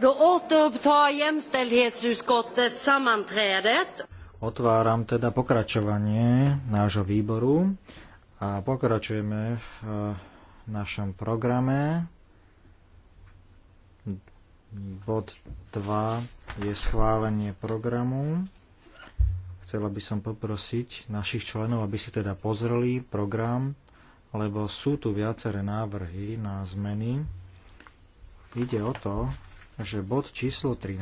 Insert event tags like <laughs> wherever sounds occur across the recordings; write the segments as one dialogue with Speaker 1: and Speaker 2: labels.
Speaker 1: Då återupptar sammanträdet.
Speaker 2: Otváram teda pokračovanie nášho výboru a pokračujeme v eh, našom programe. Bod 2 je schválenie programu. Chcela by som poprosiť našich členov, aby si teda pozreli program, lebo sú tu viaceré návrhy na zmeny. Ide o to, že bod číslo 13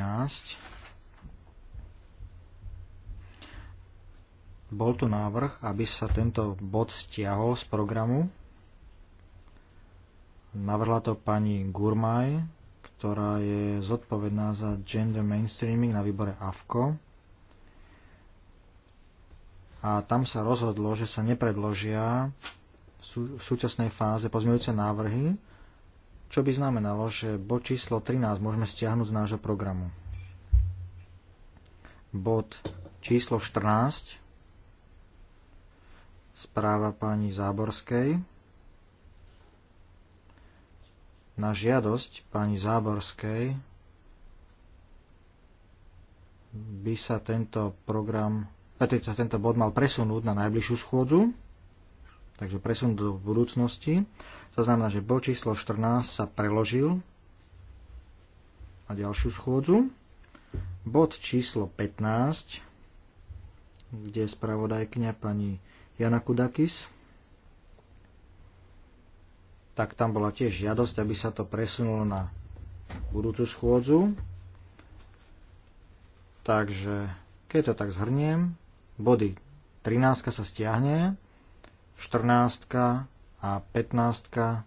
Speaker 2: bol tu návrh, aby sa tento bod stiahol z programu. Navrhla to pani Gurmaj, ktorá je zodpovedná za gender mainstreaming na výbore AFKO. A tam sa rozhodlo, že sa nepredložia v súčasnej fáze pozmeňujúce návrhy, čo by znamenalo, že bod číslo 13 môžeme stiahnuť z nášho programu. Bod číslo 14, správa pani Záborskej. Na žiadosť pani Záborskej by sa tento program, eh, teda tento bod mal presunúť na najbližšiu schôdzu takže presun do budúcnosti. To znamená, že bod číslo 14 sa preložil na ďalšiu schôdzu. Bod číslo 15, kde je spravodajkňa pani Jana Kudakis, tak tam bola tiež žiadosť, aby sa to presunulo na budúcu schôdzu. Takže, keď to tak zhrniem, body 13 sa stiahne, 14 a 15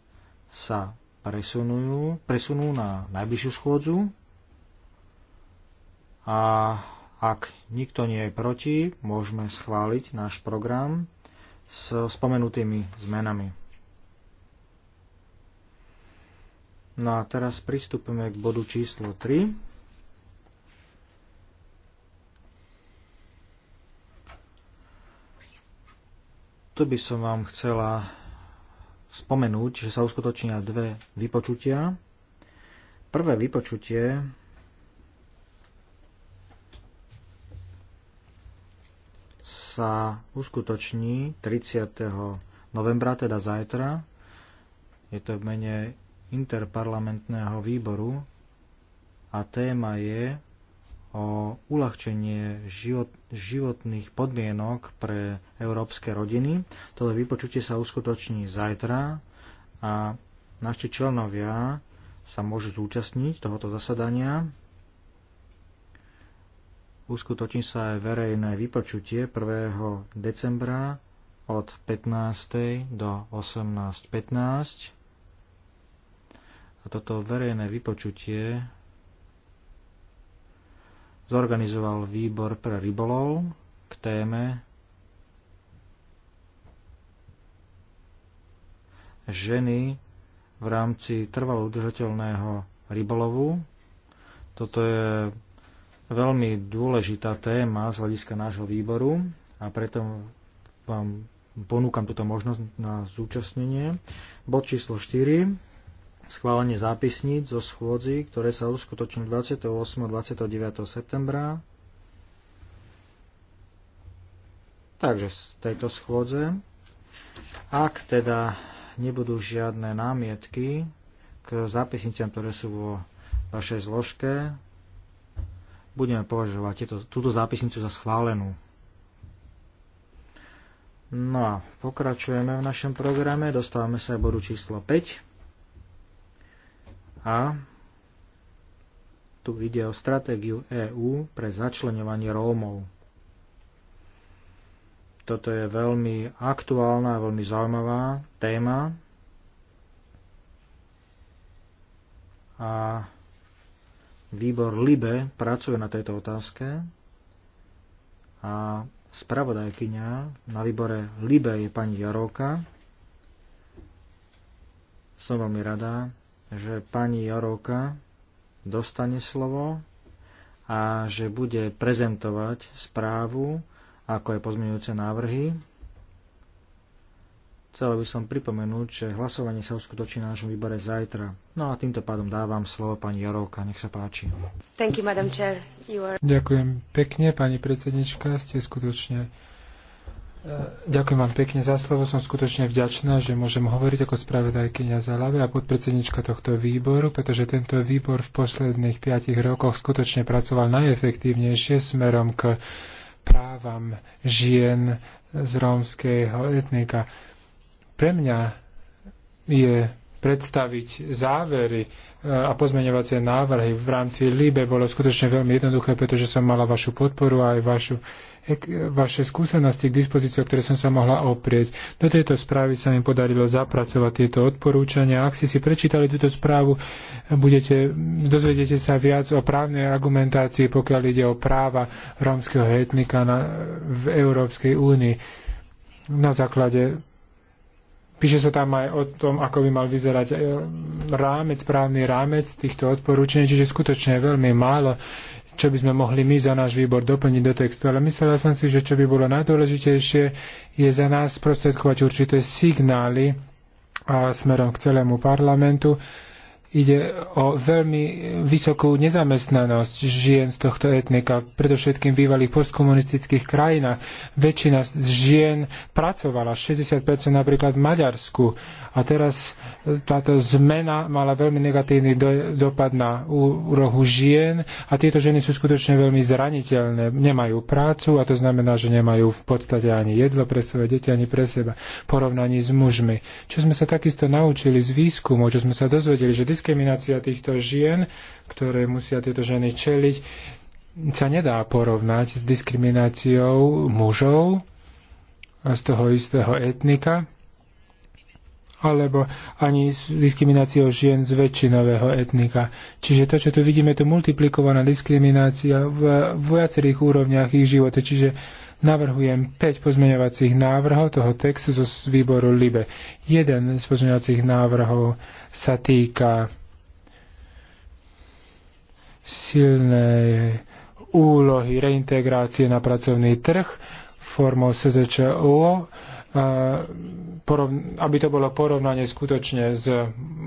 Speaker 2: sa presunujú, presunú na najbližšiu schôdzu a ak nikto nie je proti, môžeme schváliť náš program s spomenutými zmenami. No a teraz pristúpime k bodu číslo 3. Tu by som vám chcela spomenúť, že sa uskutočnia dve vypočutia. Prvé vypočutie sa uskutoční 30. novembra, teda zajtra. Je to v mene interparlamentného výboru a téma je o uľahčenie život, životných podmienok pre európske rodiny. Toto vypočutie sa uskutoční zajtra a naši členovia sa môžu zúčastniť tohoto zasadania. Uskutoční sa aj verejné vypočutie 1. decembra od 15. do 18.15. A toto verejné vypočutie zorganizoval výbor pre rybolov k téme ženy v rámci trvalo udržateľného rybolovu. Toto je veľmi dôležitá téma z hľadiska nášho výboru a preto vám ponúkam túto možnosť na zúčastnenie. Bod číslo 4 schválenie zápisníc zo schôdzi, ktoré sa uskutočnú 28. a 29. septembra. Takže z tejto schôdze, ak teda nebudú žiadne námietky k zápisniciam, ktoré sú vo vašej zložke, budeme považovať tieto, túto zápisnicu za schválenú. No a pokračujeme v našom programe, dostávame sa k bodu číslo 5. A tu ide o stratégiu EÚ pre začlenovanie Rómov. Toto je veľmi aktuálna a veľmi zaujímavá téma. A výbor LIBE pracuje na tejto otázke. A spravodajkyňa na výbore LIBE je pani Jaroka. Som veľmi rada, že pani Jarovka dostane slovo a že bude prezentovať správu, ako je pozmeňujúce návrhy. Chcel by som pripomenúť, že hlasovanie sa uskutoční na našom výbore zajtra. No a týmto pádom
Speaker 3: dávam slovo pani Jarovka, nech sa páči.
Speaker 4: Thank you, Madam Chair. You are...
Speaker 3: Ďakujem pekne, pani predsednička, ste skutočne E, ďakujem vám pekne za slovo. Som skutočne vďačná, že môžem hovoriť ako spravodajkynia za ľave a podpredsednička tohto výboru, pretože tento výbor v posledných piatich rokoch skutočne pracoval najefektívnejšie smerom k právam žien z rómskeho etnika. Pre mňa je predstaviť závery e, a pozmeňovacie návrhy v rámci LIBE bolo skutočne veľmi jednoduché, pretože som mala vašu podporu a aj vašu vaše skúsenosti k dispozícii, o ktoré som sa mohla oprieť. Do tejto správy sa mi podarilo zapracovať tieto odporúčania. Ak ste si prečítali túto správu, budete, dozvedete sa viac o právnej argumentácii, pokiaľ ide o práva rómskeho etnika na, v Európskej únii. Na základe Píše sa tam aj o tom, ako by mal vyzerať e, rámec, právny rámec týchto odporúčení, čiže skutočne je veľmi málo čo by sme mohli my za náš výbor doplniť do textu, ale myslela som si, že čo by bolo najdôležitejšie, je za nás sprostredkovať určité signály a smerom k celému parlamentu, Ide o veľmi vysokú nezamestnanosť žien z tohto etnika, predovšetkým bývalých postkomunistických krajinách. Väčšina z žien pracovala, 60% napríklad v Maďarsku. A teraz e, táto zmena mala veľmi negatívny do, dopad na úrohu žien a tieto ženy sú skutočne veľmi zraniteľné. Nemajú prácu a to znamená, že nemajú v podstate ani jedlo pre svoje deti, ani pre seba v porovnaní s mužmi. Čo sme sa takisto naučili z výskumu, čo sme sa dozvedeli, že diskriminácia týchto žien, ktoré musia tieto ženy čeliť, sa nedá porovnať s diskrimináciou mužov z toho istého etnika, alebo ani s diskrimináciou žien z väčšinového etnika. Čiže to, čo tu vidíme, je to multiplikovaná diskriminácia v, v viacerých úrovniach ich života. Čiže Navrhujem 5 pozmeňovacích návrhov toho textu zo výboru LIBE. Jeden z pozmeňovacích návrhov sa týka silnej úlohy reintegrácie na pracovný trh formou SZČO, aby to bolo porovnanie skutočne s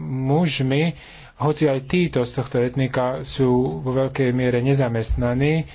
Speaker 3: mužmi, hoci aj títo z tohto etnika sú vo veľkej miere nezamestnaní,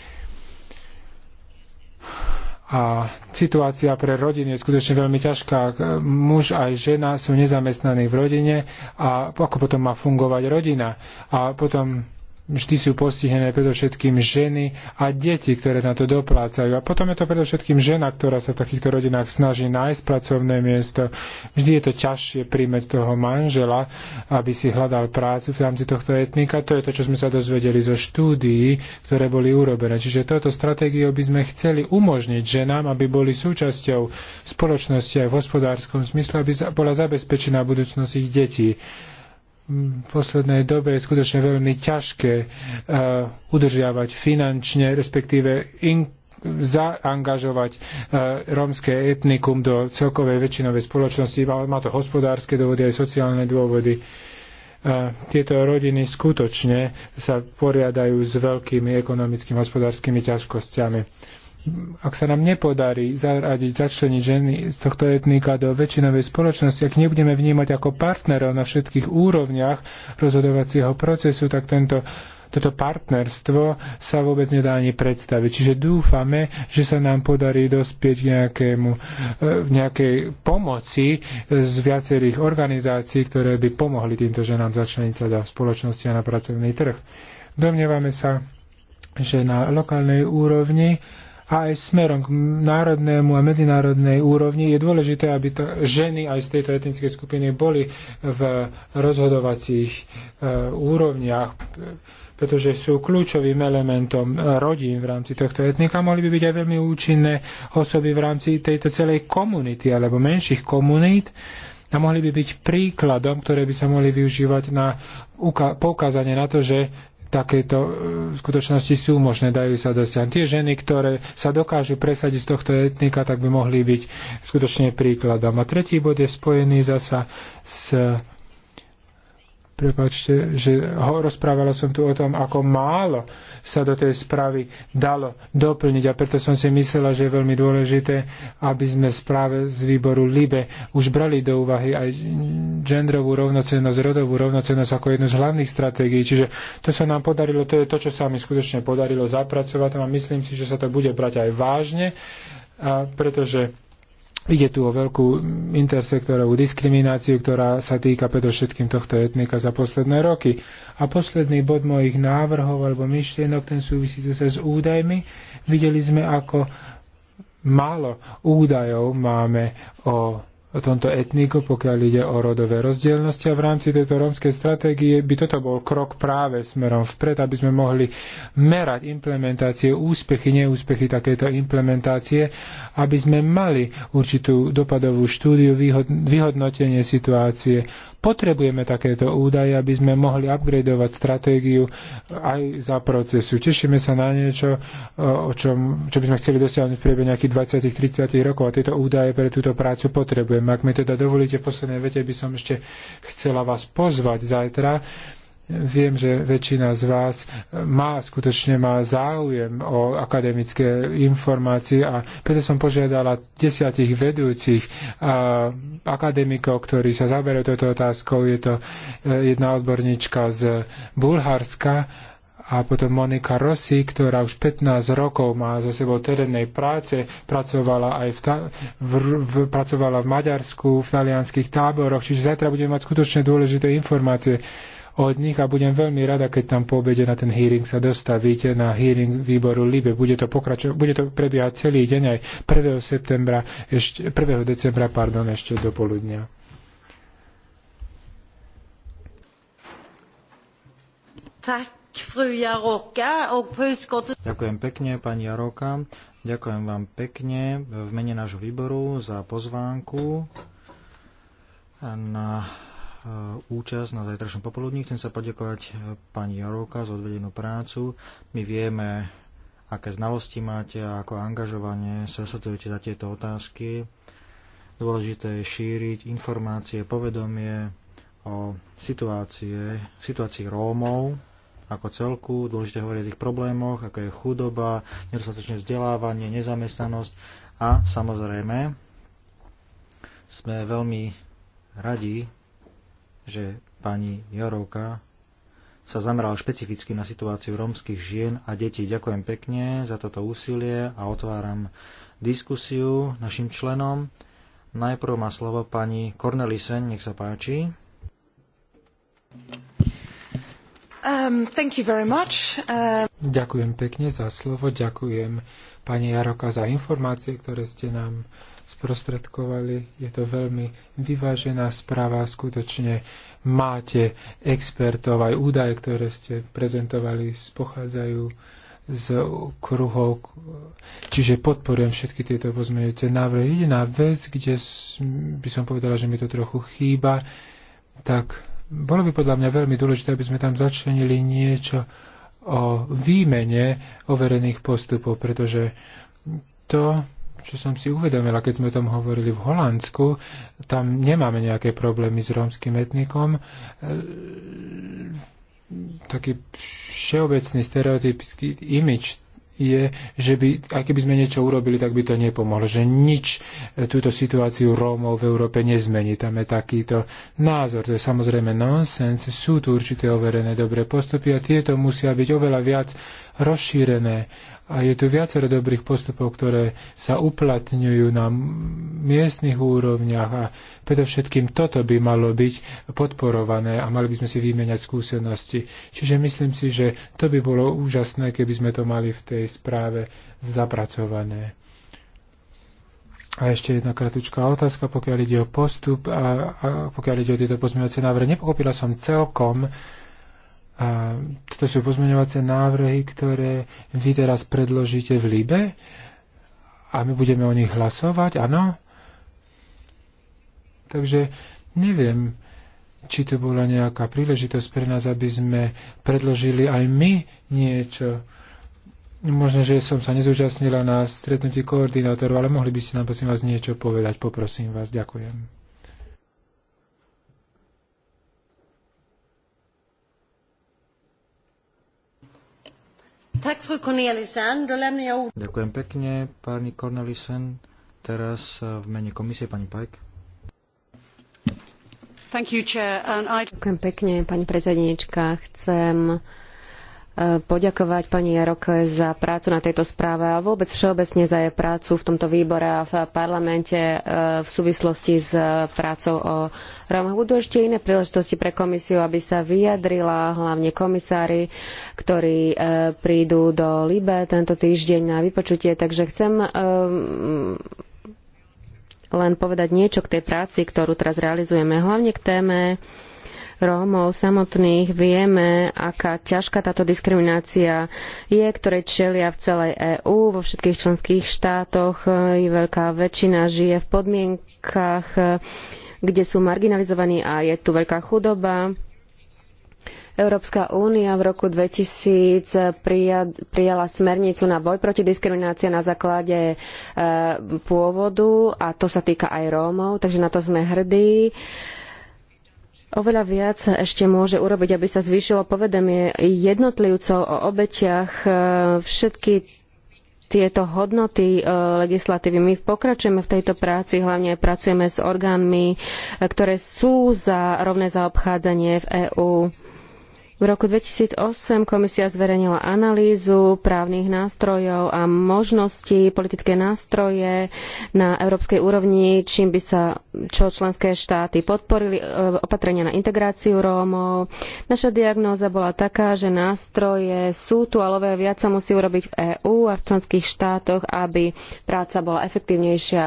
Speaker 3: a situácia pre rodiny je skutočne veľmi ťažká. Muž aj žena sú nezamestnaní v rodine a ako potom má fungovať rodina. A potom vždy sú postihené predovšetkým ženy a deti, ktoré na to doplácajú. A potom je to predovšetkým žena, ktorá sa v takýchto rodinách snaží nájsť pracovné miesto. Vždy je to ťažšie príjmeť toho manžela, aby si hľadal prácu v rámci tohto etnika. To je to, čo sme sa dozvedeli zo štúdií, ktoré boli urobené. Čiže toto stratégiou by sme chceli umožniť ženám, aby boli súčasťou spoločnosti aj v hospodárskom smysle, aby bola zabezpečená budúcnosť ich detí v poslednej dobe je skutočne veľmi ťažké uh, udržiavať finančne, respektíve in, zaangažovať uh, rómske etnikum do celkovej väčšinovej spoločnosti, ale má to hospodárske dôvody aj sociálne dôvody. Uh, tieto rodiny skutočne sa poriadajú s veľkými ekonomickými a hospodárskymi ťažkosťami ak sa nám nepodarí zaradiť, začleniť ženy z tohto etnika do väčšinovej spoločnosti, ak nebudeme vnímať ako partnerov na všetkých úrovniach rozhodovacieho procesu, tak tento toto partnerstvo sa vôbec nedá ani predstaviť. Čiže dúfame, že sa nám podarí dospieť k nejakému, nejakej pomoci z viacerých organizácií, ktoré by pomohli týmto ženám začleniť sa do spoločnosti a na pracovný trh. Domnievame sa, že na lokálnej úrovni a aj smerom k národnému a medzinárodnej úrovni je dôležité, aby to ženy aj z tejto etnickej skupiny boli v rozhodovacích e, úrovniach, pretože sú kľúčovým elementom rodín v rámci tohto etnika. Mohli by byť aj veľmi účinné osoby v rámci tejto celej komunity alebo menších komunít a mohli by byť príkladom, ktoré by sa mohli využívať na poukázanie na to, že takéto e, skutočnosti sú možné, dajú sa dosiahnuť. Tie ženy, ktoré sa dokážu presadiť z tohto etnika, tak by mohli byť skutočne príkladom. A tretí bod je spojený zasa s prepáčte, že ho, rozprávala som tu o tom, ako málo sa do tej správy dalo doplniť a preto som si myslela, že je veľmi dôležité, aby sme správe z výboru LIBE už brali do úvahy aj genderovú rovnocennosť, rodovú rovnocennosť ako jednu z hlavných stratégií. Čiže to sa nám podarilo, to je to, čo sa mi skutočne podarilo zapracovať a myslím si, že sa to bude brať aj vážne, a pretože Ide tu o veľkú intersektorovú diskrimináciu, ktorá sa týka predovšetkým tohto etnika za posledné roky. A posledný bod mojich návrhov alebo myšlienok, ten súvisí zase s údajmi. Videli sme, ako málo údajov máme o o tomto etniku, pokiaľ ide o rodové rozdielnosti a v rámci tejto rómskej stratégie by toto bol krok práve smerom vpred, aby sme mohli merať implementácie, úspechy, neúspechy takéto implementácie, aby sme mali určitú dopadovú štúdiu, vyhodnotenie situácie. Potrebujeme takéto údaje, aby sme mohli upgradovať stratégiu aj za procesu. Tešíme sa na niečo, e, o čom, čo by sme chceli dosiahnuť v priebehu nejakých 20-30 rokov a tieto údaje pre túto prácu potrebujeme. Ak mi teda dovolíte, v poslednej vete by som ešte chcela vás pozvať zajtra Viem, že väčšina z vás má, skutočne má záujem o akademické informácie a preto som požiadala desiatich vedúcich a, akademikov, ktorí sa zaberajú touto otázkou. Je to e, jedna odborníčka z Bulharska a potom Monika Rossi, ktorá už 15 rokov má za sebou terénnej práce, pracovala aj v, ta, v, v, pracovala v Maďarsku, v talianských táboroch, čiže zajtra budeme mať skutočne dôležité informácie od nich a budem veľmi rada, keď tam po obede na ten hearing sa dostavíte na hearing výboru LIBE. Bude to, pokračo- bude to prebiehať celý deň aj 1. septembra, ešte, 1. decembra, pardon, ešte do poludnia.
Speaker 2: Ďakujem pekne, pani Jaroka. Ďakujem vám pekne v mene nášho výboru za pozvánku na E, účasť na zajtrajšom popoludní. Chcem sa poďakovať e, pani Jarovka za odvedenú prácu. My vieme, aké znalosti máte a ako angažovanie sa sledujete za tieto otázky. Dôležité je šíriť informácie, povedomie o situácie, situácii Rómov ako celku, dôležité hovoriť o tých problémoch, ako je chudoba, nedostatočné vzdelávanie, nezamestnanosť a samozrejme sme veľmi radi, že pani Jorovka sa zameral špecificky na situáciu rómskych žien a detí. Ďakujem pekne za toto úsilie a otváram diskusiu našim členom. Najprv má slovo pani Cornelisen, nech sa páči.
Speaker 1: Um, thank you very much. Um...
Speaker 3: Ďakujem pekne za slovo, ďakujem pani Jaroka za informácie, ktoré ste nám sprostredkovali. Je to veľmi vyvážená správa. Skutočne máte expertov, aj údaje, ktoré ste prezentovali, pochádzajú z kruhov. Čiže podporujem všetky tieto pozmeňujúce návrhy. Jediná vec, kde by som povedala, že mi to trochu chýba, tak bolo by podľa mňa veľmi dôležité, aby sme tam začlenili niečo o výmene overených postupov, pretože to čo som si uvedomila, keď sme o tom hovorili v Holandsku, tam nemáme nejaké problémy s rómskym etnikom. E, taký všeobecný stereotypický imič je, že by, aj keby sme niečo urobili, tak by to nepomohlo, že nič e, túto situáciu Rómov v Európe nezmení. Tam je takýto názor. To je samozrejme nonsens. Sú tu určité overené dobré postupy a tieto musia byť oveľa viac rozšírené a je tu viacero dobrých postupov, ktoré sa uplatňujú na miestnych úrovniach a predovšetkým toto by malo byť podporované a mali by sme si vymeniať skúsenosti. Čiže myslím si, že to by bolo úžasné, keby sme to mali v tej správe zapracované. A ešte jedna kratučká otázka, pokiaľ ide o postup a, a pokiaľ ide o tieto pozmeňovacie návrhy. Nepochopila som celkom, a toto sú pozmeňovacie návrhy, ktoré vy teraz predložíte v Libe a my budeme o nich hlasovať, áno? Takže neviem, či to bola nejaká príležitosť pre nás, aby sme predložili aj my niečo. Možno, že som sa nezúčastnila na stretnutí koordinátorov, ale mohli by ste nám prosím vás niečo povedať, poprosím vás, ďakujem.
Speaker 1: Ďakujem
Speaker 2: pekne, pani Cornelissen. Teraz eh, v mene komisie pani Pajk.
Speaker 4: You, I... Ďakujem pekne, pani predsedníčka. Chcem poďakovať pani Jaroke za prácu na tejto správe a vôbec všeobecne za jej prácu v tomto výbore a v parlamente e, v súvislosti s prácou o Rómoch. Budú ešte iné príležitosti pre komisiu, aby sa vyjadrila, hlavne komisári, ktorí e, prídu do Libe tento týždeň na vypočutie, takže chcem e, len povedať niečo k tej práci, ktorú teraz realizujeme, hlavne k téme Rómov samotných. Vieme, aká ťažká táto diskriminácia je, ktoré čelia v celej EÚ, vo všetkých členských štátoch. I veľká väčšina žije v podmienkach, kde sú marginalizovaní a je tu veľká chudoba. Európska únia v roku 2000 prijala smernicu na boj proti diskriminácii na základe e, pôvodu a to sa týka aj Rómov, takže na to sme hrdí. E, Oveľa viac ešte môže urobiť, aby sa zvýšilo povedomie jednotlivcov o obetiach. E, všetky tieto hodnoty e, legislatívy. My pokračujeme v tejto práci, hlavne pracujeme s orgánmi, e, ktoré sú za rovné zaobchádzanie v EÚ. V roku 2008 komisia zverejnila analýzu právnych nástrojov a možností politické nástroje na európskej úrovni, čím by sa čo členské štáty podporili, e, opatrenia na integráciu Rómov. Naša diagnóza bola taká, že nástroje sú tu, ale viac sa musí urobiť v EÚ a v členských štátoch, aby práca bola efektívnejšia.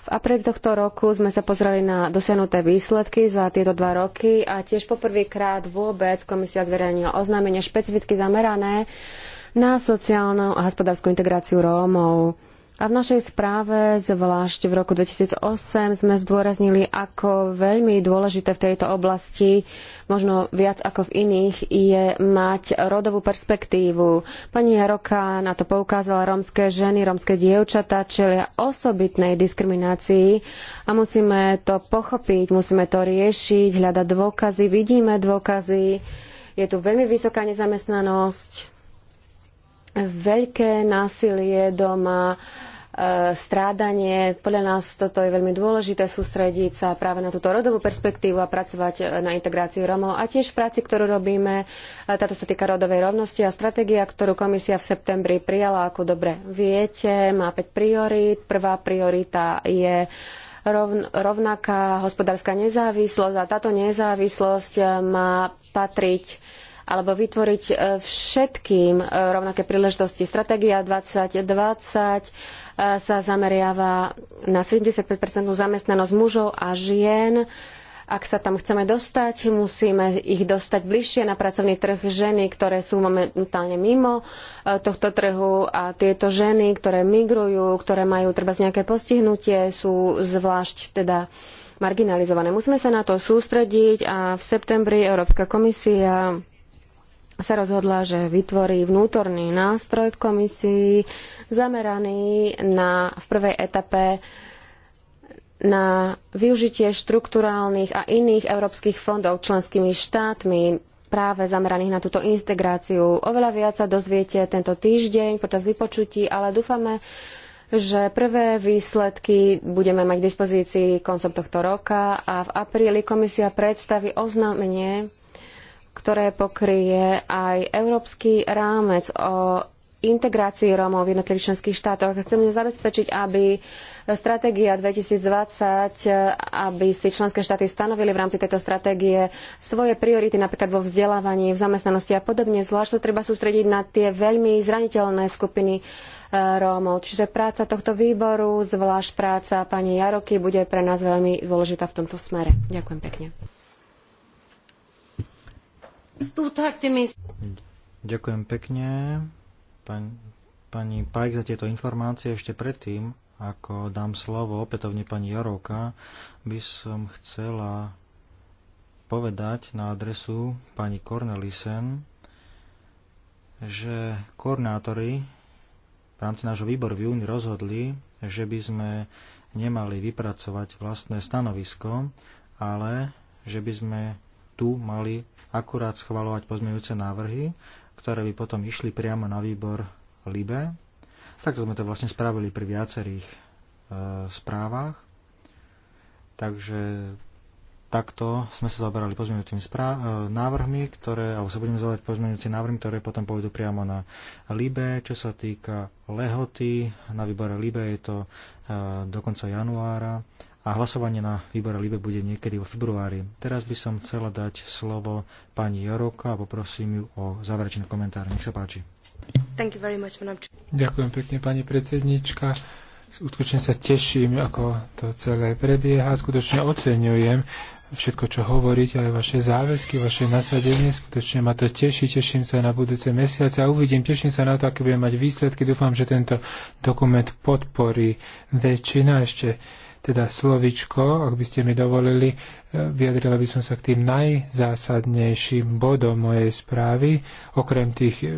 Speaker 4: V apríli tohto roku sme sa pozreli na dosiahnuté výsledky za tieto dva roky a tiež poprvýkrát vôbec komisia zverejnil oznámenie špecificky zamerané na sociálnu a hospodárskú integráciu Rómov. A v našej správe, zvlášť v roku 2008, sme zdôraznili, ako veľmi dôležité v tejto oblasti, možno viac ako v iných, je mať rodovú perspektívu. Pani Jaroka na to poukázala rómske ženy, rómske dievčatá čelia osobitnej diskriminácii a musíme to pochopiť, musíme to riešiť, hľadať dôkazy, vidíme dôkazy je tu veľmi vysoká nezamestnanosť, veľké násilie doma, e, strádanie. Podľa nás toto je veľmi dôležité sústrediť sa práve na túto rodovú perspektívu a pracovať e, na integrácii Romov A tiež v práci, ktorú robíme, e, táto sa týka rodovej rovnosti a stratégia, ktorú komisia v septembri prijala, ako dobre viete, má 5 priorít. Prvá priorita je rovnaká hospodárska nezávislosť a táto nezávislosť e, má patriť alebo vytvoriť e, všetkým e, rovnaké príležitosti. Stratégia 2020 sa zameriava na 75 zamestnanosť mužov a žien ak sa tam chceme dostať, musíme ich dostať bližšie na pracovný trh ženy, ktoré sú momentálne mimo e, tohto trhu a tieto ženy, ktoré migrujú, ktoré majú treba z nejaké postihnutie, sú zvlášť teda marginalizované. Musíme sa na to sústrediť a v septembri Európska komisia sa rozhodla, že vytvorí vnútorný nástroj v komisii zameraný na v prvej etape na využitie štrukturálnych a iných európskych fondov členskými štátmi práve zameraných na túto integráciu. Oveľa viac sa dozviete tento týždeň počas vypočutí, ale dúfame, že prvé výsledky budeme mať k dispozícii koncom tohto roka a v apríli komisia predstaví oznámenie, ktoré pokrie aj európsky rámec o integrácii Rómov v jednotlivých členských štátoch. Chceme zabezpečiť, aby stratégia 2020, aby si členské štáty stanovili v rámci tejto stratégie svoje priority, napríklad vo vzdelávaní, v zamestnanosti a podobne. Zvlášť sa treba sústrediť na tie veľmi zraniteľné skupiny e, Rómov. Čiže práca tohto výboru, zvlášť práca pani Jaroky, bude pre nás veľmi dôležitá v tomto smere. Ďakujem pekne.
Speaker 2: Ďakujem pekne pani, pani Pajk za tieto informácie. Ešte predtým, ako dám slovo opätovne pani Jarovka, by som chcela povedať na adresu pani Cornelisen, že koordinátori v rámci nášho výboru v júni rozhodli, že by sme nemali vypracovať vlastné stanovisko, ale že by sme tu mali akurát schvalovať pozmeňujúce návrhy ktoré by potom išli priamo na výbor LIBE. Takto sme to vlastne spravili pri viacerých e, správach. Takže takto sme sa zaoberali pozmeňujúcimi správ- e, návrhmi, ktoré, alebo sa budeme zaoberať pozmeňujúcimi návrhmi, ktoré potom pôjdu priamo na Libe. Čo sa týka lehoty, na výbore Libe je to e, do konca januára a hlasovanie na výbore Libe bude niekedy vo februári. Teraz by som chcela dať slovo pani Joroka a poprosím ju o
Speaker 3: záverečný komentár. Nech sa
Speaker 4: páči. Thank you very much,
Speaker 3: Ďakujem pekne, pani predsednička. Skutočne sa teším, ako to celé prebieha. Skutočne oceňujem všetko, čo hovoríte, aj vaše záväzky, vaše nasadenie. Skutočne ma to teší, teším sa na budúce mesiace a uvidím, teším sa na to, aké budem mať výsledky. Dúfam, že tento dokument podporí väčšina ešte teda slovičko, ak by ste mi dovolili, e, vyjadrila by som sa k tým najzásadnejším bodom mojej správy, okrem tých e,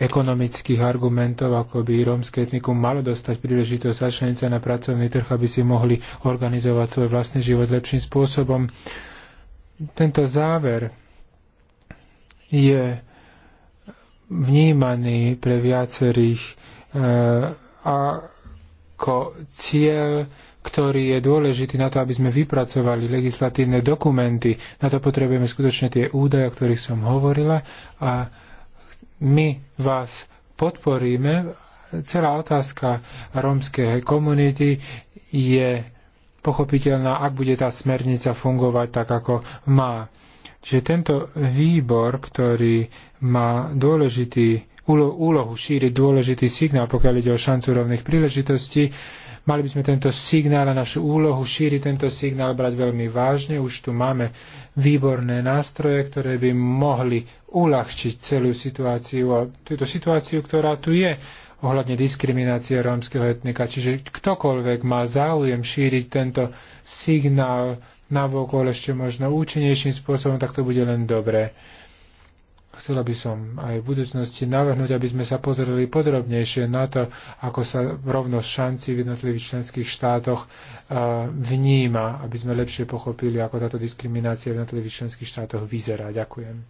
Speaker 3: ekonomických argumentov, ako by rómske etnikum malo dostať príležitosť začleniť sa na pracovný trh, aby si mohli organizovať svoj vlastný život lepším spôsobom. Tento záver je vnímaný pre viacerých e, ako cieľ ktorý je dôležitý na to, aby sme vypracovali legislatívne dokumenty. Na to potrebujeme skutočne tie údaje, o ktorých som hovorila a my vás podporíme. Celá otázka rómskej komunity je pochopiteľná, ak bude tá smernica fungovať tak, ako má. Čiže tento výbor, ktorý má dôležitý úlohu šíriť dôležitý signál, pokiaľ ide o šancu rovných príležitostí, Mali by sme tento signál a našu úlohu šíriť tento signál brať veľmi vážne. Už tu máme výborné nástroje, ktoré by mohli uľahčiť celú situáciu a túto situáciu, ktorá tu je ohľadne diskriminácie rómskeho etnika. Čiže ktokoľvek má záujem šíriť tento signál vokol ešte možno účinnejším spôsobom, tak to bude len dobré. Chcela by som aj v budúcnosti navrhnúť, aby sme sa pozreli podrobnejšie na to, ako sa rovnosť šanci v jednotlivých členských štátoch eh, vníma, aby sme lepšie pochopili, ako táto diskriminácia v jednotlivých členských štátoch vyzerá. Ďakujem.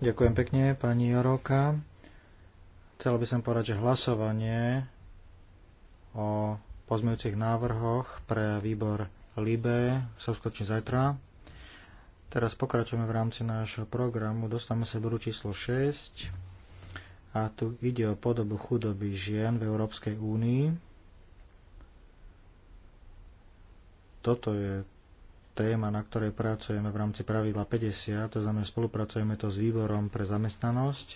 Speaker 3: Ďakujem pekne,
Speaker 2: pani Joroka. Chcel by som povedať, že hlasovanie o pozmejúcich návrhoch pre výbor Libe sa uskutoční zajtra. Teraz pokračujeme v rámci nášho programu. Dostávame sa bodu číslo 6. A tu ide o podobu chudoby žien v Európskej únii. Toto je téma, na ktorej pracujeme v rámci pravidla 50, to znamená spolupracujeme to s výborom pre zamestnanosť.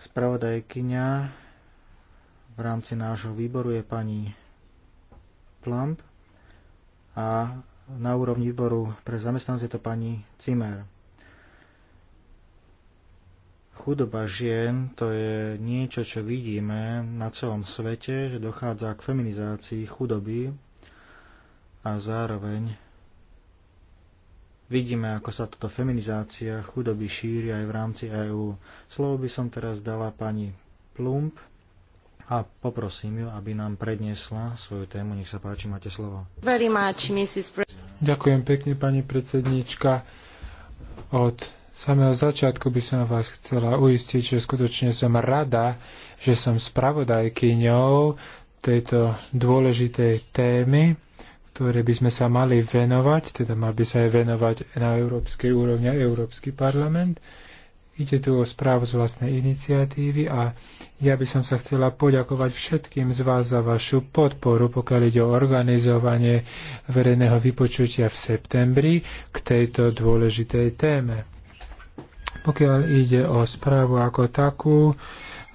Speaker 2: Spravodajkyňa v rámci nášho výboru je pani Plump a na úrovni výboru pre zamestnanosť je to pani Cimer. Chudoba žien to je niečo, čo vidíme na celom svete, že dochádza k feminizácii chudoby a zároveň vidíme, ako sa toto feminizácia chudoby šíri aj v rámci EÚ. Slovo by som teraz dala pani Plump, a poprosím ju, aby nám predniesla svoju tému. Nech sa páči, máte slovo.
Speaker 1: Very much, Mrs. Pre-
Speaker 3: Ďakujem pekne, pani predsedníčka. Od samého začiatku by som vás chcela uistiť, že skutočne som rada, že som spravodajkyňou tejto dôležitej témy, ktoré by sme sa mali venovať, teda mal by sa aj venovať na európskej úrovni Európsky parlament. Ide tu o správu z vlastnej iniciatívy a ja by som sa chcela poďakovať všetkým z vás za vašu podporu, pokiaľ ide o organizovanie verejného vypočutia v septembri k tejto dôležitej téme. Pokiaľ ide o správu ako takú,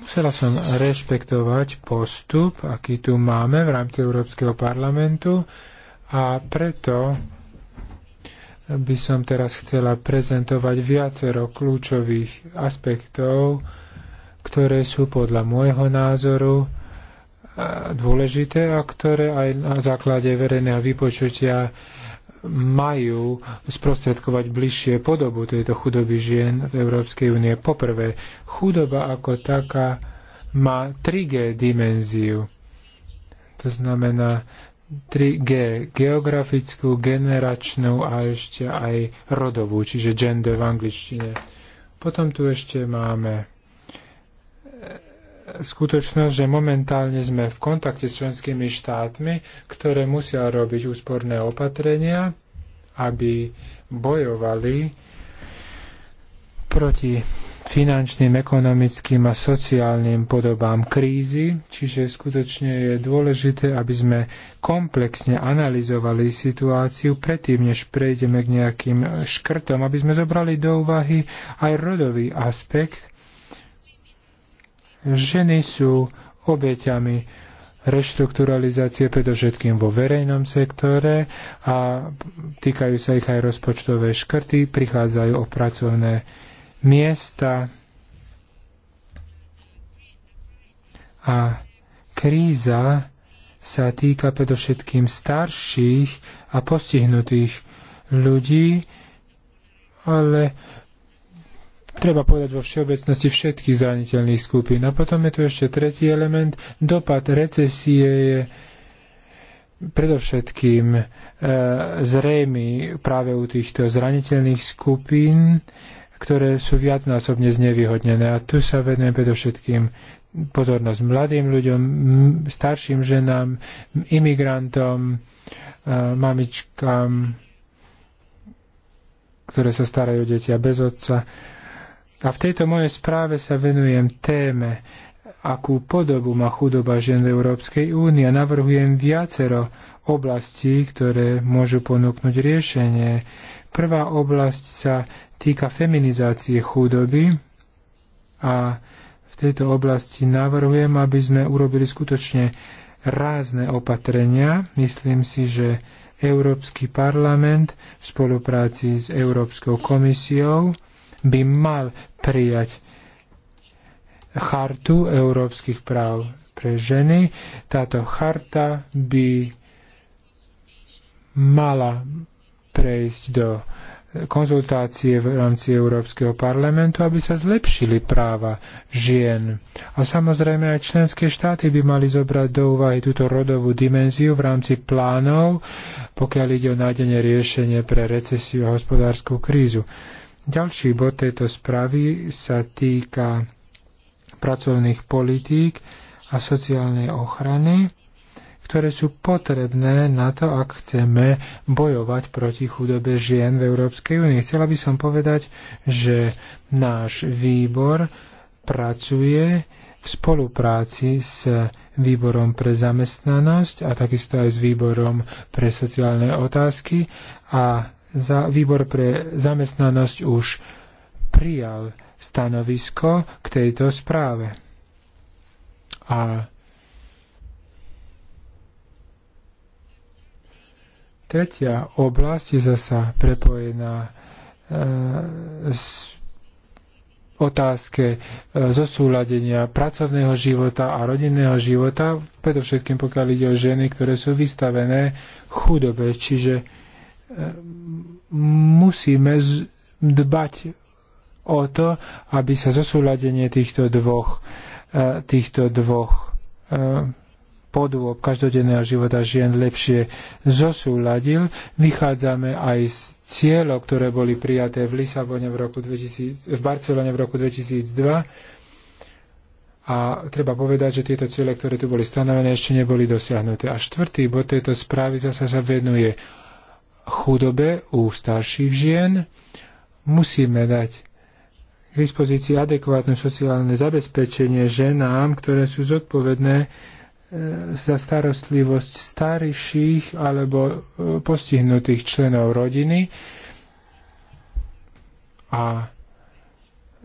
Speaker 3: musela som rešpektovať postup, aký tu máme v rámci Európskeho parlamentu a preto by som teraz chcela prezentovať viacero kľúčových aspektov, ktoré sú podľa môjho názoru dôležité a ktoré aj na základe verejného vypočutia majú sprostredkovať bližšie podobu tejto chudoby žien v Európskej únie. Poprvé, chudoba ako taká má 3G dimenziu. To znamená, 3G, geografickú, generačnú a ešte aj rodovú, čiže gender v angličtine. Potom tu ešte máme e, skutočnosť, že momentálne sme v kontakte s členskými štátmi, ktoré musia robiť úsporné opatrenia, aby bojovali proti finančným, ekonomickým a sociálnym podobám krízy, čiže skutočne je dôležité, aby sme komplexne analyzovali situáciu predtým, než prejdeme k nejakým škrtom, aby sme zobrali do úvahy aj rodový aspekt. Ženy sú obeťami reštrukturalizácie predovšetkým vo verejnom sektore a týkajú sa ich aj rozpočtové škrty, prichádzajú o pracovné miesta a kríza sa týka predovšetkým starších a postihnutých ľudí, ale treba povedať vo všeobecnosti všetkých zraniteľných skupín. A potom je tu ešte tretí element. Dopad recesie je predovšetkým e, zrejmy práve u týchto zraniteľných skupín ktoré sú viacnásobne znevýhodnené. A tu sa venujem predovšetkým pozornosť mladým ľuďom, starším ženám, imigrantom, e, mamičkám, ktoré sa starajú o deti a bez otca. A v tejto mojej správe sa venujem téme, akú podobu má chudoba žien v Európskej únii a navrhujem viacero oblastí, ktoré môžu ponúknuť riešenie. Prvá oblasť sa týka feminizácie chudoby a v tejto oblasti navrhujem, aby sme urobili skutočne rázne opatrenia. Myslím si, že Európsky parlament v spolupráci s Európskou komisiou by mal prijať chartu európskych práv pre ženy. Táto charta by mala prejsť do konzultácie v rámci Európskeho parlamentu, aby sa zlepšili práva žien. A samozrejme aj členské štáty by mali zobrať do úvahy túto rodovú dimenziu v rámci plánov, pokiaľ ide o nájdenie riešenie pre recesiu a hospodárskú krízu. Ďalší bod tejto správy sa týka pracovných politík a sociálnej ochrany ktoré sú potrebné na to, ak chceme bojovať proti chudobe žien v Európskej únii. Chcela by som povedať, že náš výbor pracuje v spolupráci s výborom pre zamestnanosť a takisto aj s výborom pre sociálne otázky a za výbor pre zamestnanosť už prijal stanovisko k tejto správe. A Tretia oblasť je zasa prepojená e, s otázke e, zosúladenia pracovného života a rodinného života, predovšetkým pokiaľ ide o ženy, ktoré sú vystavené chudobe. Čiže e, musíme dbať o to, aby sa zosúladenie týchto dvoch, e, týchto dvoch podôb každodenného života žien lepšie zosúladil. Vychádzame aj z cieľov, ktoré boli prijaté v Lisabone v, roku 2000, v Barcelone v roku 2002 a treba povedať, že tieto ciele, ktoré tu boli stanovené, ešte neboli dosiahnuté. A štvrtý bod tejto správy zase sa venuje chudobe u starších žien. Musíme dať k dispozícii adekvátne sociálne zabezpečenie ženám, ktoré sú zodpovedné za starostlivosť starších alebo e, postihnutých členov rodiny. A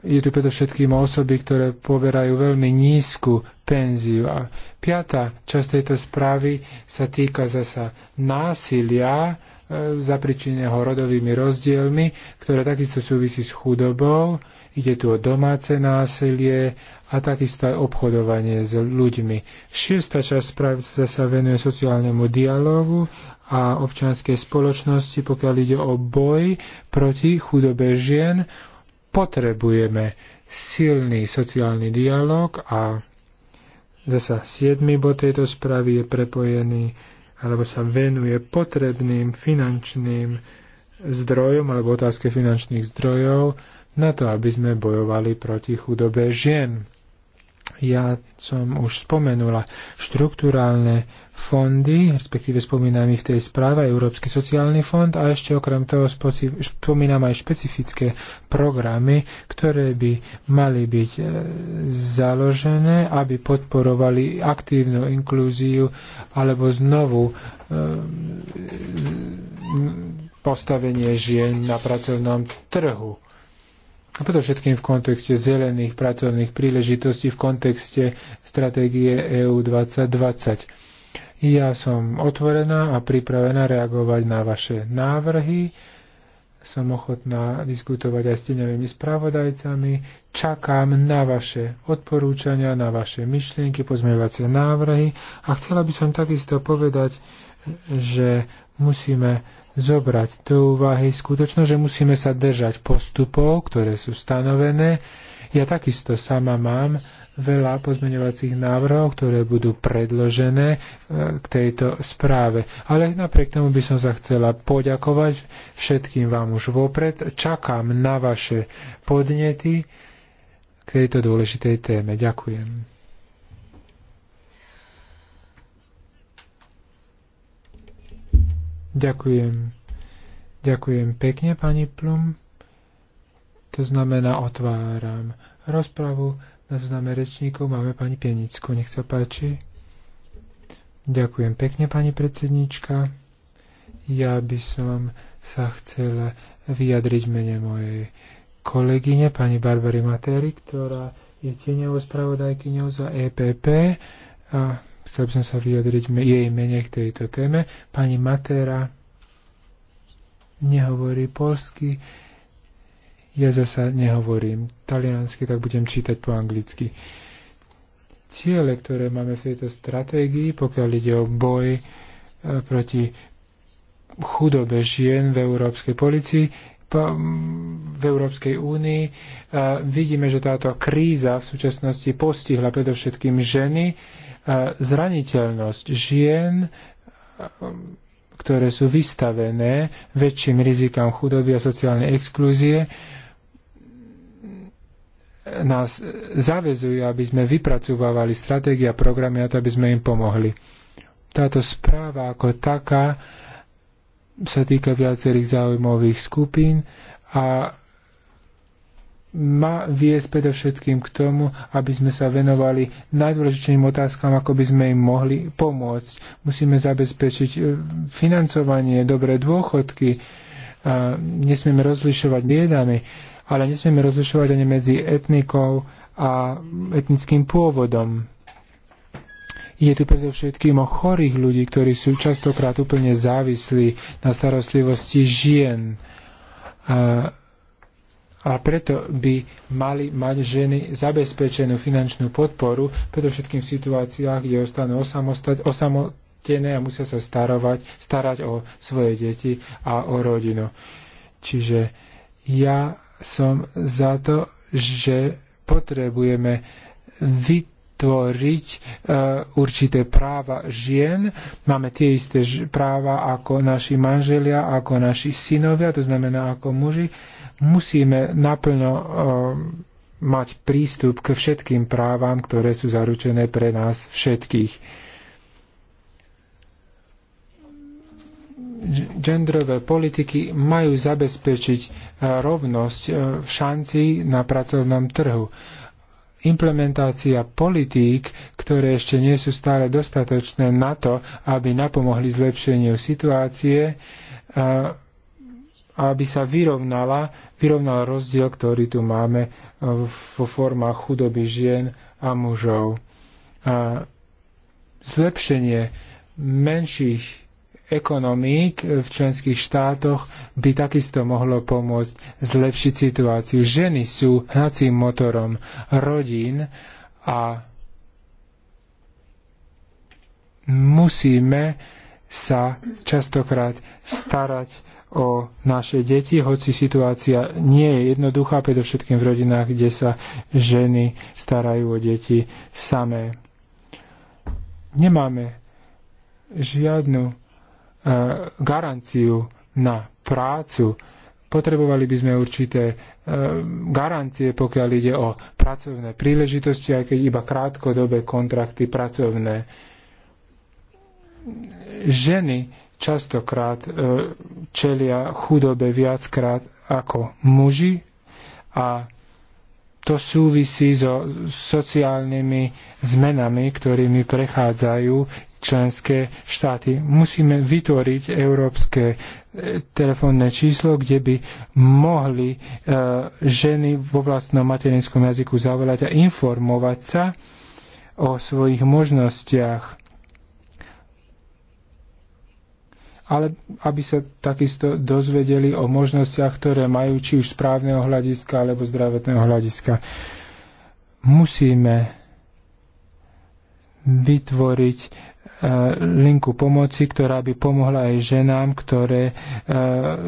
Speaker 3: je tu predovšetkým osoby, ktoré poberajú veľmi nízku penziu. A piata časť tejto správy sa týka zasa násilia e, zapričineného rodovými rozdielmi, ktoré takisto súvisí s chudobou Ide tu o domáce násilie a takisto aj obchodovanie s ľuďmi. Šiesta časť správy sa venuje sociálnemu dialogu a občianskej spoločnosti, pokiaľ ide o boj proti chudobe žien, potrebujeme silný sociálny dialog a zasa siedmy bod tejto správy je prepojený alebo sa venuje potrebným finančným zdrojom alebo otázke finančných zdrojov na to, aby sme bojovali proti chudobe žien. Ja som už spomenula štruktúrálne fondy, respektíve spomínam ich v tej správe Európsky sociálny fond a ešte okrem toho spomínam aj špecifické programy, ktoré by mali byť e, založené, aby podporovali aktívnu inklúziu alebo znovu e, postavenie žien na pracovnom trhu a no, preto všetkým v kontexte zelených pracovných príležitostí, v kontexte stratégie EU 2020. Ja som otvorená a pripravená reagovať na vaše návrhy. Som ochotná diskutovať aj s tieňovými spravodajcami. Čakám na vaše odporúčania, na vaše myšlienky, pozmeňovacie návrhy. A chcela by som takisto povedať, že musíme zobrať do úvahy skutočnosť, že musíme sa držať postupov, ktoré sú stanovené. Ja takisto sama mám veľa pozmeňovacích návrhov, ktoré budú predložené e, k tejto správe. Ale napriek tomu by som sa chcela poďakovať všetkým vám už vopred. Čakám na vaše podnety k tejto dôležitej téme. Ďakujem. Ďakujem. Ďakujem pekne, pani Plum. To znamená, otváram rozpravu. Na zozname rečníkov máme pani Pienicku, Nech sa páči. Ďakujem pekne, pani predsednička. Ja by som sa chcela vyjadriť mene mojej kolegyne, pani Barbary Materi, ktorá je tieňovou spravodajkyňou za EPP. A Chcel by som sa vyjadriť jej mene k tejto téme. Pani Matera nehovorí polsky, ja zasa nehovorím taliansky, tak budem čítať po anglicky. Ciele, ktoré máme v tejto stratégii, pokiaľ ide o boj e, proti chudobe žien v európskej policii, v Európskej únii. E, vidíme, že táto kríza v súčasnosti postihla predovšetkým ženy zraniteľnosť žien, ktoré sú vystavené väčším rizikám chudoby a sociálnej exklúzie, nás zavezujú, aby sme vypracovávali stratégie a programy a to, aby sme im pomohli. Táto správa ako taká sa týka viacerých záujmových skupín a má viesť predovšetkým k tomu, aby sme sa venovali najdôležitejším otázkam, ako by sme im mohli pomôcť. Musíme zabezpečiť e, financovanie, dobré dôchodky, e, nesmieme rozlišovať biedami, ale nesmieme rozlišovať ani medzi etnikou a etnickým pôvodom. Je tu predovšetkým o chorých ľudí, ktorí sú častokrát úplne závislí na starostlivosti žien. A e, a preto by mali mať ženy zabezpečenú finančnú podporu, predovšetkým v situáciách, kde ostanú osamostať, osamotené a musia sa starovať, starať o svoje deti a o rodinu. Čiže ja som za to, že potrebujeme vytvoriť tvoriť e, určité práva žien. Máme tie isté práva ako naši manželia, ako naši synovia, to znamená ako muži. Musíme naplno e, mať prístup k všetkým právam, ktoré sú zaručené pre nás všetkých. genderové politiky majú zabezpečiť e, rovnosť e, v šanci na pracovnom trhu implementácia politík, ktoré ešte nie sú stále dostatočné na to, aby napomohli zlepšeniu situácie, a aby sa vyrovnala, vyrovnal rozdiel, ktorý tu máme vo formách chudoby žien a mužov. A zlepšenie menších ekonomík v členských štátoch by takisto mohlo pomôcť zlepšiť situáciu. Ženy sú hnacím motorom rodín a musíme sa častokrát starať o naše deti, hoci situácia nie je jednoduchá, predovšetkým v rodinách, kde sa ženy starajú o deti samé. Nemáme žiadnu E, garanciu na prácu, potrebovali by sme určité e, garancie, pokiaľ ide o pracovné príležitosti, aj keď iba krátkodobé kontrakty pracovné. Ženy častokrát e, čelia chudobe viackrát ako muži a to súvisí so sociálnymi zmenami, ktorými prechádzajú členské štáty. Musíme vytvoriť európske e, telefónne číslo, kde by mohli e, ženy vo vlastnom materinskom jazyku zavolať a informovať sa o svojich možnostiach. ale aby sa takisto dozvedeli o možnostiach, ktoré majú či už správneho hľadiska alebo zdravotného hľadiska. Musíme vytvoriť Eh, linku pomoci, ktorá by pomohla aj ženám, ktoré eh,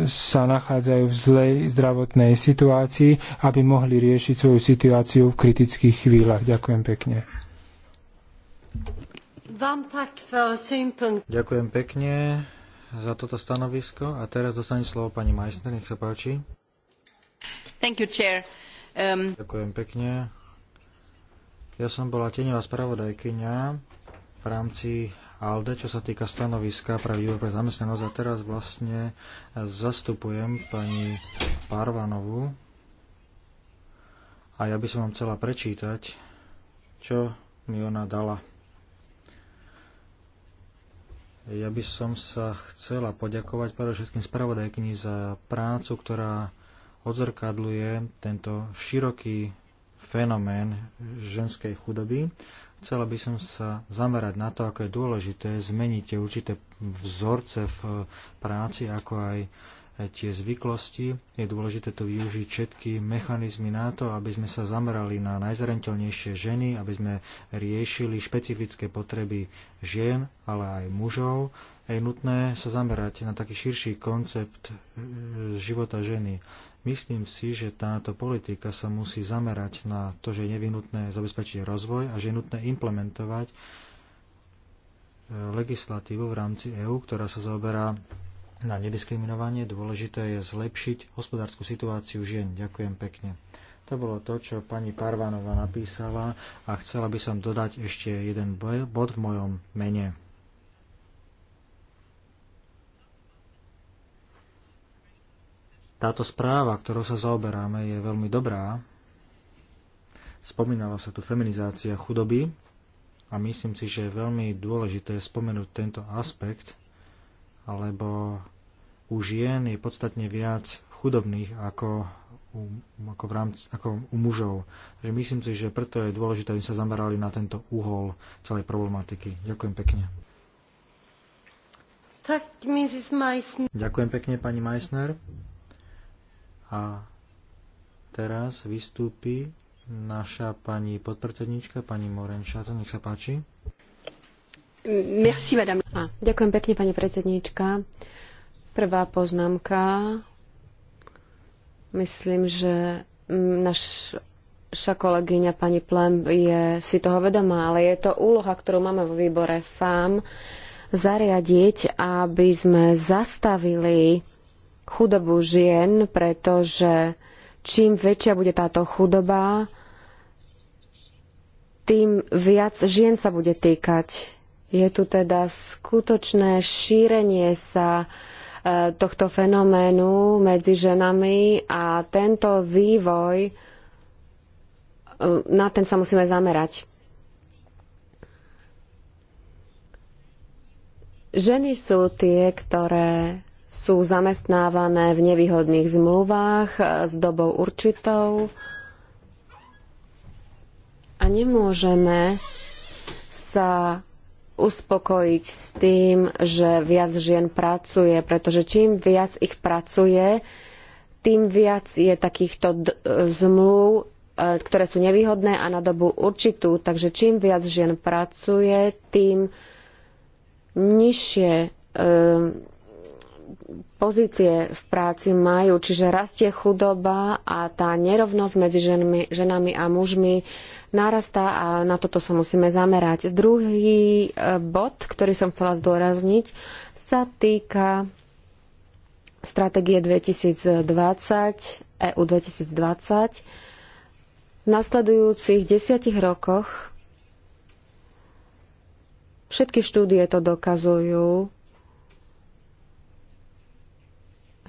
Speaker 3: sa nachádzajú v zlej zdravotnej situácii, aby mohli riešiť svoju situáciu v kritických chvíľach. Ďakujem pekne.
Speaker 2: Ďakujem pekne za toto stanovisko. A teraz dostane slovo pani Majster, nech sa páči.
Speaker 1: Thank you, chair. Um...
Speaker 2: Ďakujem pekne. Ja som bola tieňová spravodajkyňa v rámci ALDE, čo sa týka stanoviska pre výbor pre zamestnanosť. A teraz vlastne zastupujem pani Parvanovu. A ja by som vám chcela prečítať, čo mi ona dala. Ja by som sa chcela poďakovať predovšetkým spravodajkyni za prácu, ktorá odzrkadluje tento široký fenomén ženskej chudoby Chcela by som sa zamerať na to, ako je dôležité zmeniť tie určité vzorce v eh, práci, ako aj eh, tie zvyklosti. Je dôležité tu využiť všetky mechanizmy na to, aby sme sa zamerali na najzraniteľnejšie ženy, aby sme riešili špecifické potreby žien, ale aj mužov. Je nutné sa zamerať na taký širší koncept eh, života ženy. Myslím si, že táto politika sa musí zamerať na to, že je nevyhnutné zabezpečiť rozvoj a že je nutné implementovať e, legislatívu v rámci EÚ, ktorá sa zaoberá na nediskriminovanie. Dôležité je zlepšiť hospodárskú situáciu žien. Ďakujem pekne. To bolo to, čo pani Parvanova napísala a chcela by som dodať ešte jeden bod v mojom mene. Táto správa, ktorou sa zaoberáme, je veľmi dobrá. Spomínala sa tu feminizácia chudoby a myslím si, že je veľmi dôležité spomenúť tento aspekt, alebo u žien je podstatne viac chudobných ako u, ako, v rámci, ako u mužov. Takže myslím si, že preto je dôležité, aby sa zamerali na tento uhol celej problematiky. Ďakujem pekne. Tak, Ďakujem pekne, pani Meissner. A teraz vystúpi naša pani podpredsednička, pani Morenčato. Nech sa páči.
Speaker 4: Merci, madame. A, ďakujem pekne, pani predsedníčka. Prvá poznámka. Myslím, že naša kolegyňa pani Plem je si toho vedomá, ale je to úloha, ktorú máme vo výbore FAM zariadiť, aby sme zastavili chudobu žien, pretože čím väčšia bude táto chudoba, tým viac žien sa bude týkať. Je tu teda skutočné šírenie sa e, tohto fenoménu medzi ženami a tento vývoj, e, na ten sa musíme zamerať. Ženy sú tie, ktoré sú zamestnávané v nevýhodných zmluvách e, s dobou určitou a nemôžeme sa uspokojiť s tým, že viac žien pracuje, pretože čím viac ich pracuje, tým viac je takýchto e, zmluv, e, ktoré sú nevýhodné a na dobu určitú. Takže čím viac žien pracuje, tým nižšie pozície v práci majú, čiže rastie chudoba a tá nerovnosť medzi ženmi, ženami a mužmi narastá a na toto sa musíme zamerať. Druhý e, bod, ktorý som chcela zdôrazniť, sa týka stratégie 2020, EU 2020. V nasledujúcich desiatich rokoch všetky štúdie to dokazujú,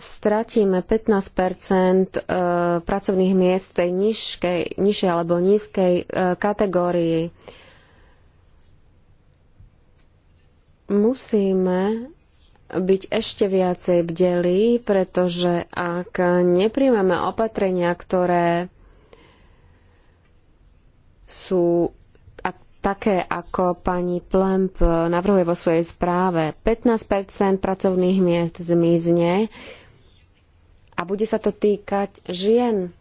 Speaker 4: stratíme 15 e, pracovných miest v tej nižkej, nižšej alebo nízkej e, kategórii. Musíme byť ešte viacej bdelí, pretože ak nepríjmeme opatrenia, ktoré sú také, ako pani Plemp navrhuje vo svojej správe. 15 pracovných miest zmizne a bude sa to týkať žien.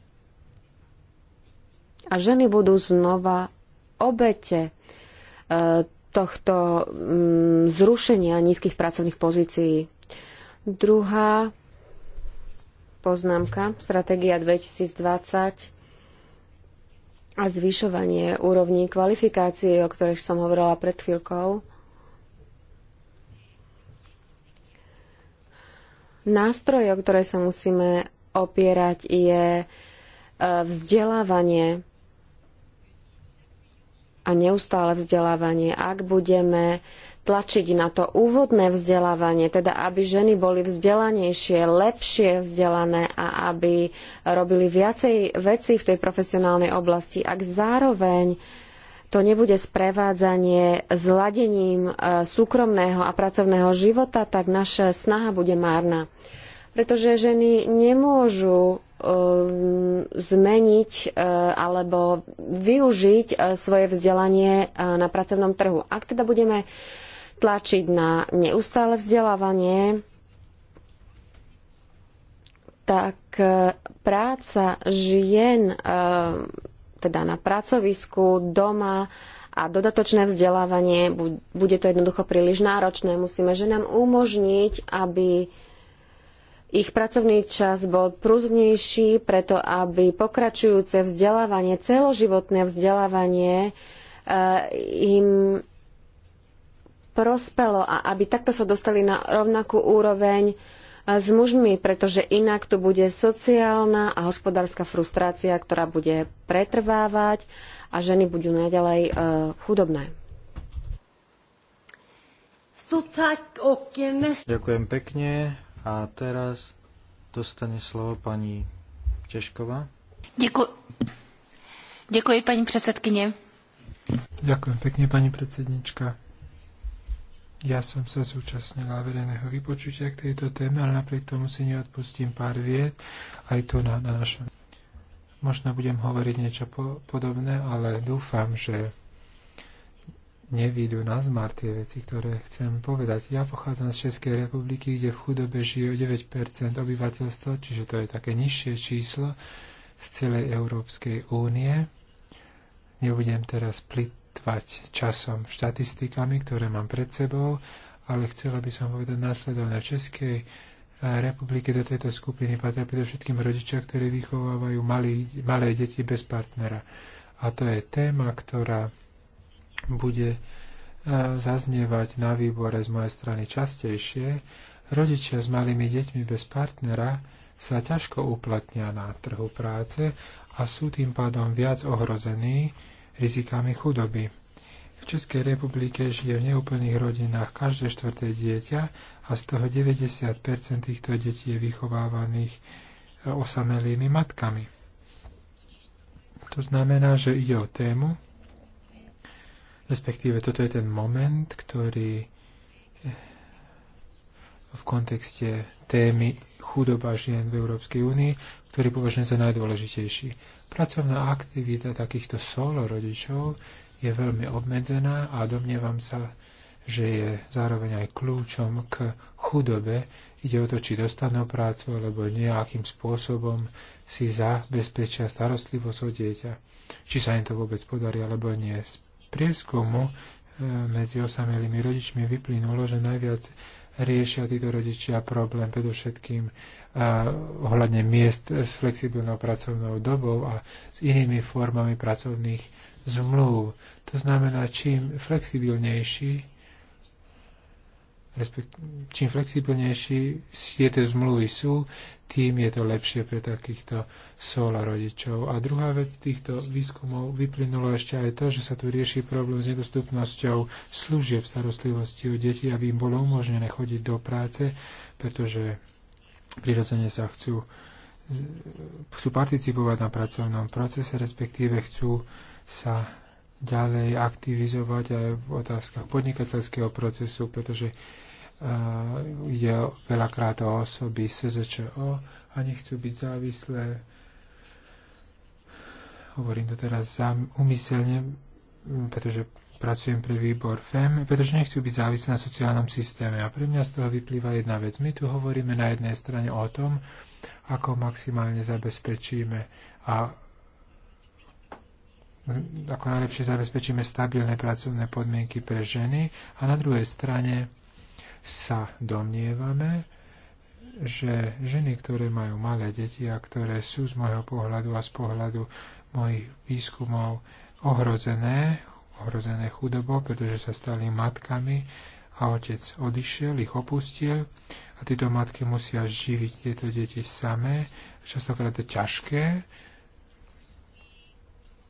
Speaker 4: A ženy budú znova obete e, tohto mm, zrušenia nízkych pracovných pozícií. Druhá poznámka, stratégia 2020 a zvyšovanie úrovní kvalifikácií, o ktorých som hovorila pred chvíľkou. nástroj, o ktoré sa musíme opierať, je e, vzdelávanie a neustále vzdelávanie. Ak budeme tlačiť na to úvodné vzdelávanie, teda aby ženy boli vzdelanejšie, lepšie vzdelané a aby robili viacej vecí v tej profesionálnej oblasti, ak zároveň to nebude sprevádzanie zladením e, súkromného a pracovného života, tak naša snaha bude márna. Pretože ženy nemôžu e, zmeniť e, alebo využiť svoje vzdelanie na pracovnom trhu. Ak teda budeme tlačiť na neustále vzdelávanie, tak práca žien teda na pracovisku, doma a dodatočné vzdelávanie, bude to jednoducho príliš náročné. Musíme ženám umožniť, aby ich pracovný čas bol prúznejší, preto aby pokračujúce vzdelávanie, celoživotné vzdelávanie e, im prospelo a aby takto sa dostali na rovnakú úroveň s mužmi, pretože inak tu bude sociálna a hospodárska frustrácia, ktorá bude pretrvávať a ženy budú naďalej e, chudobné.
Speaker 2: Ďakujem pekne a teraz dostane slovo pani Češková.
Speaker 4: Ďakujem. Ďakujem pani predsedkyne.
Speaker 3: Ďakujem pekne pani predsednička. Ja som sa zúčastnila verejného vypočutia k tejto téme, ale napriek tomu si neodpustím pár viet aj tu na, na našom. Možno budem hovoriť niečo po, podobné, ale dúfam, že nevídu na zmar tie veci, ktoré chcem povedať. Ja pochádzam z Českej republiky, kde v chudobe žije 9% obyvateľstva, čiže to je také nižšie číslo z celej Európskej únie. Nebudem teraz plit, plýtvať časom, štatistikami, ktoré mám pred sebou, ale chcela by som povedať následovne. V Českej eh, republike do tejto skupiny patria predovšetkým rodičia, ktorí vychovávajú malí, malé deti bez partnera. A to je téma, ktorá bude eh, zaznievať na výbore z mojej strany častejšie. Rodičia s malými deťmi bez partnera sa ťažko uplatnia na trhu práce a sú tým pádom viac ohrození rizikami chudoby. V Českej republike žije v neúplných rodinách každé štvrté dieťa a z toho 90 týchto detí je vychovávaných e, osamelými matkami. To znamená, že ide o tému, respektíve toto je ten moment, ktorý e, v kontexte témy chudoba žien v Európskej únii, ktorý považujem za najdôležitejší. Pracovná aktivita takýchto solo rodičov je veľmi obmedzená a domnievam sa, že je zároveň aj kľúčom k chudobe. Ide o to, či dostanú prácu, alebo nejakým spôsobom si zabezpečia starostlivosť o dieťa. Či sa im to vôbec podarí, alebo nie. Z prieskumu eh, medzi osamelými rodičmi vyplynulo, že najviac riešia títo rodičia problém predovšetkým eh, ohľadne miest s flexibilnou pracovnou dobou a s inými formami pracovných zmluv. To znamená, čím flexibilnejší respekt, čím flexibilnejší tieto zmluvy sú, tým je to lepšie pre takýchto sola rodičov. A druhá vec týchto výskumov vyplynulo ešte aj to, že sa tu rieši problém s nedostupnosťou služieb starostlivosti u detí, aby im bolo umožnené chodiť do práce, pretože prirodzene sa chcú chcú participovať na pracovnom procese, respektíve chcú sa ďalej aktivizovať aj v otázkach podnikateľského procesu, pretože uh, eh, ide veľakrát o osoby SZČO a nechcú byť závislé. Hovorím to teraz umyselne, pretože pracujem pre výbor FEM, pretože nechcú byť závislé na sociálnom systéme. A pre mňa z toho vyplýva jedna vec. My tu hovoríme na jednej strane o tom, ako maximálne zabezpečíme a ako najlepšie zabezpečíme stabilné pracovné podmienky pre ženy a na druhej strane sa domnievame, že ženy, ktoré majú malé deti a ktoré sú z môjho pohľadu a z pohľadu mojich výskumov ohrozené, ohrozené chudobou, pretože sa stali matkami a otec odišiel, ich opustil a tieto matky musia živiť tieto deti samé, častokrát je ťažké,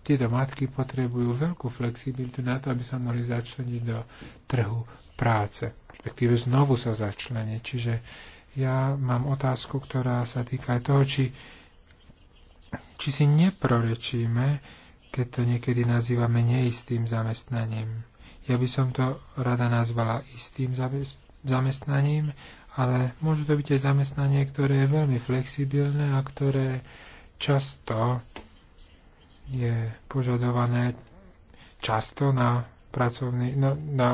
Speaker 3: tieto matky potrebujú veľkú flexibilitu na to, aby sa mohli začleniť do trhu práce, respektíve znovu sa začleniť. Čiže ja mám otázku, ktorá sa týka aj toho, či, či si neprorečíme, keď to niekedy nazývame neistým zamestnaním. Ja by som to rada nazvala istým zamestnaním, ale môže to byť aj zamestnanie, ktoré je veľmi flexibilné a ktoré často je požadované často na pracovný, na, na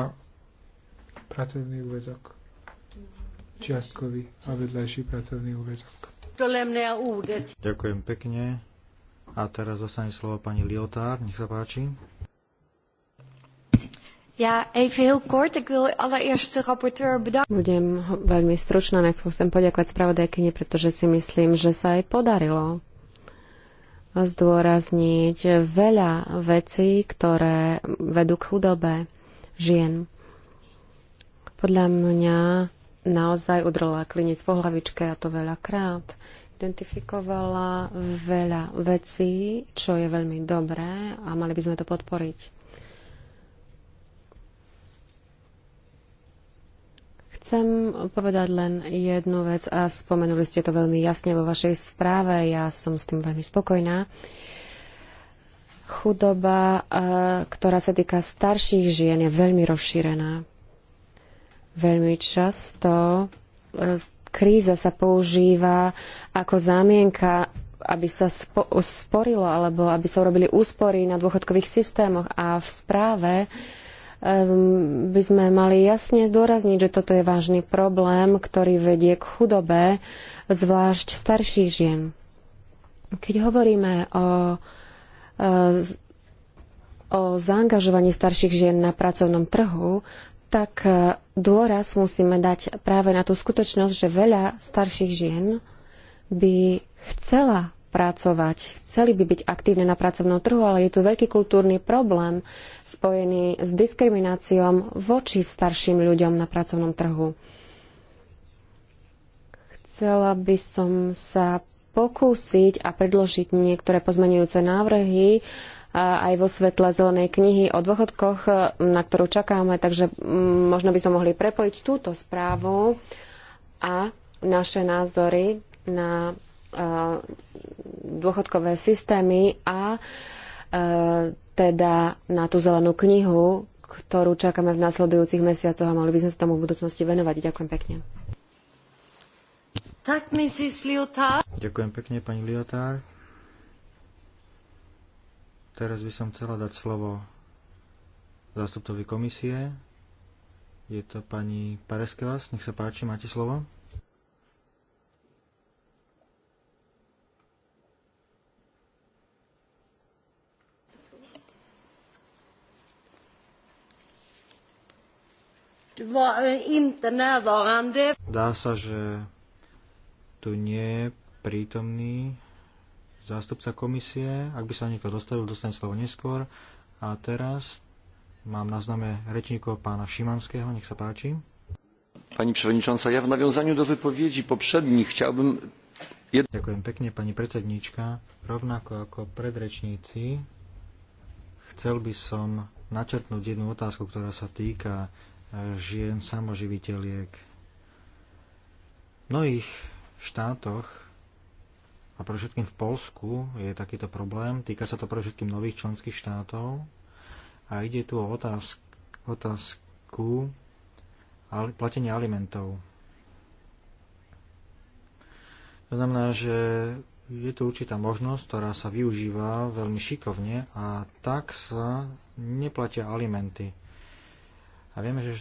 Speaker 3: pracovný úvezok. Čiastkový a vedľajší pracovný úvezok.
Speaker 2: Ďakujem pekne. A teraz zostane slovo pani Liotár. Nech sa páči.
Speaker 4: Ja, even heel kort. Ik wil allereerst de rapporteur bedanken. Budem veľmi stručná. Nechcú chcem poďakovať spravodajkyni, pretože si myslím, že sa jej podarilo zdôrazniť veľa vecí, ktoré vedú k chudobe žien. Podľa mňa naozaj udrola klinec po hlavičke a to veľakrát. Identifikovala veľa vecí, čo je veľmi dobré a mali by sme to podporiť. Chcem povedať len jednu vec a spomenuli ste to veľmi jasne vo vašej správe. Ja som s tým veľmi spokojná. Chudoba, e, ktorá sa týka starších žien, je veľmi rozšírená. Veľmi často e, kríza sa používa ako zámienka, aby sa sporilo alebo aby sa urobili úspory na dôchodkových systémoch. A v správe uh, Ehm, by sme mali jasne zdôrazniť, že toto je vážny problém, ktorý vedie k chudobe, zvlášť starších žien. Keď hovoríme o, e, o zaangažovaní starších žien na pracovnom trhu, tak e, dôraz musíme dať práve na tú skutočnosť, že veľa starších žien by chcela pracovať. Chceli by byť aktívne na pracovnom trhu, ale je tu veľký kultúrny problém spojený s diskrimináciou voči starším ľuďom na pracovnom trhu. Chcela by som sa pokúsiť a predložiť niektoré pozmenujúce návrhy aj vo svetle zelenej knihy o dôchodkoch, na ktorú čakáme, takže mm, možno by sme mohli prepojiť túto správu a naše názory na E, dôchodkové systémy a e, teda na tú zelenú knihu, ktorú čakáme v nasledujúcich mesiacoch a mali by sme sa tomu v budúcnosti venovať. Ďakujem pekne.
Speaker 1: Tak, Mrs. Liotár.
Speaker 2: Ďakujem pekne, pani Liotár. Teraz by som chcela dať slovo zástupcovi komisie. Je to pani Pareskevas. Nech sa páči, máte slovo.
Speaker 1: Eh,
Speaker 2: Dá sa, že tu nie je prítomný zástupca komisie. Ak by sa niekto dostavil, dostane slovo neskôr. A teraz mám na známe rečníkov pána Šimanského. Nech sa páči.
Speaker 4: Pani przewodnicząca, ja v nawiązaniu do wypowiedzi poprzednich chciałbym...
Speaker 2: Ďakujem pekne, pani predsedníčka. Rovnako ako predrečníci, chcel by som načrtnúť jednu otázku, ktorá sa týka žien samoživiteľiek. V mnohých štátoch a pre všetkým v Polsku je takýto problém. Týka sa to pre všetkým nových členských štátov a ide tu o otázku, otázku platenia alimentov. To znamená, že je tu určitá možnosť, ktorá sa využíva veľmi šikovne a tak sa neplatia alimenty. A vieme, že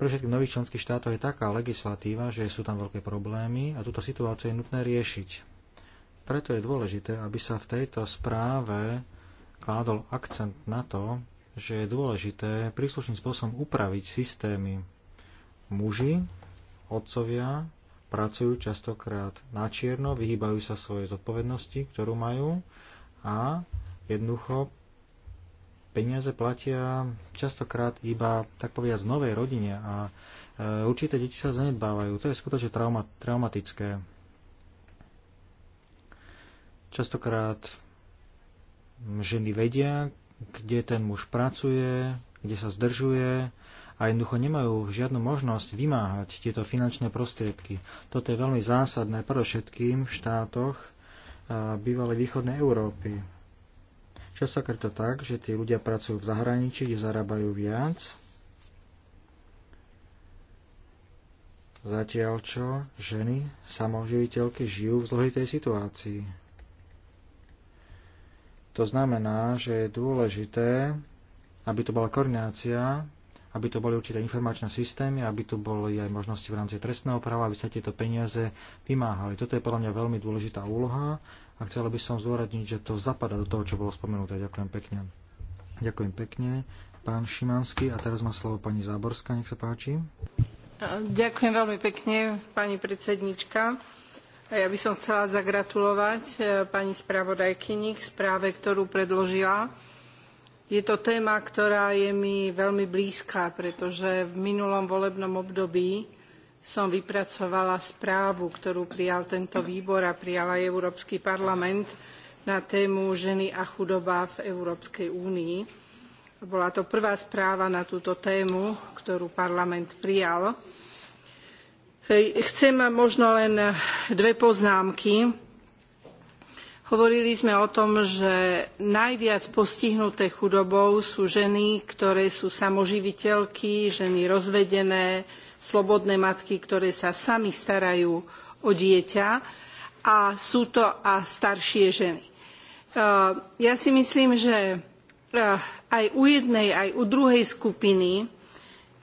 Speaker 2: pre všetkých nových členských štátov je taká legislatíva, že sú tam veľké problémy a túto situáciu je nutné riešiť. Preto je dôležité, aby sa v tejto správe kládol akcent na to, že je dôležité príslušným spôsobom upraviť systémy. Muži, otcovia, pracujú častokrát na čierno, vyhýbajú sa svojej zodpovednosti, ktorú majú a jednoducho peniaze platia častokrát iba, tak povedať, z novej rodine a e, určité deti sa zanedbávajú. To je skutočne trauma, traumatické. Častokrát ženy vedia, kde ten muž pracuje, kde sa zdržuje a jednoducho nemajú žiadnu možnosť vymáhať tieto finančné prostriedky. Toto je veľmi zásadné predovšetkým v štátoch e, bývalej východnej Európy Častokrát to tak, že tí ľudia pracujú v zahraničí, kde zarábajú viac, zatiaľ čo ženy, samoživiteľky žijú v zložitej situácii. To znamená, že je dôležité, aby to bola koordinácia, aby to boli určité informačné systémy, aby tu boli aj možnosti v rámci trestného práva, aby sa tieto peniaze vymáhali. Toto je podľa mňa veľmi dôležitá úloha a chcel by som zdôradniť, že to zapadá do toho, čo bolo spomenuté. Ďakujem pekne. Ďakujem pekne. Pán Šimanský a teraz má slovo pani Záborská, nech sa páči.
Speaker 1: Ďakujem veľmi pekne, pani predsednička. Ja by som chcela zagratulovať e, pani spravodajkyni k správe, ktorú predložila. Je to téma, ktorá je mi veľmi blízka, pretože v minulom volebnom období som vypracovala správu, ktorú prijal tento výbor a prijal aj Európsky parlament na tému ženy a chudoba v Európskej únii. Bola to prvá správa na túto tému, ktorú parlament prijal. Chcem možno len dve poznámky. Hovorili sme o tom, že najviac postihnuté chudobou sú ženy, ktoré sú samoživiteľky, ženy rozvedené, slobodné matky, ktoré sa sami starajú o dieťa a sú to a staršie ženy. E, ja si myslím, že e, aj u jednej, aj u druhej skupiny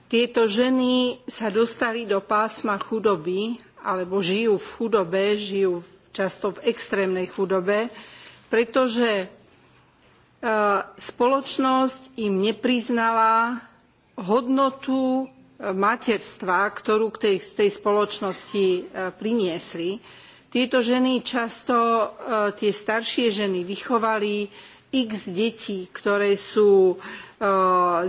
Speaker 1: tieto ženy sa dostali do pásma chudoby alebo žijú v chudobe, žijú často v extrémnej chudobe, pretože e, spoločnosť im nepriznala hodnotu materstva, ktorú k tej, z tej spoločnosti e, priniesli. Tieto ženy často, e, tie staršie ženy, vychovali x detí, ktoré sú e,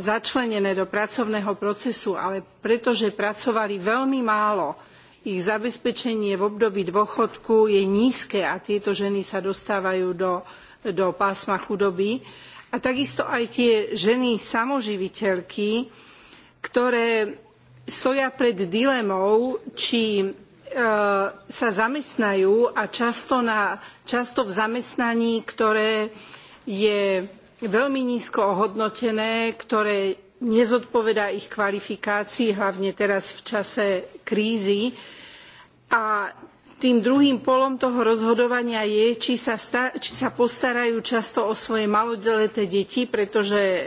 Speaker 1: začlenené do pracovného procesu, ale pretože pracovali veľmi málo, ich zabezpečenie v období dôchodku je nízke a tieto ženy sa dostávajú do, do pásma chudoby. A takisto aj tie ženy samoživiteľky, ktoré stoja pred dilemou, či e, sa zamestnajú a často, na, často v zamestnaní, ktoré je veľmi nízko ohodnotené, ktoré nezodpovedá ich kvalifikácii, hlavne teraz v čase krízy. A tým druhým polom toho rozhodovania je, či sa, sta- či sa postarajú často o svoje maloleté deti, pretože e,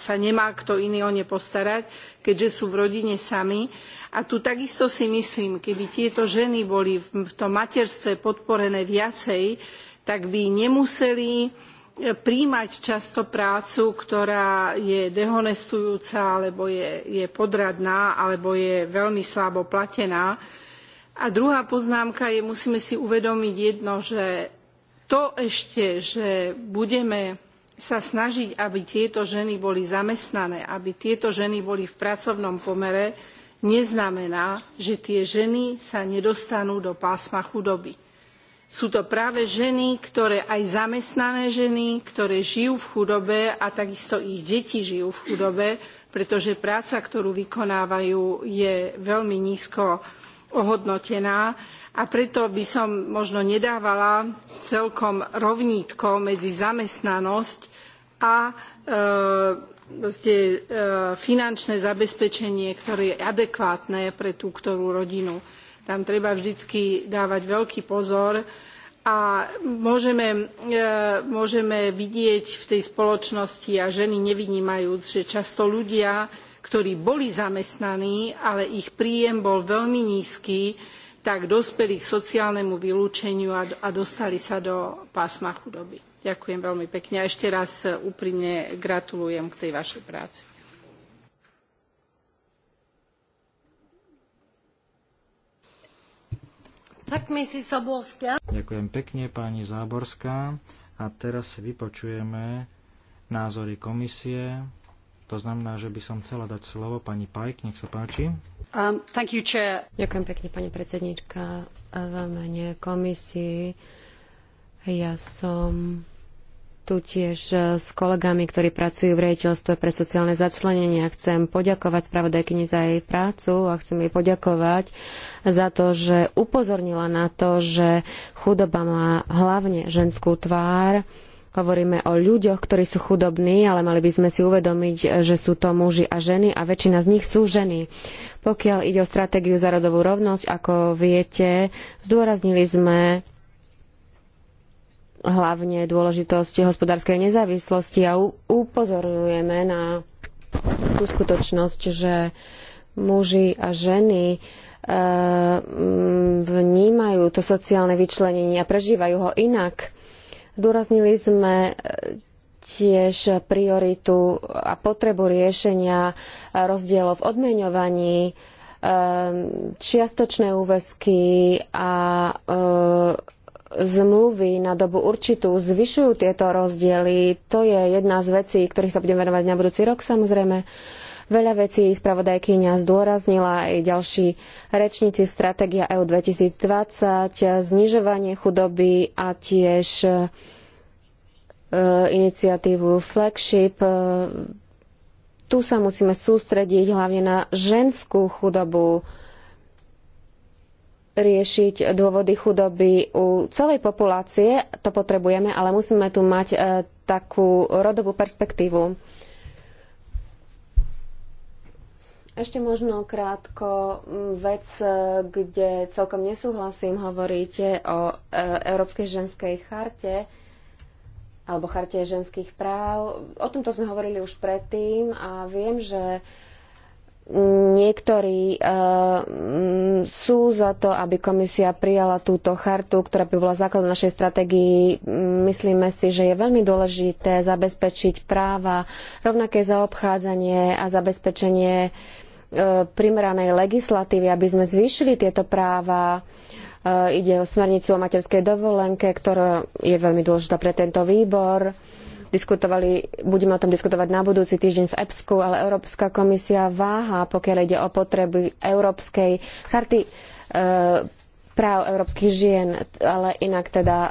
Speaker 1: sa nemá kto iný o ne postarať, keďže sú v rodine sami. A tu takisto si myslím, keby tieto ženy boli v, tom materstve podporené viacej, tak by nemuseli e, príjmať často prácu, ktorá je dehonestujúca, alebo je, je podradná, alebo je veľmi slabo platená. A druhá poznámka je, musíme si uvedomiť jedno, že to ešte, že budeme sa snažiť, aby tieto ženy boli zamestnané, aby tieto ženy boli v pracovnom pomere, neznamená, že tie ženy sa nedostanú do pásma chudoby. Sú to práve ženy, ktoré aj zamestnané ženy, ktoré žijú v chudobe a takisto ich deti žijú v chudobe, pretože práca, ktorú vykonávajú, je veľmi nízko ohodnotená a preto by som možno nedávala celkom rovnítko medzi zamestnanosť a e, e, finančné zabezpečenie, ktoré je adekvátne pre tú ktorú rodinu. Tam treba vždycky dávať veľký pozor a môžeme, e, môžeme vidieť v tej spoločnosti, a ženy nevynímajúc, že často ľudia ktorí boli zamestnaní, ale ich príjem bol veľmi nízky, tak dospeli k sociálnemu vylúčeniu a, dostali sa do pásma chudoby. Ďakujem veľmi pekne a ešte raz úprimne gratulujem k tej vašej práci. Ďakujem
Speaker 2: pekne, pani Záborská. A teraz si vypočujeme názory komisie. To znamená, že by som chcela dať slovo pani Pajk, nech sa páči.
Speaker 4: Um, thank you, chair. Ďakujem pekne, pani predsednička. V mene komisii ja som tu tiež e, s kolegami, ktorí pracujú v rejiteľstve pre sociálne začlenenia. Chcem poďakovať spravodajkyni za jej prácu a chcem jej poďakovať za to, že upozornila na to, že chudoba má hlavne ženskú tvár Hovoríme o ľuďoch, ktorí sú chudobní, ale mali by sme si uvedomiť, že sú to muži a ženy a väčšina z nich sú ženy. Pokiaľ ide o stratégiu za rodovú rovnosť, ako viete, zdôraznili sme hlavne dôležitosť hospodárskej nezávislosti a upozorňujeme na tú skutočnosť, že muži a ženy e, vnímajú to sociálne vyčlenenie a prežívajú ho inak Zdôraznili sme e, tiež prioritu a potrebu riešenia rozdielov v odmeňovaní, e, čiastočné úväzky a e, zmluvy na dobu určitú zvyšujú tieto rozdiely. To je jedna z vecí, ktorých sa budem venovať na budúci rok samozrejme. Veľa vecí spravodajkyňa zdôraznila aj ďalší rečníci stratégia EU 2020, znižovanie chudoby a tiež e, iniciatívu Flagship. E, tu sa musíme sústrediť hlavne na ženskú chudobu, riešiť dôvody chudoby u celej populácie, to potrebujeme, ale musíme tu mať e, takú rodovú perspektívu. Ešte možno krátko vec, e, kde celkom nesúhlasím. Hovoríte o e, Európskej ženskej charte alebo charte ženských práv. O tomto sme hovorili už predtým a viem, že niektorí uh, sú za to, aby komisia prijala túto chartu, ktorá by bola základom našej stratégii. Myslíme si, že je veľmi dôležité zabezpečiť práva, rovnaké zaobchádzanie a zabezpečenie E, primeranej legislatívy, aby sme zvýšili tieto práva. E, ide o smernicu o materskej dovolenke, ktorá je veľmi dôležitá pre tento výbor. Diskutovali, budeme o tom diskutovať na budúci týždeň v EPSku, ale Európska komisia váha, pokiaľ ide o potreby Európskej charty e, práv európskych žien, ale inak teda e,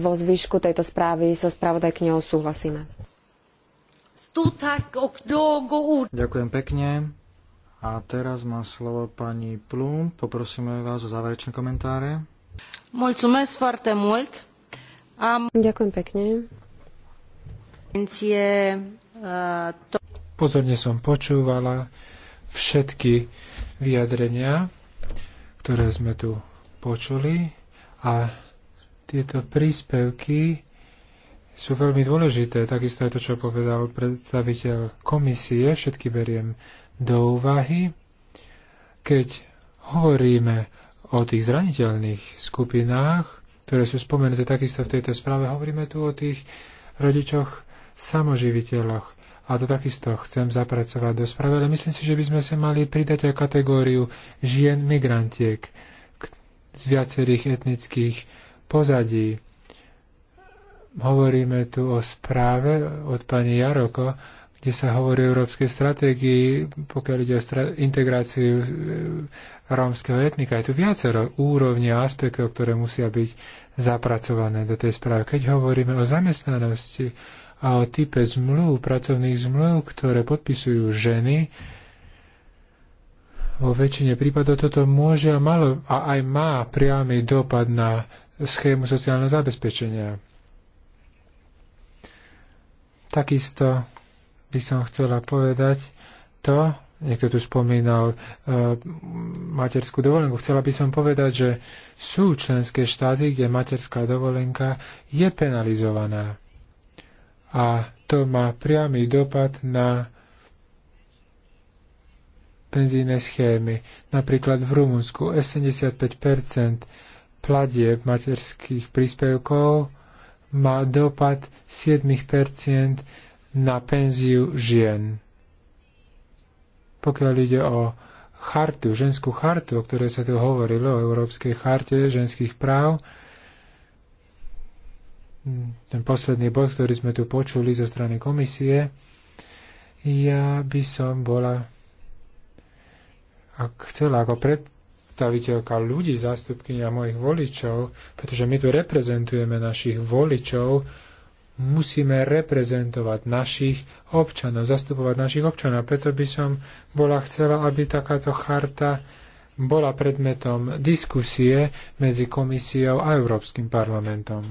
Speaker 4: vo zvyšku tejto správy so spravodajkňou súhlasíme.
Speaker 2: Ďakujem pekne. A teraz má slovo pani Plum. Poprosíme vás o záverečné komentáre.
Speaker 4: Mulțumesc foarte mult. Am... Ďakujem pekne. Uh,
Speaker 3: Pozorne som počúvala všetky vyjadrenia, ktoré sme tu počuli a tieto príspevky sú veľmi dôležité. Takisto je to, čo povedal predstaviteľ komisie. Všetky beriem do úvahy, keď hovoríme o tých zraniteľných skupinách, ktoré sú spomenuté takisto v tejto správe, hovoríme tu o tých rodičoch samoživiteľoch. A to takisto chcem zapracovať do správy, ale myslím si, že by sme sa mali pridať aj kategóriu žien migrantiek z viacerých etnických pozadí. Hovoríme tu o správe od pani Jaroko, kde sa hovorí o európskej stratégii, pokiaľ ide o integráciu e, rómskeho etnika. Je tu viacero úrovní a aspektov, ktoré musia byť zapracované do tej správy. Keď hovoríme o zamestnanosti a o type zmluv, pracovných zmluv, ktoré podpisujú ženy, vo väčšine prípadov toto môže a, malo, a aj má priamy dopad na schému sociálneho zabezpečenia. Takisto by som chcela povedať to, niekto tu spomínal e, materskú dovolenku. Chcela by som povedať, že sú členské štáty, kde materská dovolenka je penalizovaná. A to má priamy dopad na penzíne schémy. Napríklad v Rumunsku 75 platieb materských príspevkov má dopad 7% na penziu žien. Pokiaľ ide o chartu, ženskú chartu, o ktorej sa tu hovorilo, o Európskej charte ženských práv, ten posledný bod, ktorý sme tu počuli zo strany komisie, ja by som bola, ak chcela, ako predstaviteľka ľudí, zástupkynia mojich voličov, pretože my tu reprezentujeme našich voličov, musíme reprezentovať našich občanov, zastupovať našich občanov. Preto by som bola chcela, aby takáto charta bola predmetom diskusie medzi komisiou a Európskym parlamentom.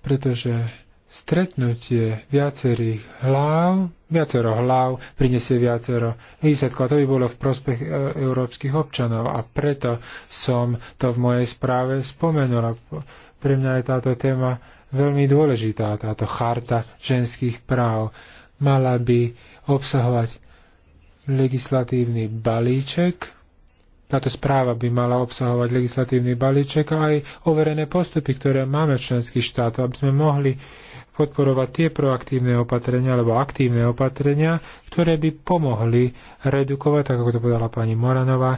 Speaker 3: Pretože stretnutie viacerých hlav, viacero hlav prinesie viacero výsledkov a to by bolo v prospech e, európskych občanov a preto som to v mojej správe spomenula. Pre mňa je táto téma veľmi dôležitá táto charta ženských práv. Mala by obsahovať legislatívny balíček, táto správa by mala obsahovať legislatívny balíček a aj overené postupy, ktoré máme v členských štátoch, aby sme mohli podporovať tie proaktívne opatrenia alebo aktívne opatrenia, ktoré by pomohli redukovať, tak ako to povedala pani Moranová,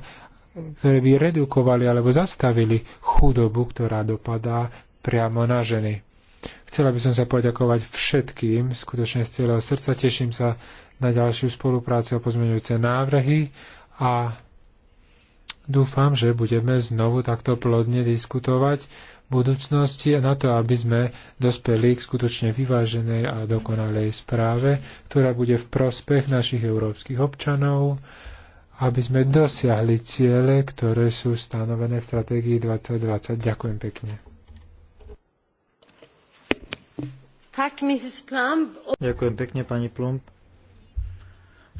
Speaker 3: ktoré by redukovali alebo zastavili chudobu, ktorá dopadá priamo na ženy. Chcela by som sa poďakovať všetkým, skutočne z celého srdca. Teším sa na ďalšiu spoluprácu a pozmeňujúce návrhy a dúfam, že budeme znovu takto plodne diskutovať v budúcnosti na to, aby sme dospeli k skutočne vyváženej a dokonalej správe, ktorá bude v prospech našich európskych občanov, aby sme dosiahli ciele, ktoré sú stanovené v stratégii 2020. Ďakujem pekne.
Speaker 1: Ďakujem
Speaker 3: pekne, pani Plump.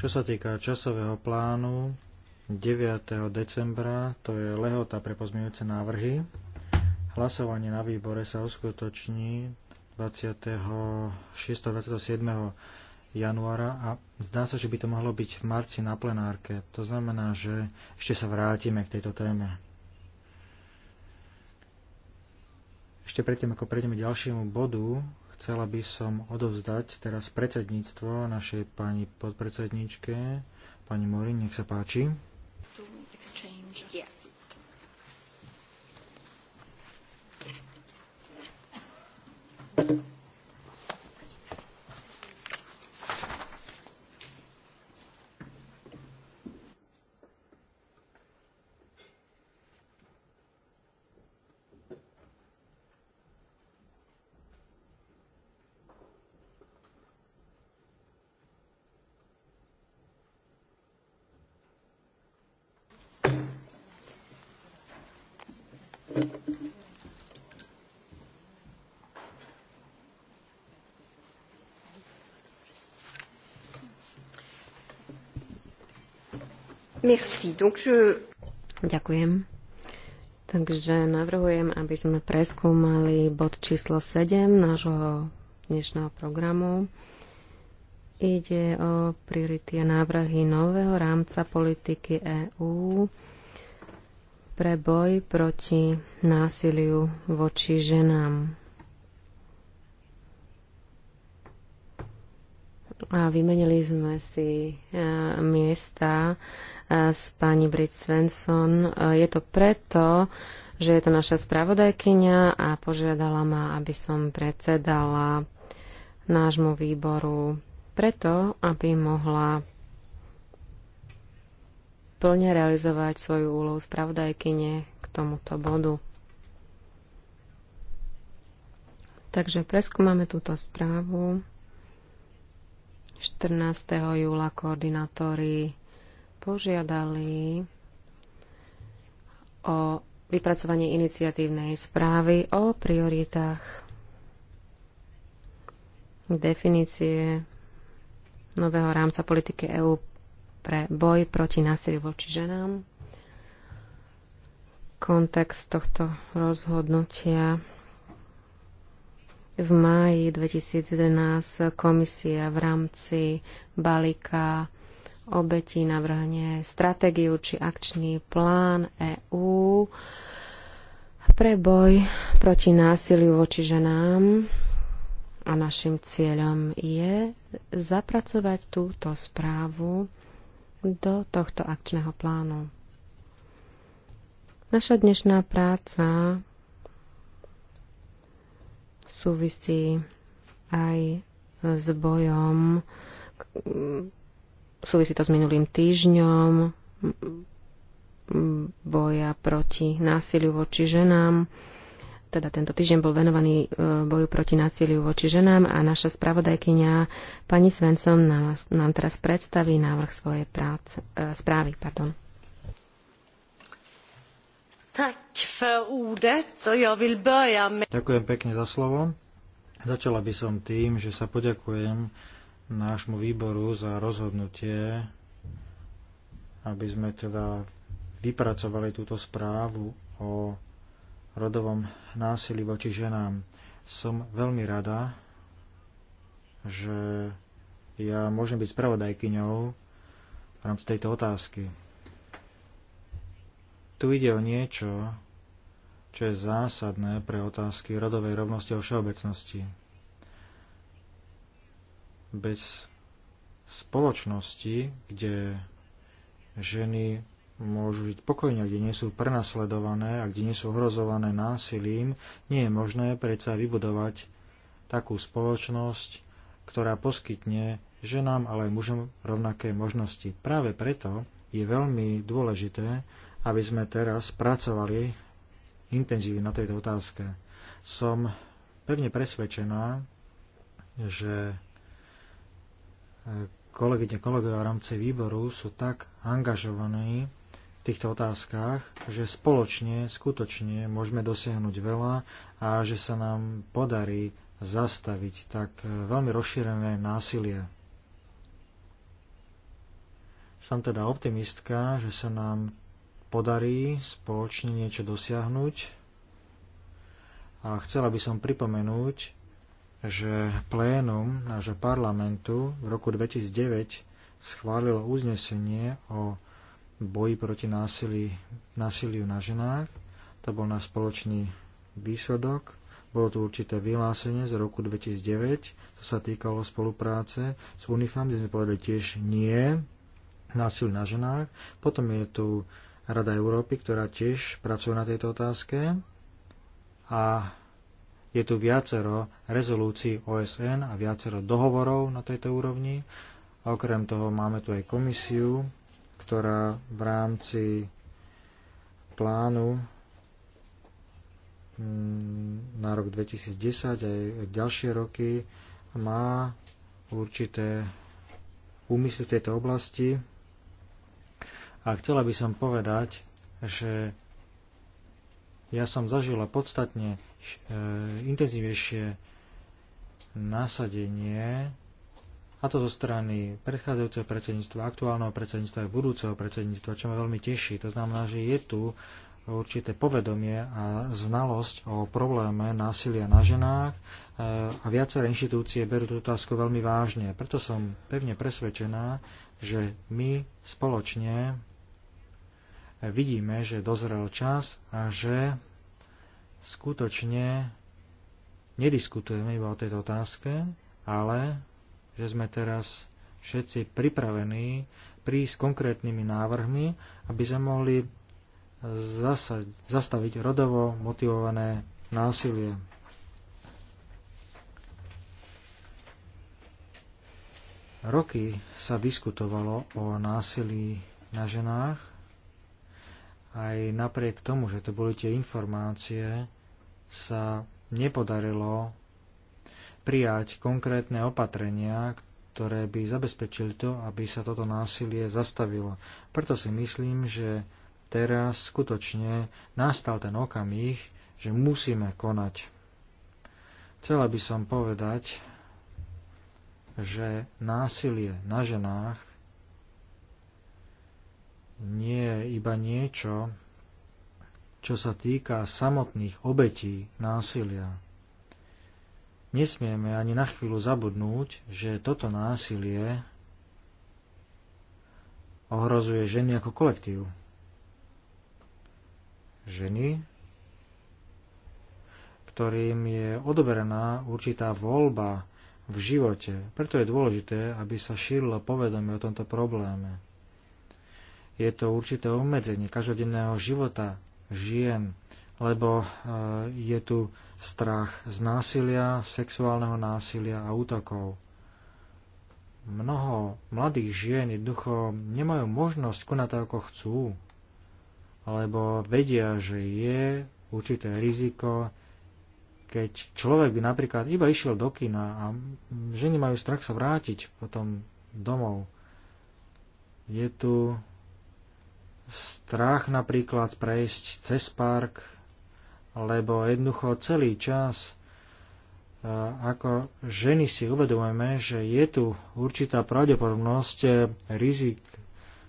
Speaker 1: Čo sa
Speaker 2: týka časového plánu, 9. decembra to je lehota pre pozmeňujúce návrhy. Hlasovanie na výbore sa uskutoční 26. 27. januára a zdá sa, že by to mohlo byť v marci na plenárke. To znamená, že ešte sa vrátime k tejto téme. Ešte predtým, ako prejdeme ďalšiemu bodu, Chcela by som odovzdať teraz predsedníctvo našej pani podpredsedničke, pani Morin, nech sa páči.
Speaker 1: Thank you. Merci. Donc je...
Speaker 4: Ďakujem. Takže navrhujem, aby sme preskúmali bod číslo 7 nášho dnešného programu. Ide o priority a návrhy nového rámca politiky EÚ pre boj proti násiliu voči ženám. A vymenili sme si e, miesta e, s pani Brit Svensson. E, je to preto, že je to naša spravodajkyňa a požiadala ma, aby som predsedala nášmu výboru preto, aby mohla plne realizovať svoju úlohu spravodajkyne k tomuto bodu. Takže preskúmame túto správu. 14. júla koordinátori požiadali o vypracovanie iniciatívnej správy o prioritách definície nového rámca politiky EÚ pre boj proti násiliu voči ženám. Kontext tohto rozhodnutia v máji 2011 komisia v rámci balíka obetí navrhne stratégiu či akčný plán EÚ pre boj proti násiliu voči ženám a našim cieľom je zapracovať túto správu do tohto akčného plánu. Naša dnešná práca súvisí aj s bojom, súvisí to s minulým týždňom boja proti násiliu voči ženám. Teda tento týždeň bol venovaný e, boju proti násiliu voči ženám a naša spravodajkyňa pani Svensson nám, nám teraz predstaví návrh svojej práce, e, správy. Pardon.
Speaker 1: Tak.
Speaker 2: Ďakujem pekne za slovo. Začala by som tým, že sa poďakujem nášmu výboru za rozhodnutie, aby sme teda vypracovali túto správu o rodovom násilí voči ženám. Som veľmi rada, že ja môžem byť spravodajkyňou v rámci tejto otázky. Tu ide o niečo, čo je zásadné pre otázky rodovej rovnosti a všeobecnosti. Bez spoločnosti, kde ženy môžu žiť pokojne, kde nie sú prenasledované a kde nie sú ohrozované násilím, nie je možné predsa vybudovať takú spoločnosť, ktorá poskytne ženám, ale aj mužom rovnaké možnosti. Práve preto je veľmi dôležité, aby sme teraz pracovali intenzívne na tejto otázke. Som pevne presvedčená, že eh, kolegyne, kolegovia v rámci výboru sú tak angažovaní v týchto otázkach, že spoločne, skutočne môžeme dosiahnuť veľa a že sa nám podarí zastaviť tak eh, veľmi rozšírené násilie. Som teda optimistka, že sa nám podarí spoločne niečo dosiahnuť. A chcela by som pripomenúť, že plénum nášho parlamentu v roku 2009 schválilo uznesenie o boji proti násilí, násiliu na ženách. To bol náš spoločný výsledok. Bolo tu určité vyhlásenie z roku 2009, čo sa týkalo spolupráce s UNIFAM, kde sme povedali tiež nie násil na ženách. Potom je tu Rada Európy, ktorá tiež pracuje na tejto otázke. A je tu viacero rezolúcií OSN a viacero dohovorov na tejto úrovni. A okrem toho máme tu aj komisiu, ktorá v rámci plánu mm, na rok 2010 aj ďalšie roky má určité úmysly v tejto oblasti a chcela by som povedať, že ja som zažila podstatne e, intenzívnejšie nasadenie, a to zo strany predchádzajúceho predsedníctva, aktuálneho predsedníctva a budúceho predsedníctva, čo ma veľmi teší. To znamená, že je tu určité povedomie a znalosť o probléme násilia na ženách e, a viaceré inštitúcie berú tú otázku veľmi vážne. Preto som pevne presvedčená, že my spoločne vidíme, že dozrel čas a že skutočne nediskutujeme iba o tejto otázke, ale že sme teraz všetci pripravení prísť konkrétnymi návrhmi, aby sme mohli zasa- zastaviť rodovo motivované násilie. Roky sa diskutovalo o násilí na ženách aj napriek tomu, že to boli tie informácie, sa nepodarilo prijať konkrétne opatrenia, ktoré by zabezpečili to, aby sa toto násilie zastavilo. Preto si myslím, že teraz skutočne nastal ten okamih, že musíme konať. Chcela by som povedať, že násilie na ženách nie je iba niečo, čo sa týka samotných obetí násilia. Nesmieme ani na chvíľu zabudnúť, že toto násilie ohrozuje ženy ako kolektív. Ženy, ktorým je odoberená určitá voľba v živote. Preto je dôležité, aby sa šírilo povedomie o tomto probléme je to určité obmedzenie každodenného života žien, lebo e, je tu strach z násilia, sexuálneho násilia a útokov. Mnoho mladých žien jednoducho nemajú možnosť konať ako chcú, lebo vedia, že je určité riziko, keď človek by napríklad iba išiel do kina a ženy majú strach sa vrátiť potom domov. Je tu strach napríklad prejsť cez park, lebo jednoducho celý čas e, ako ženy si uvedomujeme, že je tu určitá pravdepodobnosť e, rizik,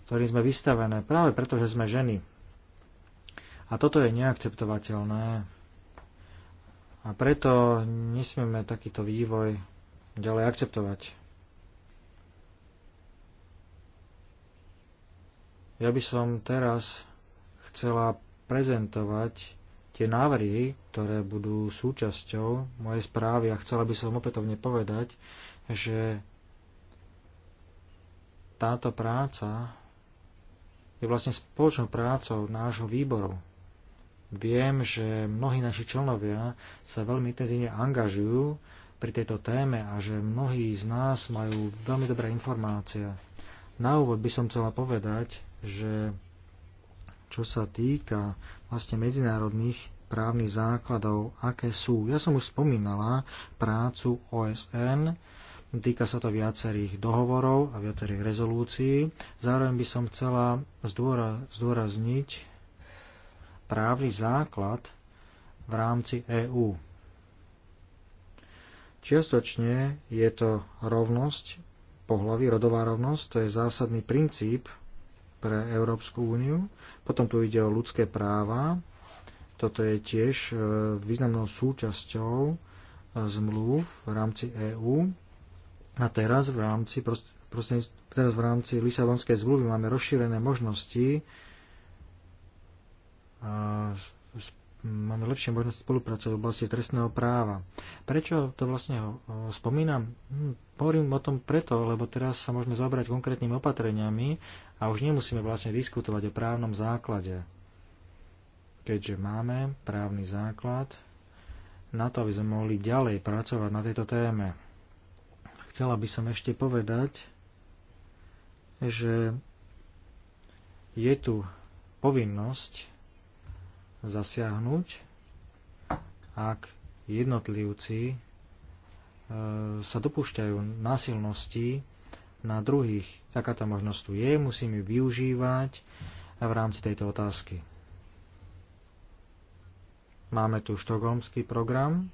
Speaker 2: ktorým sme vystavené práve preto, že sme ženy. A toto je neakceptovateľné. A preto nesmieme takýto vývoj ďalej akceptovať. Ja by som teraz chcela prezentovať tie návrhy, ktoré budú súčasťou mojej správy a chcela by som opätovne povedať, že táto práca je vlastne spoločnou prácou nášho výboru. Viem, že mnohí naši členovia sa veľmi intenzívne angažujú pri tejto téme a že mnohí z nás majú veľmi dobré informácie. Na úvod by som chcela povedať, že čo sa týka vlastne medzinárodných právnych základov, aké sú. Ja som už spomínala prácu OSN, týka sa to viacerých dohovorov a viacerých rezolúcií. Zároveň by som chcela zdôrazniť právny základ v rámci EÚ. Čiastočne je to rovnosť pohlaví, rodová rovnosť, to je zásadný princíp pre Európsku úniu. Potom tu ide o ľudské práva. Toto je tiež e, významnou súčasťou e, zmluv v rámci EÚ. A teraz v rámci, teraz v rámci Lisabonskej zmluvy máme rozšírené možnosti e, máme lepšie možnosti spolupracovať v oblasti trestného práva. Prečo to vlastne e, spomínam? Hm, hovorím o tom preto, lebo teraz sa môžeme zabrať konkrétnymi opatreniami a už nemusíme vlastne diskutovať o právnom základe. Keďže máme právny základ na to, aby sme mohli ďalej pracovať na tejto téme. Chcela by som ešte povedať, že je tu povinnosť zasiahnuť, ak jednotlivci e, sa dopúšťajú násilnosti na druhých. Takáto možnosť tu je, musíme využívať v rámci tejto otázky. Máme tu štokholmský program,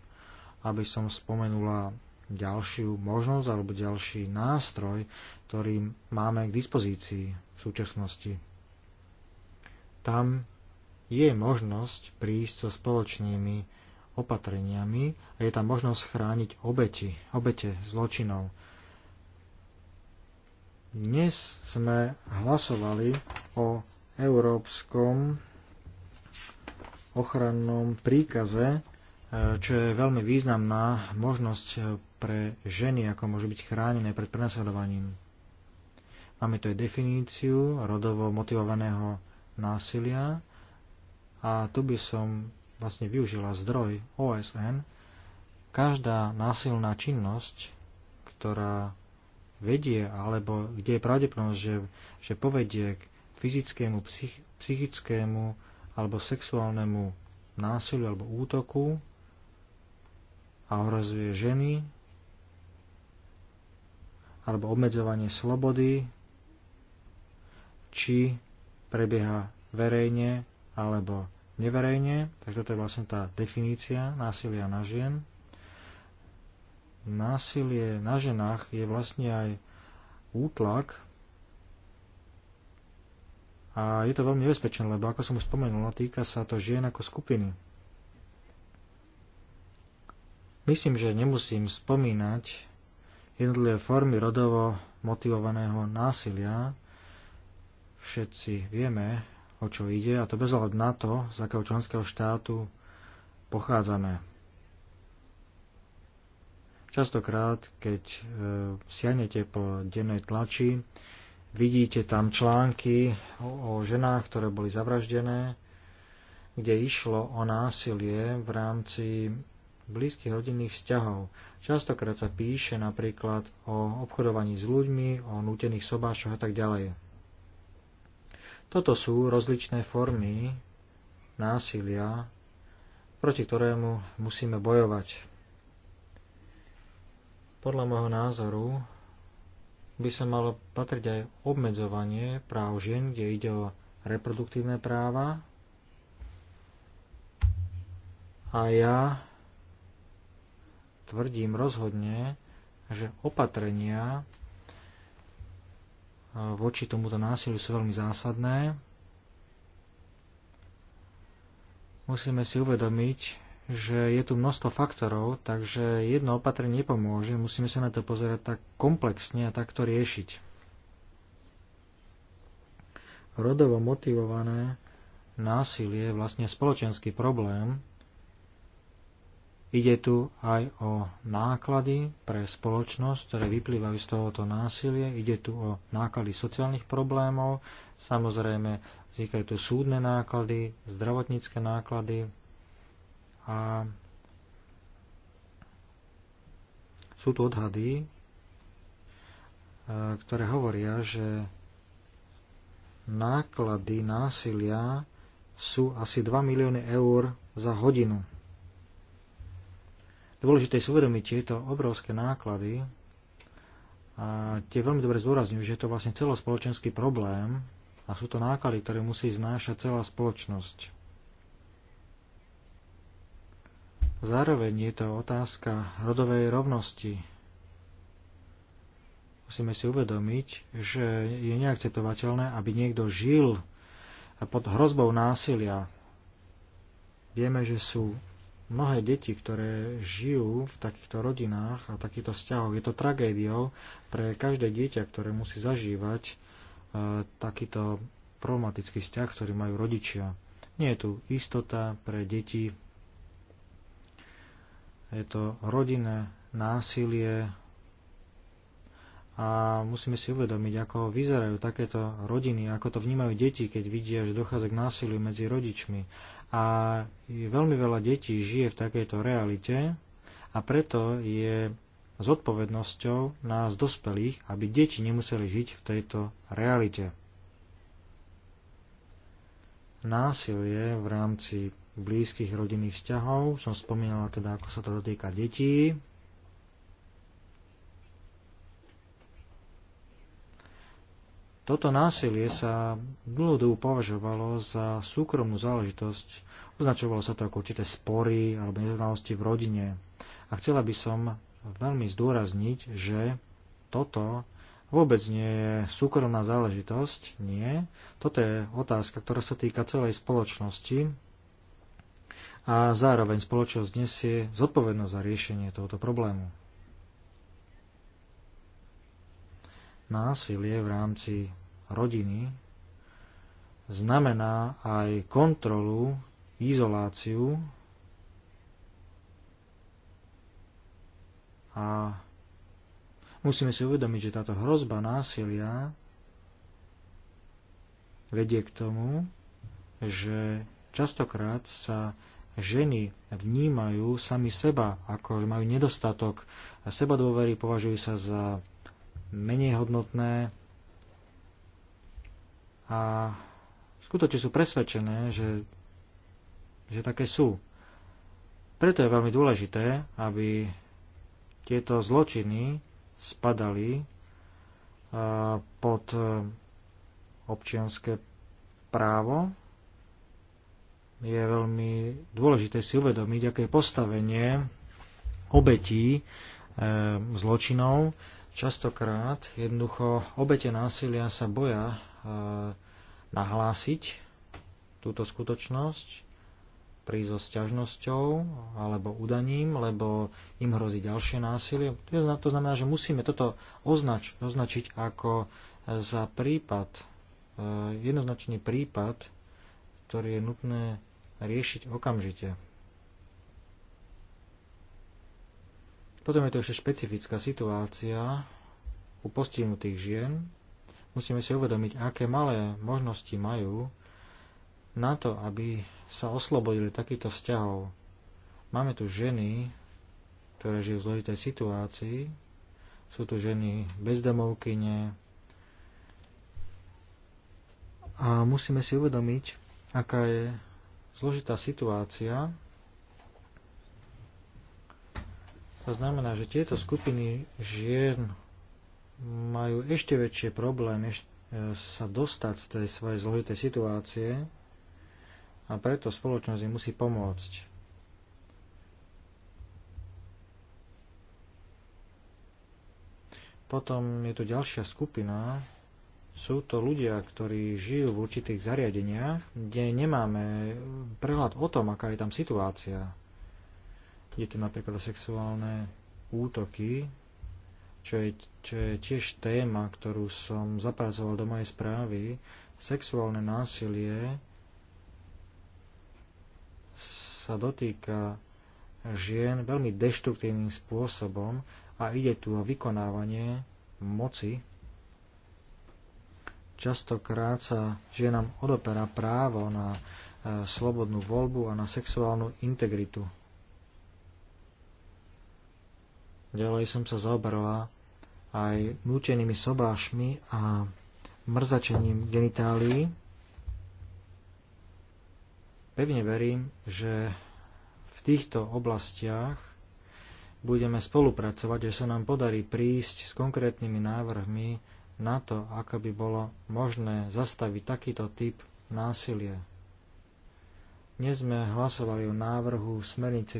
Speaker 2: aby som spomenula ďalšiu možnosť alebo ďalší nástroj, ktorý máme k dispozícii v súčasnosti. Tam je možnosť prísť so spoločnými opatreniami a je tam možnosť chrániť obeti, obete zločinov. Dnes sme hlasovali o európskom ochrannom príkaze, e, čo je veľmi významná možnosť pre ženy, ako môžu byť chránené pred prenasledovaním. Máme tu aj definíciu rodovo motivovaného násilia, a tu by som vlastne využila zdroj OSN, každá násilná činnosť, ktorá vedie, alebo kde je pravdepodobnosť, že, že povedie k fyzickému, psych, psychickému alebo sexuálnemu násiliu alebo útoku a ohrozuje ženy, alebo obmedzovanie slobody, či prebieha verejne alebo neverejne, takže toto je vlastne tá definícia násilia na žien. Násilie na ženách je vlastne aj útlak a je to veľmi nebezpečné, lebo ako som už spomenul, týka sa to žien ako skupiny. Myslím, že nemusím spomínať jednotlivé formy rodovo motivovaného násilia. Všetci vieme, o čo ide, a to bez ohľadu na to, z akého členského štátu pochádzame. Častokrát, keď e, siahnete po dennej tlači, vidíte tam články o, o ženách, ktoré boli zavraždené, kde išlo o násilie v rámci blízkych rodinných vzťahov. Častokrát sa píše napríklad o obchodovaní s ľuďmi, o nútených sobášoch a tak ďalej. Toto sú rozličné formy násilia, proti ktorému musíme bojovať. Podľa môjho názoru by sa malo patriť aj obmedzovanie práv žien, kde ide o reproduktívne práva. A ja tvrdím rozhodne, že opatrenia voči tomuto násiliu sú veľmi zásadné. Musíme si uvedomiť, že je tu množstvo faktorov, takže jedno opatrenie nepomôže, musíme sa na to pozerať tak komplexne a takto riešiť. Rodovo motivované násilie je vlastne spoločenský problém, Ide tu aj o náklady pre spoločnosť, ktoré vyplývajú z tohoto násilie. Ide tu o náklady sociálnych problémov. Samozrejme, vznikajú tu súdne náklady, zdravotnícke náklady a sú tu odhady, e, ktoré hovoria, že náklady násilia sú asi 2 milióny eur za hodinu Dôležité si uvedomiť tieto obrovské náklady a tie veľmi dobre zdôrazňujú, že je to vlastne celospoločenský problém a sú to náklady, ktoré musí znášať celá spoločnosť. Zároveň je to otázka rodovej rovnosti. Musíme si uvedomiť, že je neakceptovateľné, aby niekto žil pod hrozbou násilia. Vieme, že sú mnohé deti, ktoré žijú v takýchto rodinách a takýchto vzťahoch, je to tragédiou pre každé dieťa, ktoré musí zažívať e, takýto problematický vzťah, ktorý majú rodičia. Nie je tu istota pre deti, je to rodinné násilie a musíme si uvedomiť, ako vyzerajú takéto rodiny, ako to vnímajú deti, keď vidia, že dochádza k násiliu medzi rodičmi a veľmi veľa detí žije v takejto realite a preto je zodpovednosťou nás dospelých, aby deti nemuseli žiť v tejto realite. Násilie v rámci blízkych rodinných vzťahov, som spomínala teda, ako sa to dotýka detí, Toto násilie sa dlhodobo považovalo za súkromnú záležitosť, označovalo sa to ako určité spory alebo nezrovnalosti v rodine. A chcela by som veľmi zdôrazniť, že toto vôbec nie je súkromná záležitosť, nie. Toto je otázka, ktorá sa týka celej spoločnosti a zároveň spoločnosť nesie zodpovednosť za riešenie tohoto problému. násilie v rámci rodiny znamená aj kontrolu, izoláciu a musíme si uvedomiť, že táto hrozba násilia vedie k tomu, že častokrát sa ženy vnímajú sami seba, ako majú nedostatok seba dôvery, považujú sa za menej hodnotné a skutočne sú presvedčené, že, že také sú. Preto je veľmi dôležité, aby tieto zločiny spadali e, pod e, občianské právo. Je veľmi dôležité si uvedomiť, aké je postavenie obetí e, zločinov Častokrát jednoducho obete násilia sa boja e, nahlásiť túto skutočnosť, prísť so sťažnosťou alebo udaním, lebo im hrozí ďalšie násilie. To znamená, že musíme toto označ, označiť ako za prípad, e, jednoznačný prípad, ktorý je nutné riešiť okamžite. Potom je to ešte špecifická situácia u postihnutých žien. Musíme si uvedomiť, aké malé možnosti majú na to, aby sa oslobodili takýchto vzťahov. Máme tu ženy, ktoré žijú v zložitej situácii. Sú tu ženy bezdomovkyne. A musíme si uvedomiť, aká je zložitá situácia To znamená, že tieto skupiny žien majú ešte väčšie problémy e, sa dostať z tej svojej zložitej situácie a preto spoločnosť im musí pomôcť. Potom je tu ďalšia skupina. Sú to ľudia, ktorí žijú v určitých zariadeniach, kde nemáme prehľad o tom, aká je tam situácia je to napríklad sexuálne útoky, čo je, čo je tiež téma, ktorú som zapracoval do mojej správy. Sexuálne násilie sa dotýka žien veľmi deštruktívnym spôsobom a ide tu o vykonávanie moci. Častokrát sa ženám odoperá právo na e, slobodnú voľbu a na sexuálnu integritu. Ďalej som sa zaoberala aj nútenými sobášmi a mrzačením genitálií. Pevne verím, že v týchto oblastiach budeme spolupracovať, že sa nám podarí prísť s konkrétnymi návrhmi na to, ako by bolo možné zastaviť takýto typ násilia. Dnes sme hlasovali o návrhu smernice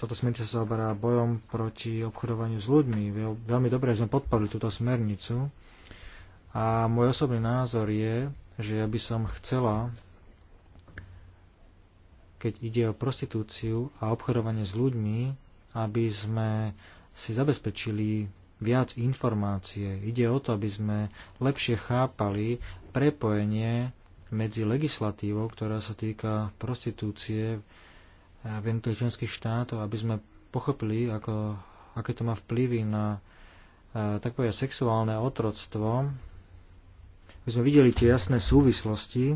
Speaker 2: toto smernica sa zaoberá bojom proti obchodovaniu s ľuďmi. Veľmi dobre sme podporili túto smernicu a môj osobný názor je, že ja by som chcela, keď ide o prostitúciu a obchodovanie s ľuďmi, aby sme si zabezpečili viac informácie. Ide o to, aby sme lepšie chápali prepojenie medzi legislatívou, ktorá sa týka prostitúcie v jednotlivých členských štátov, aby sme pochopili, ako, aké to má vplyvy na tak povedať, sexuálne otroctvo, aby sme videli tie jasné súvislosti.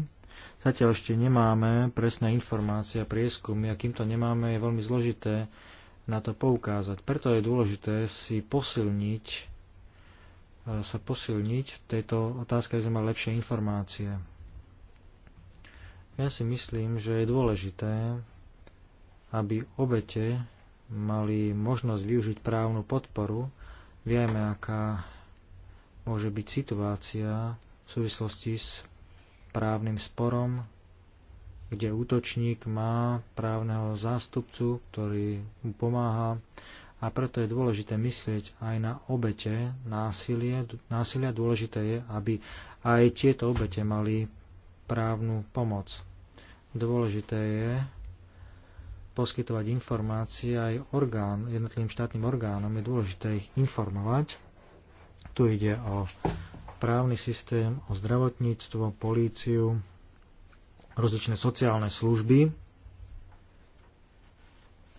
Speaker 2: Zatiaľ ešte nemáme presné informácie a prieskumy a kým to nemáme, je veľmi zložité na to poukázať. Preto je dôležité si posilniť sa posilniť v tejto otázke, aby sme mali lepšie informácie. Ja si myslím, že je dôležité aby obete mali možnosť využiť právnu podporu. Vieme, aká môže byť situácia v súvislosti s právnym sporom, kde útočník má právneho zástupcu, ktorý mu pomáha a preto je dôležité myslieť aj na obete násilie, násilia. Dôležité je, aby aj tieto obete mali právnu pomoc. Dôležité je poskytovať informácie aj orgán, jednotlivým štátnym orgánom. Je dôležité ich informovať. Tu ide o právny systém, o zdravotníctvo, políciu, rozličné sociálne služby.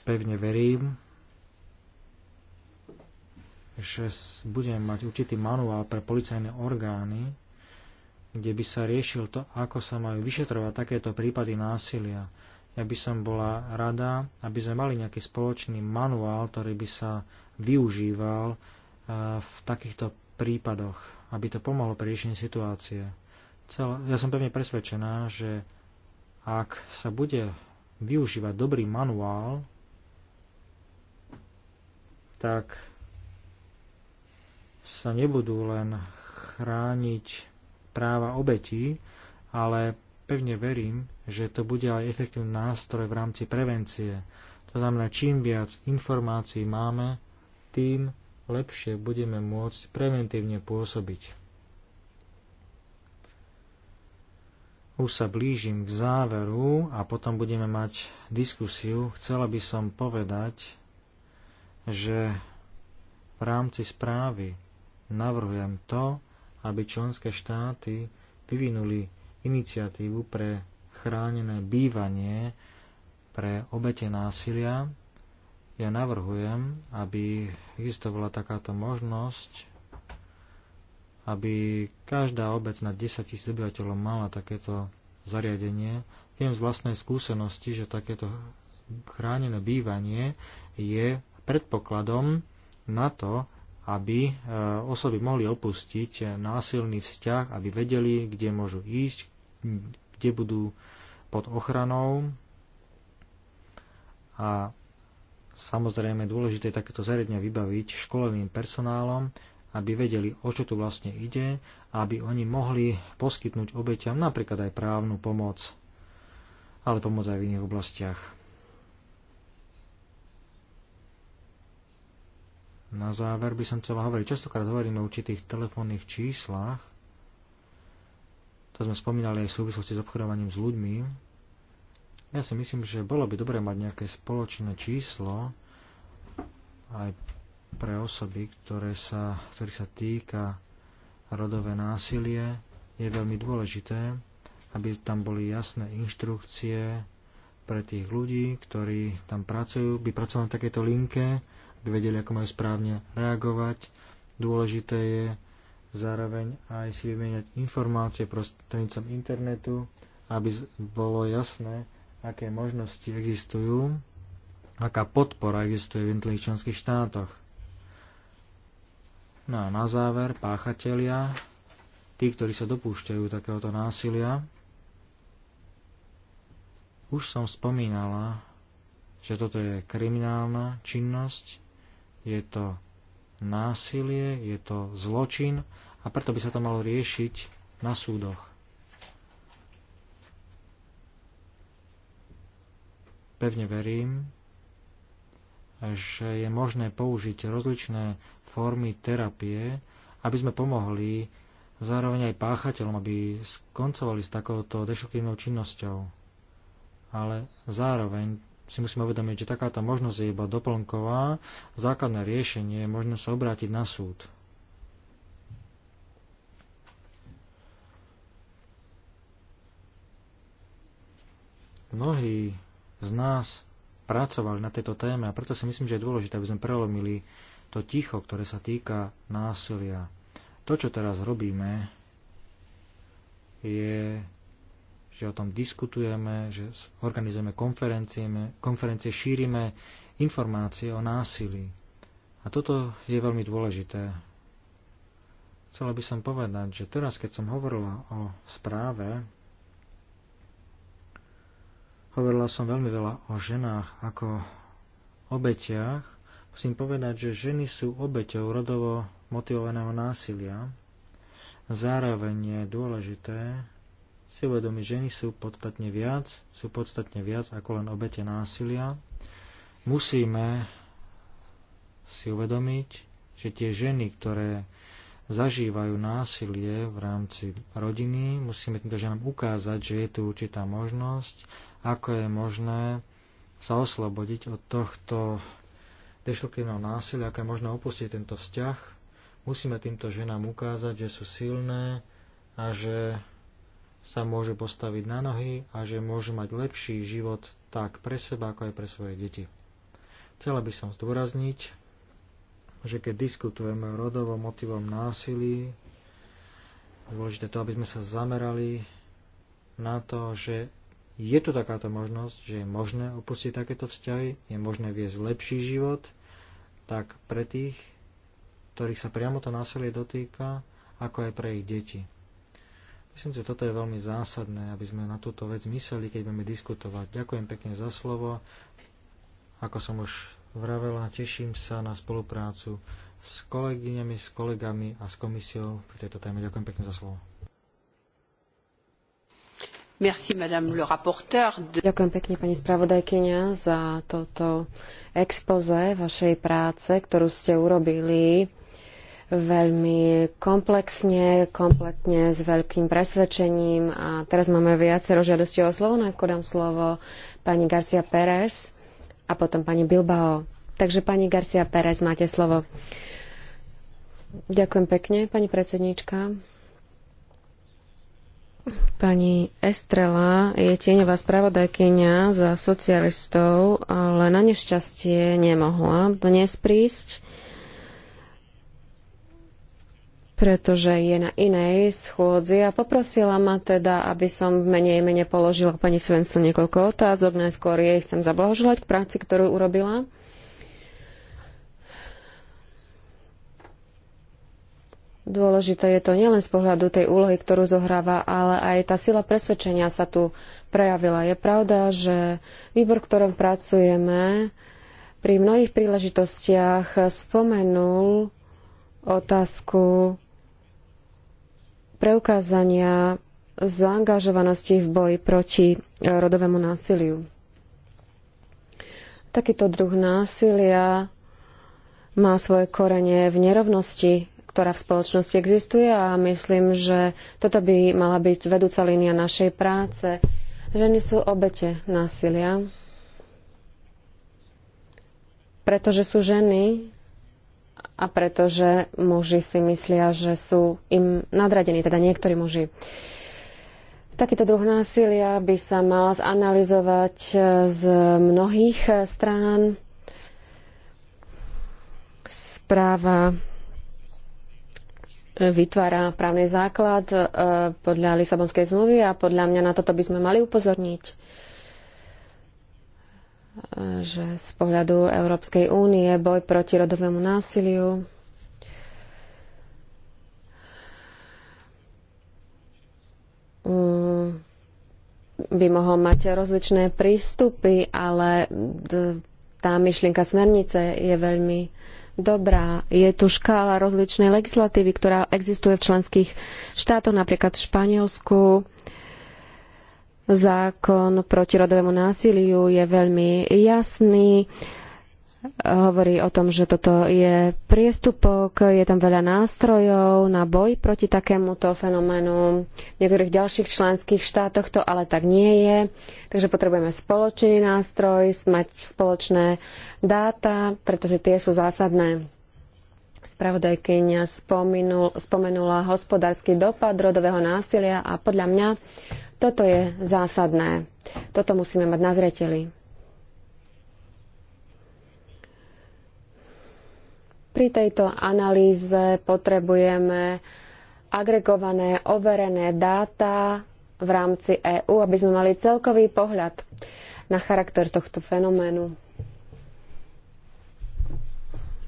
Speaker 2: Pevne verím, že budeme mať určitý manuál pre policajné orgány, kde by sa riešil to, ako sa majú vyšetrovať takéto prípady násilia. Ja by som bola rada, aby sme mali nejaký spoločný manuál, ktorý by sa využíval e, v takýchto prípadoch, aby to pomohlo pri riešení situácie. Ja som pevne presvedčená, že ak sa bude využívať dobrý manuál, tak sa nebudú len chrániť práva obetí, ale pevne verím, že to bude aj efektívny nástroj v rámci prevencie. To znamená, čím viac informácií máme, tým lepšie budeme môcť preventívne pôsobiť. Už sa blížim k záveru a potom budeme mať diskusiu. Chcela by som povedať, že v rámci správy navrhujem to, aby členské štáty vyvinuli iniciatívu pre chránené bývanie pre obete násilia. Ja navrhujem, aby existovala takáto možnosť, aby každá obec na 10 tisíc obyvateľov mala takéto zariadenie. Viem z vlastnej skúsenosti, že takéto chránené bývanie je predpokladom na to, aby e, osoby mohli opustiť násilný vzťah, aby vedeli, kde môžu ísť, kde budú pod ochranou. A samozrejme dôležité je takéto zariadenia vybaviť školeným personálom, aby vedeli, o čo tu vlastne ide, aby oni mohli poskytnúť obeťam napríklad aj právnu pomoc, ale pomoc aj v iných oblastiach. Na záver by som chcel hovoriť, častokrát hovoríme o určitých telefónnych číslach, to sme spomínali aj v súvislosti s obchodovaním s ľuďmi. Ja si myslím, že bolo by dobré mať nejaké spoločné číslo aj pre osoby, ktoré sa, ktorý sa týka rodové násilie. Je veľmi dôležité, aby tam boli jasné inštrukcie pre tých ľudí, ktorí tam pracujú, by pracovali na takejto linke, aby vedeli, ako majú správne reagovať. Dôležité je zároveň aj si vymieňať informácie prostrednícom internetu, aby bolo jasné, aké možnosti existujú, aká podpora existuje v jednotlivých členských štátoch. No a na záver páchatelia, tí, ktorí sa dopúšťajú takéhoto násilia, už som spomínala, že toto je kriminálna činnosť, je to násilie, je to zločin a preto by sa to malo riešiť na súdoch. Pevne verím, že je možné použiť rozličné formy terapie, aby sme pomohli zároveň aj páchateľom, aby skoncovali s takouto dešoktívnou činnosťou. Ale zároveň si musíme uvedomiť, že takáto možnosť je iba doplnková. Základné riešenie je možné sa obrátiť na súd. Mnohí z nás pracovali na tejto téme a preto si myslím, že je dôležité, aby sme prelomili to ticho, ktoré sa týka násilia. To, čo teraz robíme, je, že o tom diskutujeme, že organizujeme konferencie, konferencie šírime informácie o násilí. A toto je veľmi dôležité. Chcela by som povedať, že teraz, keď som hovorila o správe, Hovorila som veľmi veľa o ženách ako obetiach. Musím povedať, že ženy sú obeťou rodovo motivovaného násilia. Zároveň je dôležité si uvedomiť, že ženy sú podstatne viac, sú podstatne viac ako len obete násilia. Musíme si uvedomiť, že tie ženy, ktoré zažívajú násilie v rámci rodiny. Musíme týmto ženám ukázať, že je tu určitá možnosť, ako je možné sa oslobodiť od tohto deštruktívneho násilia, ako je možné opustiť tento vzťah. Musíme týmto ženám ukázať, že sú silné a že sa môžu postaviť na nohy a že môžu mať lepší život tak pre seba, ako aj pre svoje deti. Chcela by som zdôrazniť, že keď diskutujeme o rodovom motivom násilí, dôležité to, aby sme sa zamerali na to, že je tu takáto možnosť, že je možné opustiť takéto vzťahy, je možné viesť lepší život, tak pre tých, ktorých sa priamo to násilie dotýka, ako aj pre ich deti. Myslím, že toto je veľmi zásadné, aby sme na túto vec mysleli, keď budeme diskutovať. Ďakujem pekne za slovo. Ako som už vravela, teším sa na spoluprácu s kolegyňami, s kolegami a s komisiou pri tejto téme. Ďakujem pekne za slovo.
Speaker 1: Merci, madame le rapporteur.
Speaker 4: De... Ďakujem pekne, pani spravodajkyňa, za toto expoze vašej práce, ktorú ste urobili veľmi komplexne, kompletne s veľkým presvedčením. A teraz máme viacero žiadosti o slovo. Najskôr dám slovo pani Garcia Pérez a potom pani Bilbao. Takže pani Garcia Pérez, máte slovo. Ďakujem pekne, pani predsedníčka. Pani Estrela je tieňová spravodajkyňa za socialistov, ale na nešťastie nemohla dnes prísť pretože je na inej schôdzi a poprosila ma teda, aby som v mene mene položila pani Svenstu niekoľko otázok. Najskôr jej chcem zablahoželať k práci, ktorú urobila. Dôležité je to nielen z pohľadu tej úlohy, ktorú zohráva, ale aj tá sila presvedčenia sa tu prejavila. Je pravda, že výbor, v ktorom pracujeme, pri mnohých príležitostiach spomenul otázku preukázania zaangažovanosti v boji proti e, rodovému násiliu. Takýto druh násilia má svoje korenie v nerovnosti, ktorá v spoločnosti existuje a myslím, že toto by mala byť vedúca línia našej práce. Ženy sú obete násilia, pretože sú ženy, a pretože muži si myslia, že sú im nadradení, teda niektorí muži. Takýto druh násilia by sa mal zanalizovať e, z mnohých e, strán. Správa e, vytvára právny základ podľa Lisabonskej zmluvy a podľa mňa na toto by sme mali upozorniť že z pohľadu Európskej únie boj proti rodovému násiliu mm, by mohol mať rozličné prístupy, ale tá myšlienka smernice je veľmi dobrá. Je tu škála rozličnej legislatívy, ktorá existuje v členských štátoch, napríklad v Španielsku. Zákon proti rodovému násiliu je veľmi jasný. Hovorí o tom, že toto je priestupok, je tam veľa nástrojov na boj proti takémuto fenoménu. V niektorých ďalších členských štátoch to ale tak nie je. Takže potrebujeme spoločný nástroj, mať spoločné dáta, pretože tie sú zásadné spravodajkyňa spomenula hospodársky dopad rodového násilia a podľa mňa toto je zásadné. Toto musíme mať na zreteli. Pri tejto analýze potrebujeme agregované, overené dáta v rámci EÚ, aby sme mali celkový pohľad na charakter tohto fenoménu.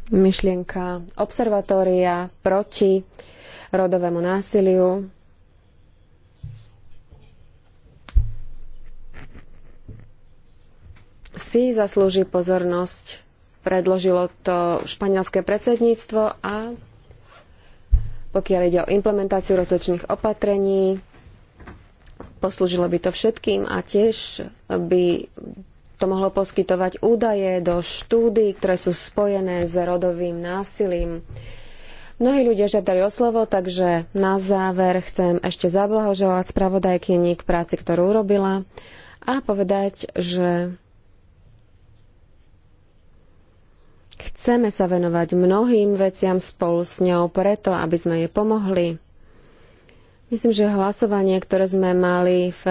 Speaker 4: Myšlienka observatória proti rodovému násiliu si zaslúži pozornosť. Predložilo to španielské predsedníctvo a pokiaľ ide o implementáciu rozličných opatrení, poslúžilo by to všetkým a tiež by to mohlo poskytovať údaje do štúdy, ktoré sú spojené s rodovým násilím. Mnohí ľudia žiadali o slovo, takže na záver chcem ešte zablahoželať spravodajkyni k práci, ktorú urobila a povedať, že Chceme sa venovať mnohým veciam spolu s ňou preto, aby sme jej pomohli. Myslím, že hlasovanie, ktoré sme mali v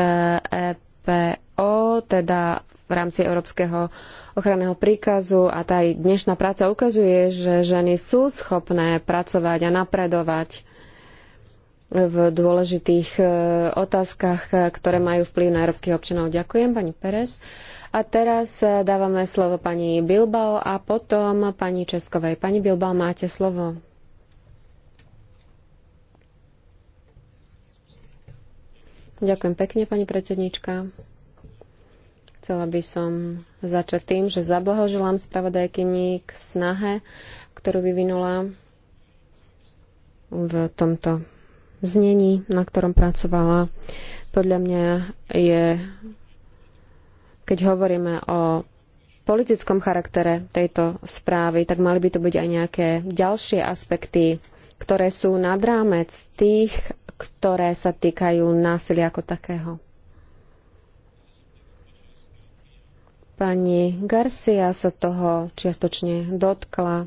Speaker 4: EPO, teda v rámci Európskeho ochranného príkazu a tá dnešná práca ukazuje, že ženy sú schopné pracovať a napredovať v dôležitých e, otázkach, e, ktoré majú vplyv na európskych občanov. Ďakujem, pani Perez. A teraz e, dávame slovo pani Bilbao a potom pani Českovej. Pani Bilbao, máte slovo. Ďakujem pekne, pani predsednička. Chcela by som začať tým, že zablahoželám spravodajkyni k snahe, ktorú vyvinula v tomto znení, na ktorom pracovala. Podľa mňa je keď hovoríme o politickom charaktere tejto správy, tak mali by to byť aj nejaké ďalšie aspekty, ktoré sú nad rámec tých, ktoré sa týkajú násilia ako takého. Pani Garcia sa toho čiastočne dotkla.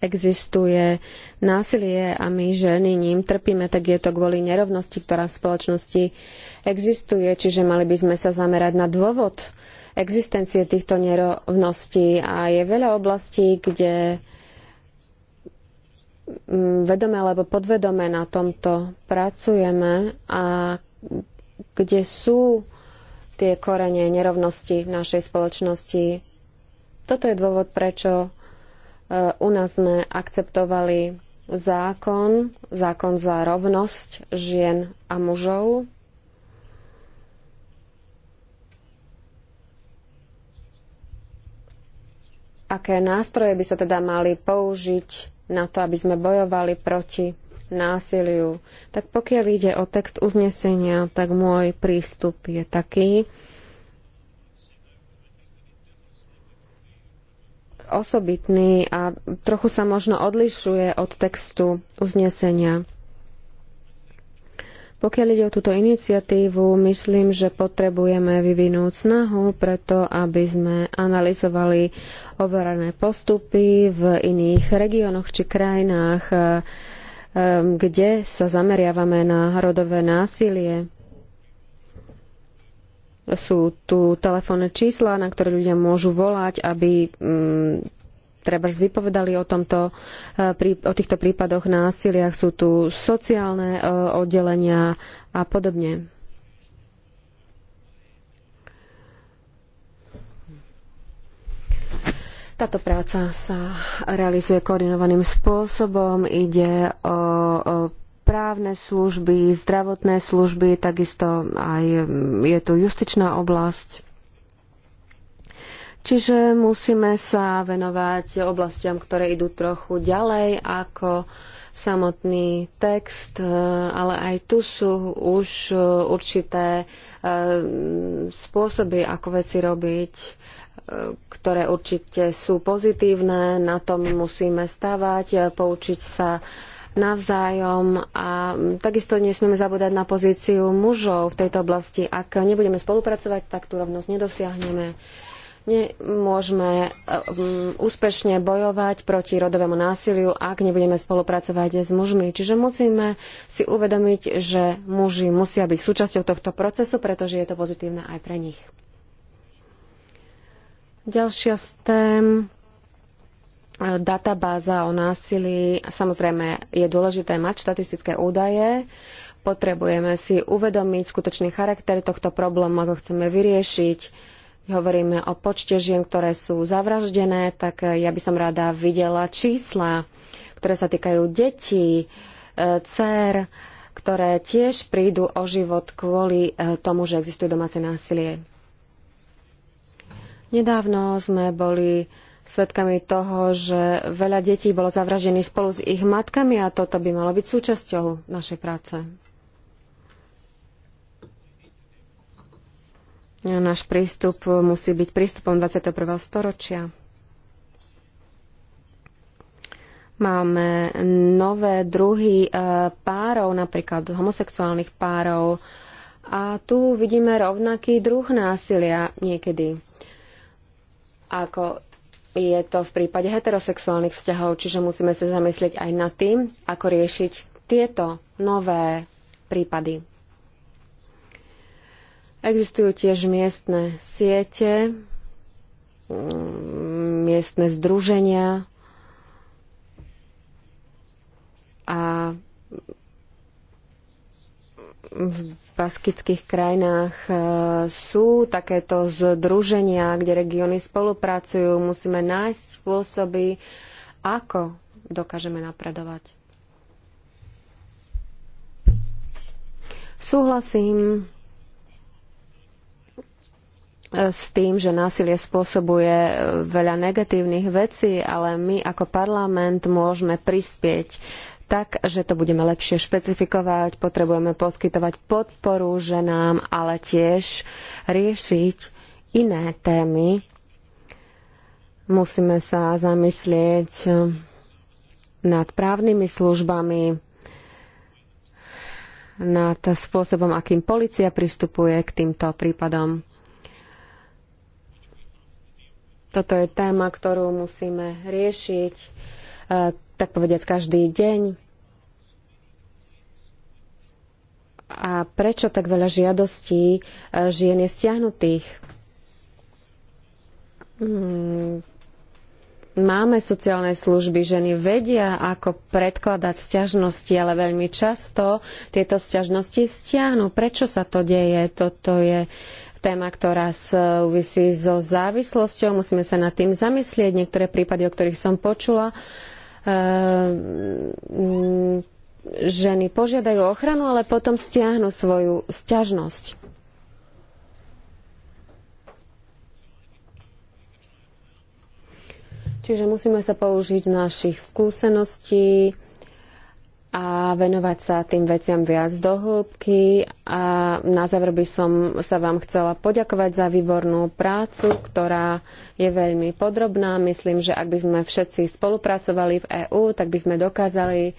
Speaker 4: Existuje násilie a my ženy ním trpíme, tak je to kvôli nerovnosti, ktorá v spoločnosti uh, existuje, čiže mali by sme sa zamerať na dôvod existencie týchto nerovností a je veľa oblastí, kde mm, vedome alebo podvedome na tomto pracujeme a kde sú tie korene nerovnosti v našej spoločnosti. Toto je dôvod, prečo e, u nás sme akceptovali zákon, zákon za rovnosť žien a mužov, Aké nástroje by sa teda mali použiť na to, aby sme bojovali proti násiliu? Tak pokiaľ ide o text uznesenia, tak môj prístup je taký, osobitný a trochu sa možno odlišuje od textu uznesenia. Pokiaľ ide o túto iniciatívu, myslím, že potrebujeme vyvinúť snahu preto, aby sme analyzovali overené postupy v iných regiónoch či krajinách, eh, eh, kde sa zameriavame na rodové násilie. Sú tu telefónne čísla, na ktoré ľudia môžu volať, aby mm, treba vypovedali o, tomto, e, o týchto prípadoch násiliach. Sú tu sociálne e, oddelenia a podobne. Táto práca sa realizuje koordinovaným spôsobom. Ide o, o právne služby, zdravotné služby, takisto aj je tu justičná oblasť. Čiže musíme sa venovať oblastiam, ktoré idú trochu ďalej ako samotný text, e, ale aj tu sú už e, určité e, spôsoby, ako veci robiť, ktoré určite sú pozitívne, na tom musíme stavať, poučiť sa navzájom a takisto nesmieme zabúdať na pozíciu mužov v tejto oblasti. Ak nebudeme spolupracovať, tak tú rovnosť nedosiahneme. Nemôžeme e, mm, úspešne bojovať proti rodovému násiliu, ak nebudeme spolupracovať s mužmi. Čiže musíme si uvedomiť, že muži musia byť súčasťou tohto procesu, pretože je to pozitívne aj pre nich. Ďalšia z tém e, databáza o násilí. Samozrejme, je dôležité mať štatistické údaje, potrebujeme si uvedomiť skutočný charakter tohto problému, ako chceme vyriešiť hovoríme o počte žien, ktoré sú zavraždené, tak eh, ja by som rada videla čísla, ktoré sa týkajú detí, eh, dcer, ktoré tiež prídu o život kvôli eh, tomu, že existuje domáce násilie. Nedávno sme boli svedkami toho, že veľa detí bolo zavražených spolu s ich matkami a toto by malo byť súčasťou našej práce. Náš prístup musí byť prístupom 21. storočia. Máme nové druhy e, párov, napríklad homosexuálnych párov. A tu vidíme rovnaký druh násilia niekedy, ako je to v prípade heterosexuálnych vzťahov, čiže musíme sa zamyslieť aj nad tým, ako riešiť tieto nové prípady. Existujú tiež miestne siete, mm, miestne združenia a v baskických krajinách e, sú takéto združenia, kde regióny spolupracujú. Musíme nájsť spôsoby, ako dokážeme napredovať. Súhlasím E, s tým, že násilie spôsobuje e, veľa negatívnych vecí, ale my ako parlament môžeme prispieť tak, že to budeme lepšie špecifikovať, potrebujeme poskytovať podporu ženám, ale tiež riešiť iné témy. Musíme sa zamyslieť e, nad právnymi službami, nad spôsobom, akým policia pristupuje k týmto prípadom. Toto je téma, ktorú musíme riešiť, e, tak povediať, každý deň. A prečo tak veľa žiadostí e, žien je stiahnutých? Hmm. Máme sociálne služby, ženy vedia, ako predkladať sťažnosti, ale veľmi často tieto sťažnosti stiahnu. Prečo sa to deje? Toto je téma, ktorá súvisí so závislosťou. Musíme sa nad tým zamyslieť. Niektoré prípady, o ktorých som počula, ehm, ženy požiadajú ochranu, ale potom stiahnu svoju sťažnosť. Čiže musíme sa použiť našich skúseností, a venovať sa tým veciam viac do hĺbky. A na záver by som sa vám chcela poďakovať za výbornú prácu, ktorá je veľmi podrobná. Myslím, že ak by sme všetci spolupracovali v EÚ, tak by sme dokázali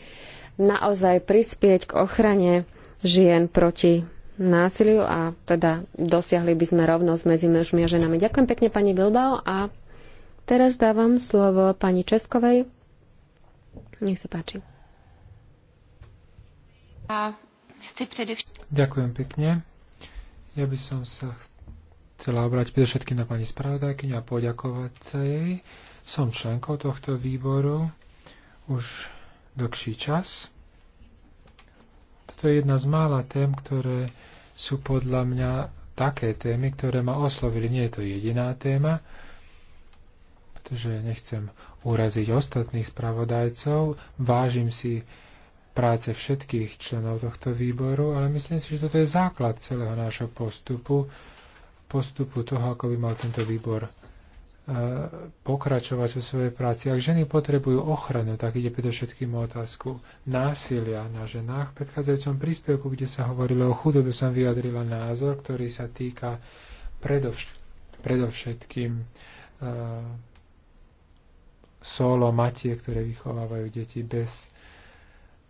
Speaker 4: naozaj prispieť k ochrane žien proti násiliu a teda dosiahli by sme rovnosť medzi mužmi a ženami. Ďakujem pekne pani Bilbao a teraz dávam slovo pani Českovej. Nech sa páči.
Speaker 3: Ďakujem pekne. Ja by som sa chcela obrať predovšetkým na pani spravodajkyňu a poďakovať sa jej. Som členkou tohto výboru už dlhší čas. Toto je jedna z mála tém, ktoré sú podľa mňa také témy, ktoré ma oslovili. Nie je to jediná téma, pretože nechcem uraziť ostatných spravodajcov. Vážim si práce všetkých členov tohto výboru, ale myslím si, že toto je základ celého nášho postupu, postupu toho, ako by mal tento výbor e, pokračovať vo svojej práci. Ak ženy potrebujú ochranu, tak ide predovšetkým o otázku násilia na ženách. V predchádzajúcom príspevku, kde sa hovorilo o chudobe, som vyjadrila názor, ktorý sa týka predovš- predovšetkým uh, e, solo matie, ktoré vychovávajú deti bez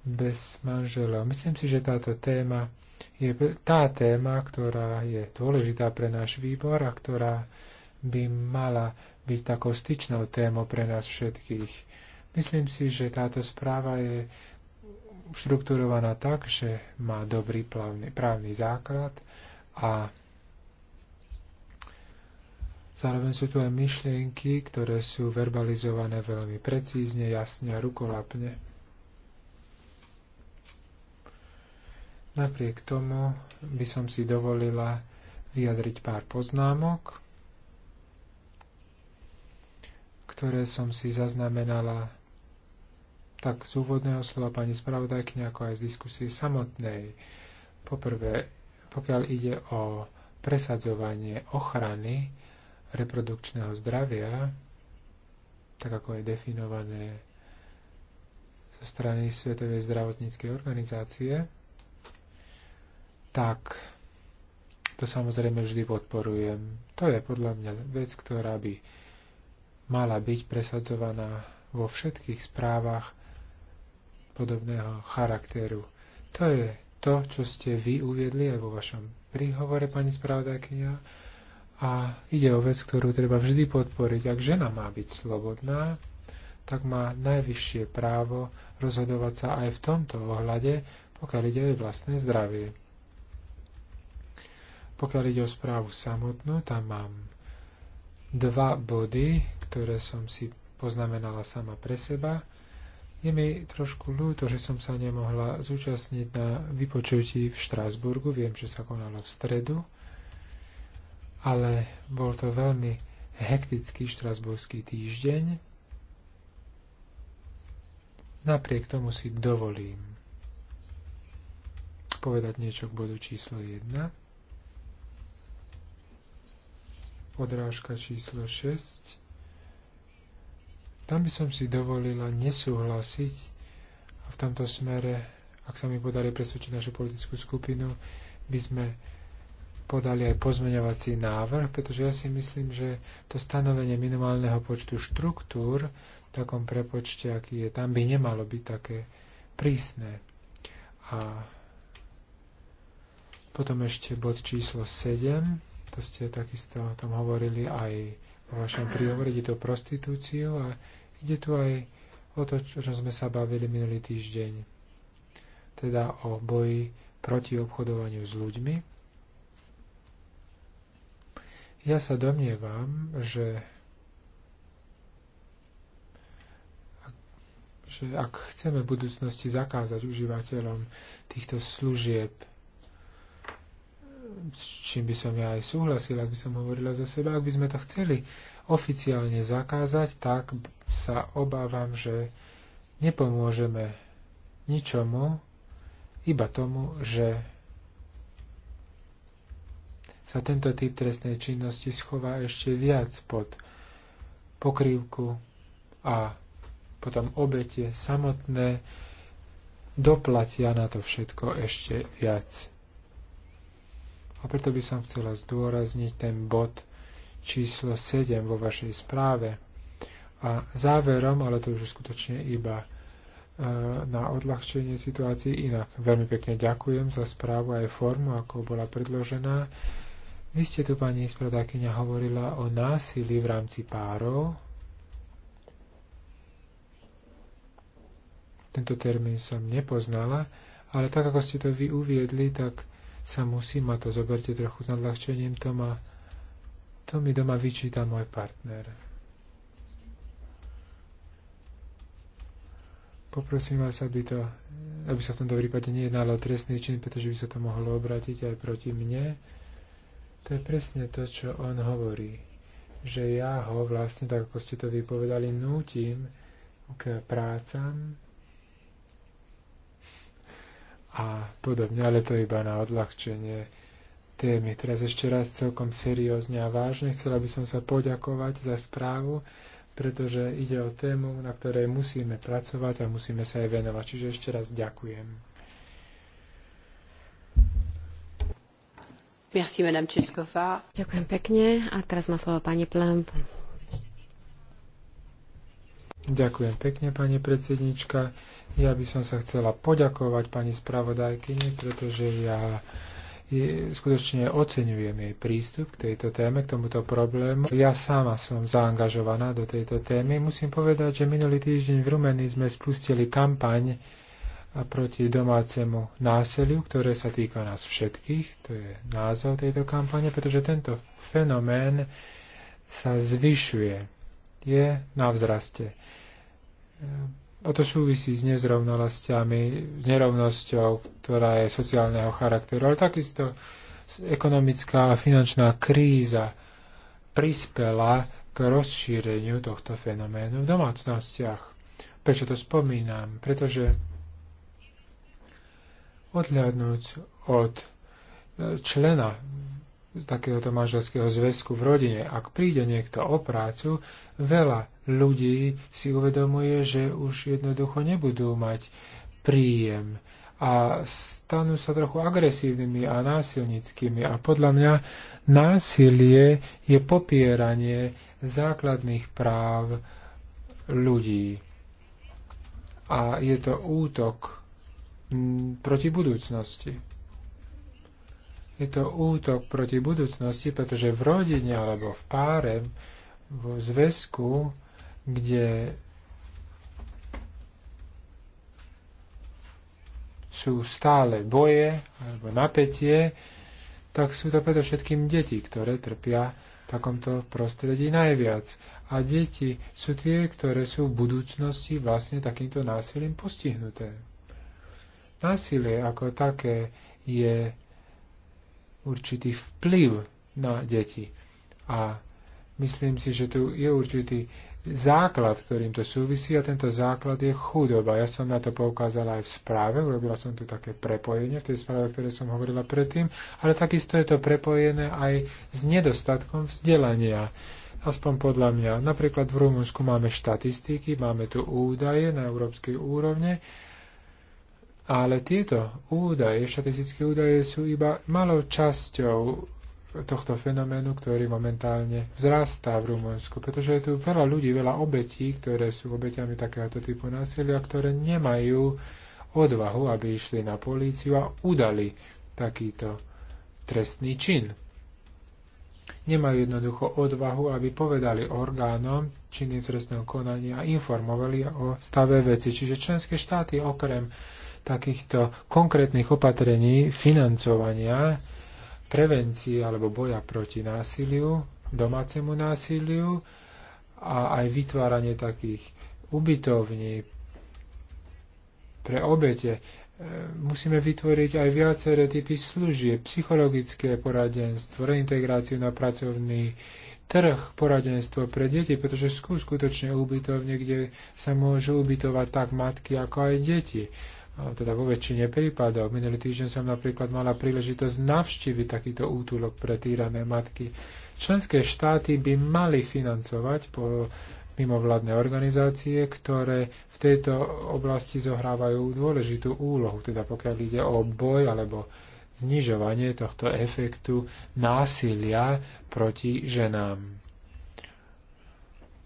Speaker 3: bez manželov. Myslím si, že táto téma je tá téma, ktorá je dôležitá pre náš výbor a ktorá by mala byť takou styčnou témou pre nás všetkých. Myslím si, že táto správa je štrukturovaná tak, že má dobrý právny, právny základ a zároveň sú tu aj myšlienky, ktoré sú verbalizované veľmi precízne, jasne a rukolapne. Napriek tomu by som si dovolila vyjadriť pár poznámok, ktoré som si zaznamenala tak z úvodného slova pani spravodajkyne, ako aj z diskusie samotnej. Poprvé, pokiaľ ide o presadzovanie ochrany reprodukčného zdravia, tak ako je definované zo strany Svetovej zdravotníckej organizácie, tak to samozrejme vždy podporujem. To je podľa mňa vec, ktorá by mala byť presadzovaná vo všetkých správach podobného charakteru. To je to, čo ste vy uviedli aj vo vašom príhovore, pani spravodajkynia. A ide o vec, ktorú treba vždy podporiť. Ak žena má byť slobodná, tak má najvyššie právo rozhodovať sa aj v tomto ohľade, pokiaľ ide o vlastné zdravie. Pokiaľ ide o správu samotnú, tam mám dva body, ktoré som si poznamenala sama pre seba. Je mi trošku ľúto, že som sa nemohla zúčastniť na vypočutí v Štrásburgu. Viem, že sa konalo v stredu, ale bol to veľmi hektický štrasburský týždeň. Napriek tomu si dovolím povedať niečo k bodu číslo 1. Podrážka číslo 6. Tam by som si dovolila nesúhlasiť a v tomto smere, ak sa mi podarí presvedčiť našu politickú skupinu, by sme podali aj pozmeňovací návrh, pretože ja si myslím, že to stanovenie minimálneho počtu štruktúr v takom prepočte, aký je tam, by nemalo byť také prísne. A potom ešte bod číslo 7 to ste takisto o tom hovorili aj vo vašom príhovore, ide to prostitúciu a ide tu aj o to, čo čo sme sa bavili minulý týždeň, teda o boji proti obchodovaniu s ľuďmi. Ja sa domnievam, že že ak chceme v budúcnosti zakázať užívateľom týchto služieb s čím by som ja aj súhlasil, ak by som hovorila za seba, ak by sme to chceli oficiálne zakázať, tak sa obávam, že nepomôžeme ničomu, iba tomu, že sa tento typ trestnej činnosti schová ešte viac pod pokrývku a potom obete samotné doplatia na to všetko ešte viac. A preto by som chcela zdôrazniť ten bod číslo 7 vo vašej správe. A záverom, ale to už skutočne iba e, na odľahčenie situácií inak. Veľmi pekne ďakujem za správu aj formu, ako bola predložená. Vy ste tu, pani spradákyňa, hovorila o násilí v rámci párov. Tento termín som nepoznala, ale tak, ako ste to vy uviedli, tak sa musím, a to zoberte trochu s nadľahčením, to, ma, to mi doma vyčíta môj partner. Poprosím vás, aby, to, aby sa v tomto prípade nejednalo o trestný čin, pretože by sa to mohlo obrátiť aj proti mne. To je presne to, čo on hovorí. Že ja ho vlastne, tak ako ste to vypovedali, nútim k prácam, a podobne, ale to iba na odľahčenie témy. Teraz ešte raz celkom seriózne a vážne. Chcela by som sa poďakovať za správu, pretože ide o tému, na ktorej musíme pracovať a musíme sa aj venovať. Čiže ešte raz ďakujem.
Speaker 1: Merci,
Speaker 4: Ďakujem pekne. A teraz má slovo pani Plemp.
Speaker 3: Ďakujem pekne, pani predsednička. Ja by som sa chcela poďakovať pani spravodajkyni, pretože ja je, skutočne oceňujem jej prístup k tejto téme, k tomuto problému. Ja sama som zaangažovaná do tejto témy. Musím povedať, že minulý týždeň v Rumenii sme spustili kampaň proti domácemu násiliu, ktoré sa týka nás všetkých. To je názov tejto kampane, pretože tento fenomén sa zvyšuje je na vzraste. A to súvisí s nezrovnalostiami, s nerovnosťou, ktorá je sociálneho charakteru, ale takisto ekonomická a finančná kríza prispela k rozšíreniu tohto fenoménu v domácnostiach. Prečo to spomínam? Pretože odhľadnúť od člena z takéhoto manželského zväzku v rodine. Ak príde niekto o prácu, veľa ľudí si uvedomuje, že už jednoducho nebudú mať príjem a stanú sa trochu agresívnymi a násilnickými. A podľa mňa násilie je popieranie základných práv ľudí. A je to útok proti budúcnosti je to útok proti budúcnosti, pretože v rodine alebo v páre, v zväzku, kde sú stále boje alebo napätie, tak sú to predovšetkým deti, ktoré trpia v takomto prostredí najviac. A deti sú tie, ktoré sú v budúcnosti vlastne takýmto násilím postihnuté. Násilie ako také je určitý vplyv na deti. A myslím si, že tu je určitý základ, ktorým to súvisí a tento základ je chudoba. Ja som na to poukázala aj v správe, urobila som tu také prepojenie v tej správe, o ktorej som hovorila predtým, ale takisto je to prepojené aj s nedostatkom vzdelania. Aspoň podľa mňa. Napríklad v Rumunsku máme štatistiky, máme tu údaje na európskej úrovne ale tieto údaje, štatistické údaje sú iba malou časťou tohto fenoménu, ktorý momentálne vzrastá v Rumunsku, pretože je tu veľa ľudí, veľa obetí, ktoré sú obetiami takéhoto typu násilia, ktoré nemajú odvahu, aby išli na políciu a udali takýto trestný čin. Nemajú jednoducho odvahu, aby povedali orgánom činným trestného konania a informovali o stave veci. Čiže členské štáty okrem takýchto konkrétnych opatrení financovania prevencii alebo boja proti násiliu, domácemu násiliu a aj vytváranie takých ubytovní pre obete. E, musíme vytvoriť aj viaceré typy služieb, psychologické poradenstvo, reintegráciu na pracovný trh, poradenstvo pre deti, pretože sú skutočne ubytovne, kde sa môžu ubytovať tak matky, ako aj deti teda vo väčšine prípadov. Minulý týždeň som napríklad mala príležitosť navštíviť takýto útulok pre týrané matky. Členské štáty by mali financovať po mimovládne organizácie, ktoré v tejto oblasti zohrávajú dôležitú úlohu, teda pokiaľ ide o boj alebo znižovanie tohto efektu násilia proti ženám.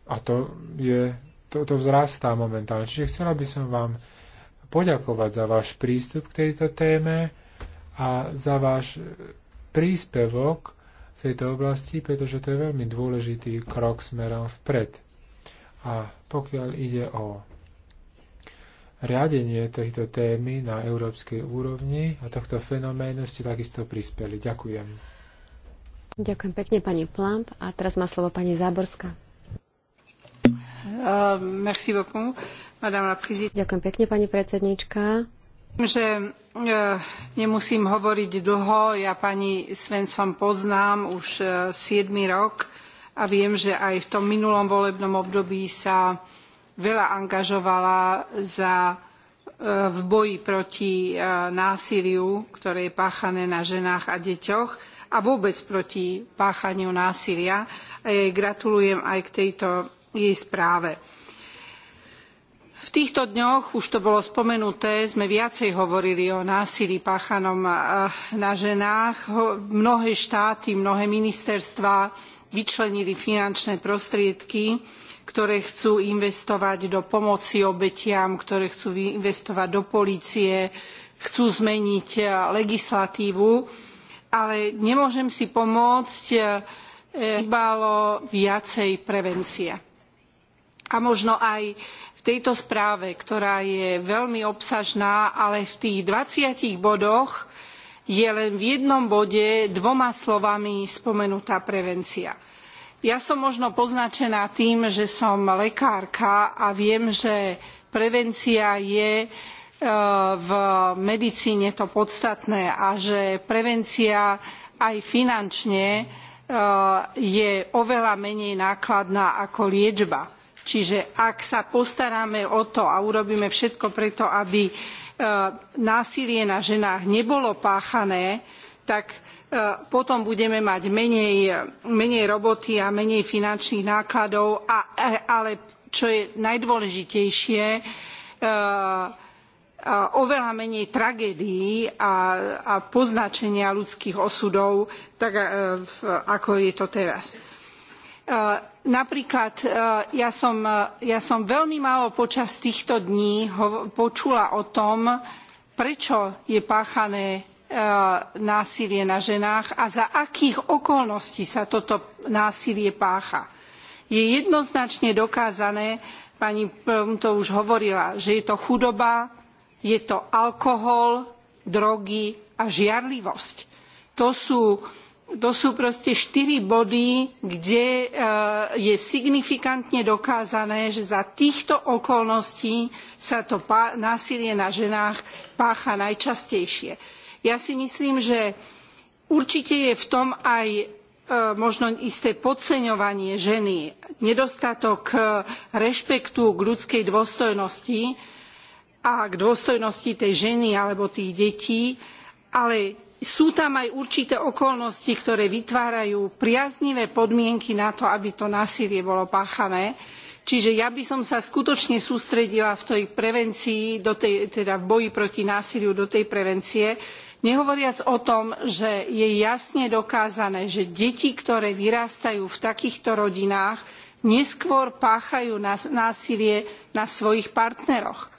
Speaker 3: A to je, toto to vzrastá momentálne. Čiže chcela by som vám poďakovať za váš prístup k tejto téme a za váš príspevok v tejto oblasti, pretože to je veľmi dôležitý krok smerom vpred. A pokiaľ ide o riadenie tejto témy na európskej úrovni a tohto fenoménu ste takisto prispeli. Ďakujem.
Speaker 4: Ďakujem pekne pani Plamp a teraz má slovo pani Záborská. Uh, merci beaucoup. Ďakujem pekne, pani Že
Speaker 1: e, nemusím hovoriť dlho, ja pani Svensson poznám už e, siedmy rok a viem, že aj v tom minulom volebnom období sa veľa angažovala za, e, v boji proti násiliu, ktoré je páchané na ženách a deťoch a vôbec proti páchaniu násilia. A jej gratulujem aj k tejto jej správe v týchto dňoch, už to bolo spomenuté, sme viacej hovorili o násilí páchanom na ženách. Mnohé štáty, mnohé ministerstvá vyčlenili finančné prostriedky, ktoré chcú investovať do pomoci obetiam, ktoré chcú investovať do polície, chcú zmeniť legislatívu. Ale nemôžem si pomôcť, chýbalo e, e, viacej prevencie. A možno aj tejto správe, ktorá je veľmi obsažná, ale v tých dvadsiatich bodoch je len v jednom bode dvoma slovami spomenutá prevencia. Ja som možno poznačená tým, že som lekárka a viem, že prevencia je e, v medicíne to podstatné a že prevencia aj finančne e, je oveľa menej nákladná ako liečba Čiže ak sa postaráme o to a urobíme všetko preto, aby e, násilie na ženách nebolo páchané, tak e, potom budeme mať menej, menej roboty a menej finančných nákladov, a, e, ale čo je najdôležitejšie, oveľa menej tragédií a, a poznačenia ľudských osudov, tak ako je to teraz napríklad e, e, ja som, veľmi málo počas týchto dní počula o tom, prečo je páchané e, násilie na ženách a za akých okolností sa toto násilie pácha. Je jednoznačne dokázané, pani Plum to už hovorila, že je to chudoba, je to alkohol, drogy a žiarlivosť. To sú to sú proste štyri body, kde eh, je signifikantne dokázané, že za týchto okolností sa to násilie na ženách pácha najčastejšie. Ja si myslím, že určite je v tom aj eh, možno isté podceňovanie ženy nedostatok eh, rešpektu k ľudskej dôstojnosti a k dôstojnosti tej ženy alebo tých detí ale sú tam aj určité okolnosti, ktoré vytvárajú priaznivé podmienky na to, aby to násilie bolo páchané. Čiže ja by som sa skutočne sústredila v tej prevencii, teda v boji proti násiliu do tej prevencie, nehovoriac o tom, že je jasne dokázané, že deti, ktoré vyrastajú v takýchto rodinách, neskôr páchajú násilie na svojich partneroch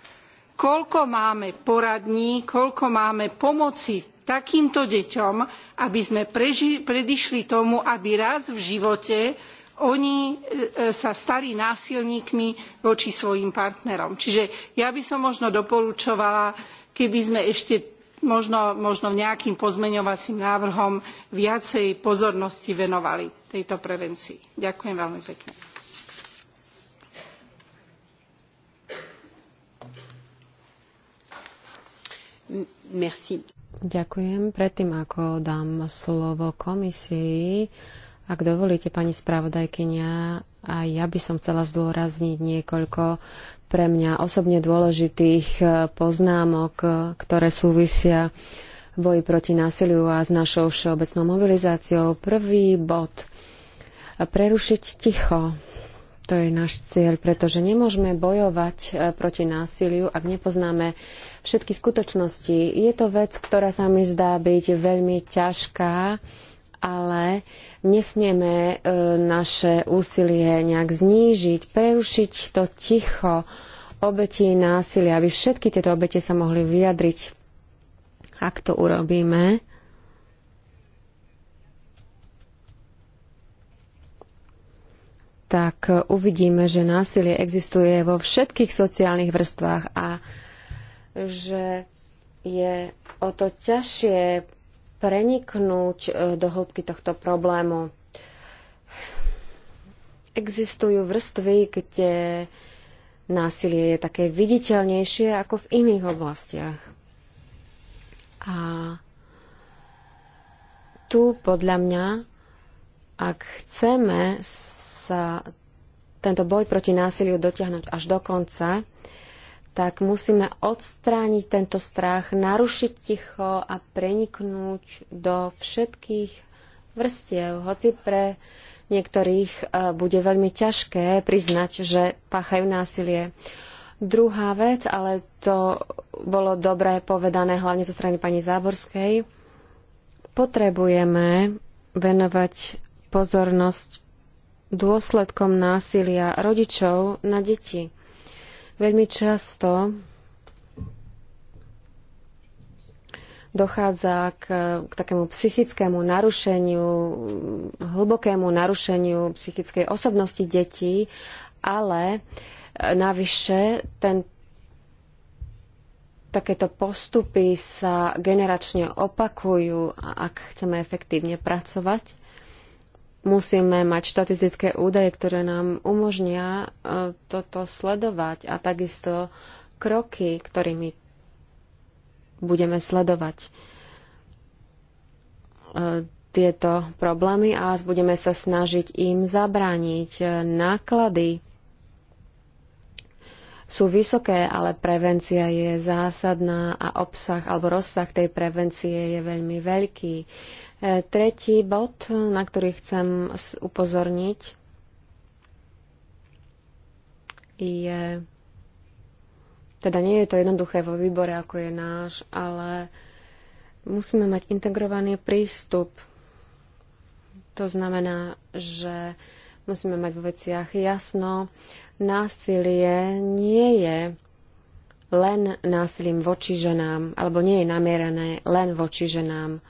Speaker 1: koľko máme poradní koľko máme pomoci takýmto deťom, aby sme predišli tomu, aby raz v živote oni e, e, sa stali násilníkmi voči svojim partnerom. Čiže ja by som možno doporučovala, keby sme ešte možno, možno nejakým pozmeňovacím návrhom viacej pozornosti venovali tejto prevencii. Ďakujem veľmi pekne.
Speaker 4: Merci. Ďakujem. Predtým, ako dám slovo komisii, ak dovolíte, pani spravodajkynia, a ja by som chcela zdôrazniť niekoľko pre mňa osobne dôležitých e, poznámok, ktoré súvisia boji proti násiliu a s našou všeobecnou mobilizáciou. Prvý bod. Prerušiť ticho. To je náš cieľ, pretože nemôžeme bojovať e, proti násiliu, ak nepoznáme všetky skutočnosti. Je to vec, ktorá sa mi zdá byť veľmi ťažká, ale nesmieme e, naše úsilie nejak znížiť, prerušiť to ticho obetí násilia, aby všetky tieto obete sa mohli vyjadriť. Ak to urobíme, tak uvidíme, že násilie existuje vo všetkých sociálnych vrstvách a že je o to ťažšie preniknúť e, do hĺbky tohto problému. Existujú vrstvy, kde násilie je také viditeľnejšie ako v iných oblastiach. A tu podľa mňa, ak chceme sa tento boj proti násiliu dotiahnuť až do konca, tak musíme odstrániť tento strach, narušiť ticho a preniknúť do všetkých vrstiev, hoci pre niektorých e, bude veľmi ťažké priznať, že páchajú násilie. Druhá vec, ale to bolo dobre povedané hlavne zo strany pani Záborskej, potrebujeme venovať pozornosť dôsledkom násilia rodičov na deti Veľmi často dochádza k, k takému psychickému narušeniu, hlbokému narušeniu psychickej osobnosti detí, ale navyše ten, takéto postupy sa generačne opakujú ak chceme efektívne pracovať musíme mať štatistické údaje, ktoré nám umožnia e, toto sledovať a takisto kroky, ktorými budeme sledovať e, tieto problémy a budeme sa snažiť im zabrániť. E, náklady sú vysoké, ale prevencia je zásadná a obsah alebo rozsah tej prevencie je veľmi veľký. E, tretí bod, na ktorý chcem upozorniť, je teda nie je to jednoduché vo výbore, ako je náš, ale musíme mať integrovaný prístup. To znamená, že musíme mať vo veciach jasno. Násilie nie je len násilím voči ženám, alebo nie je namierené len voči ženám.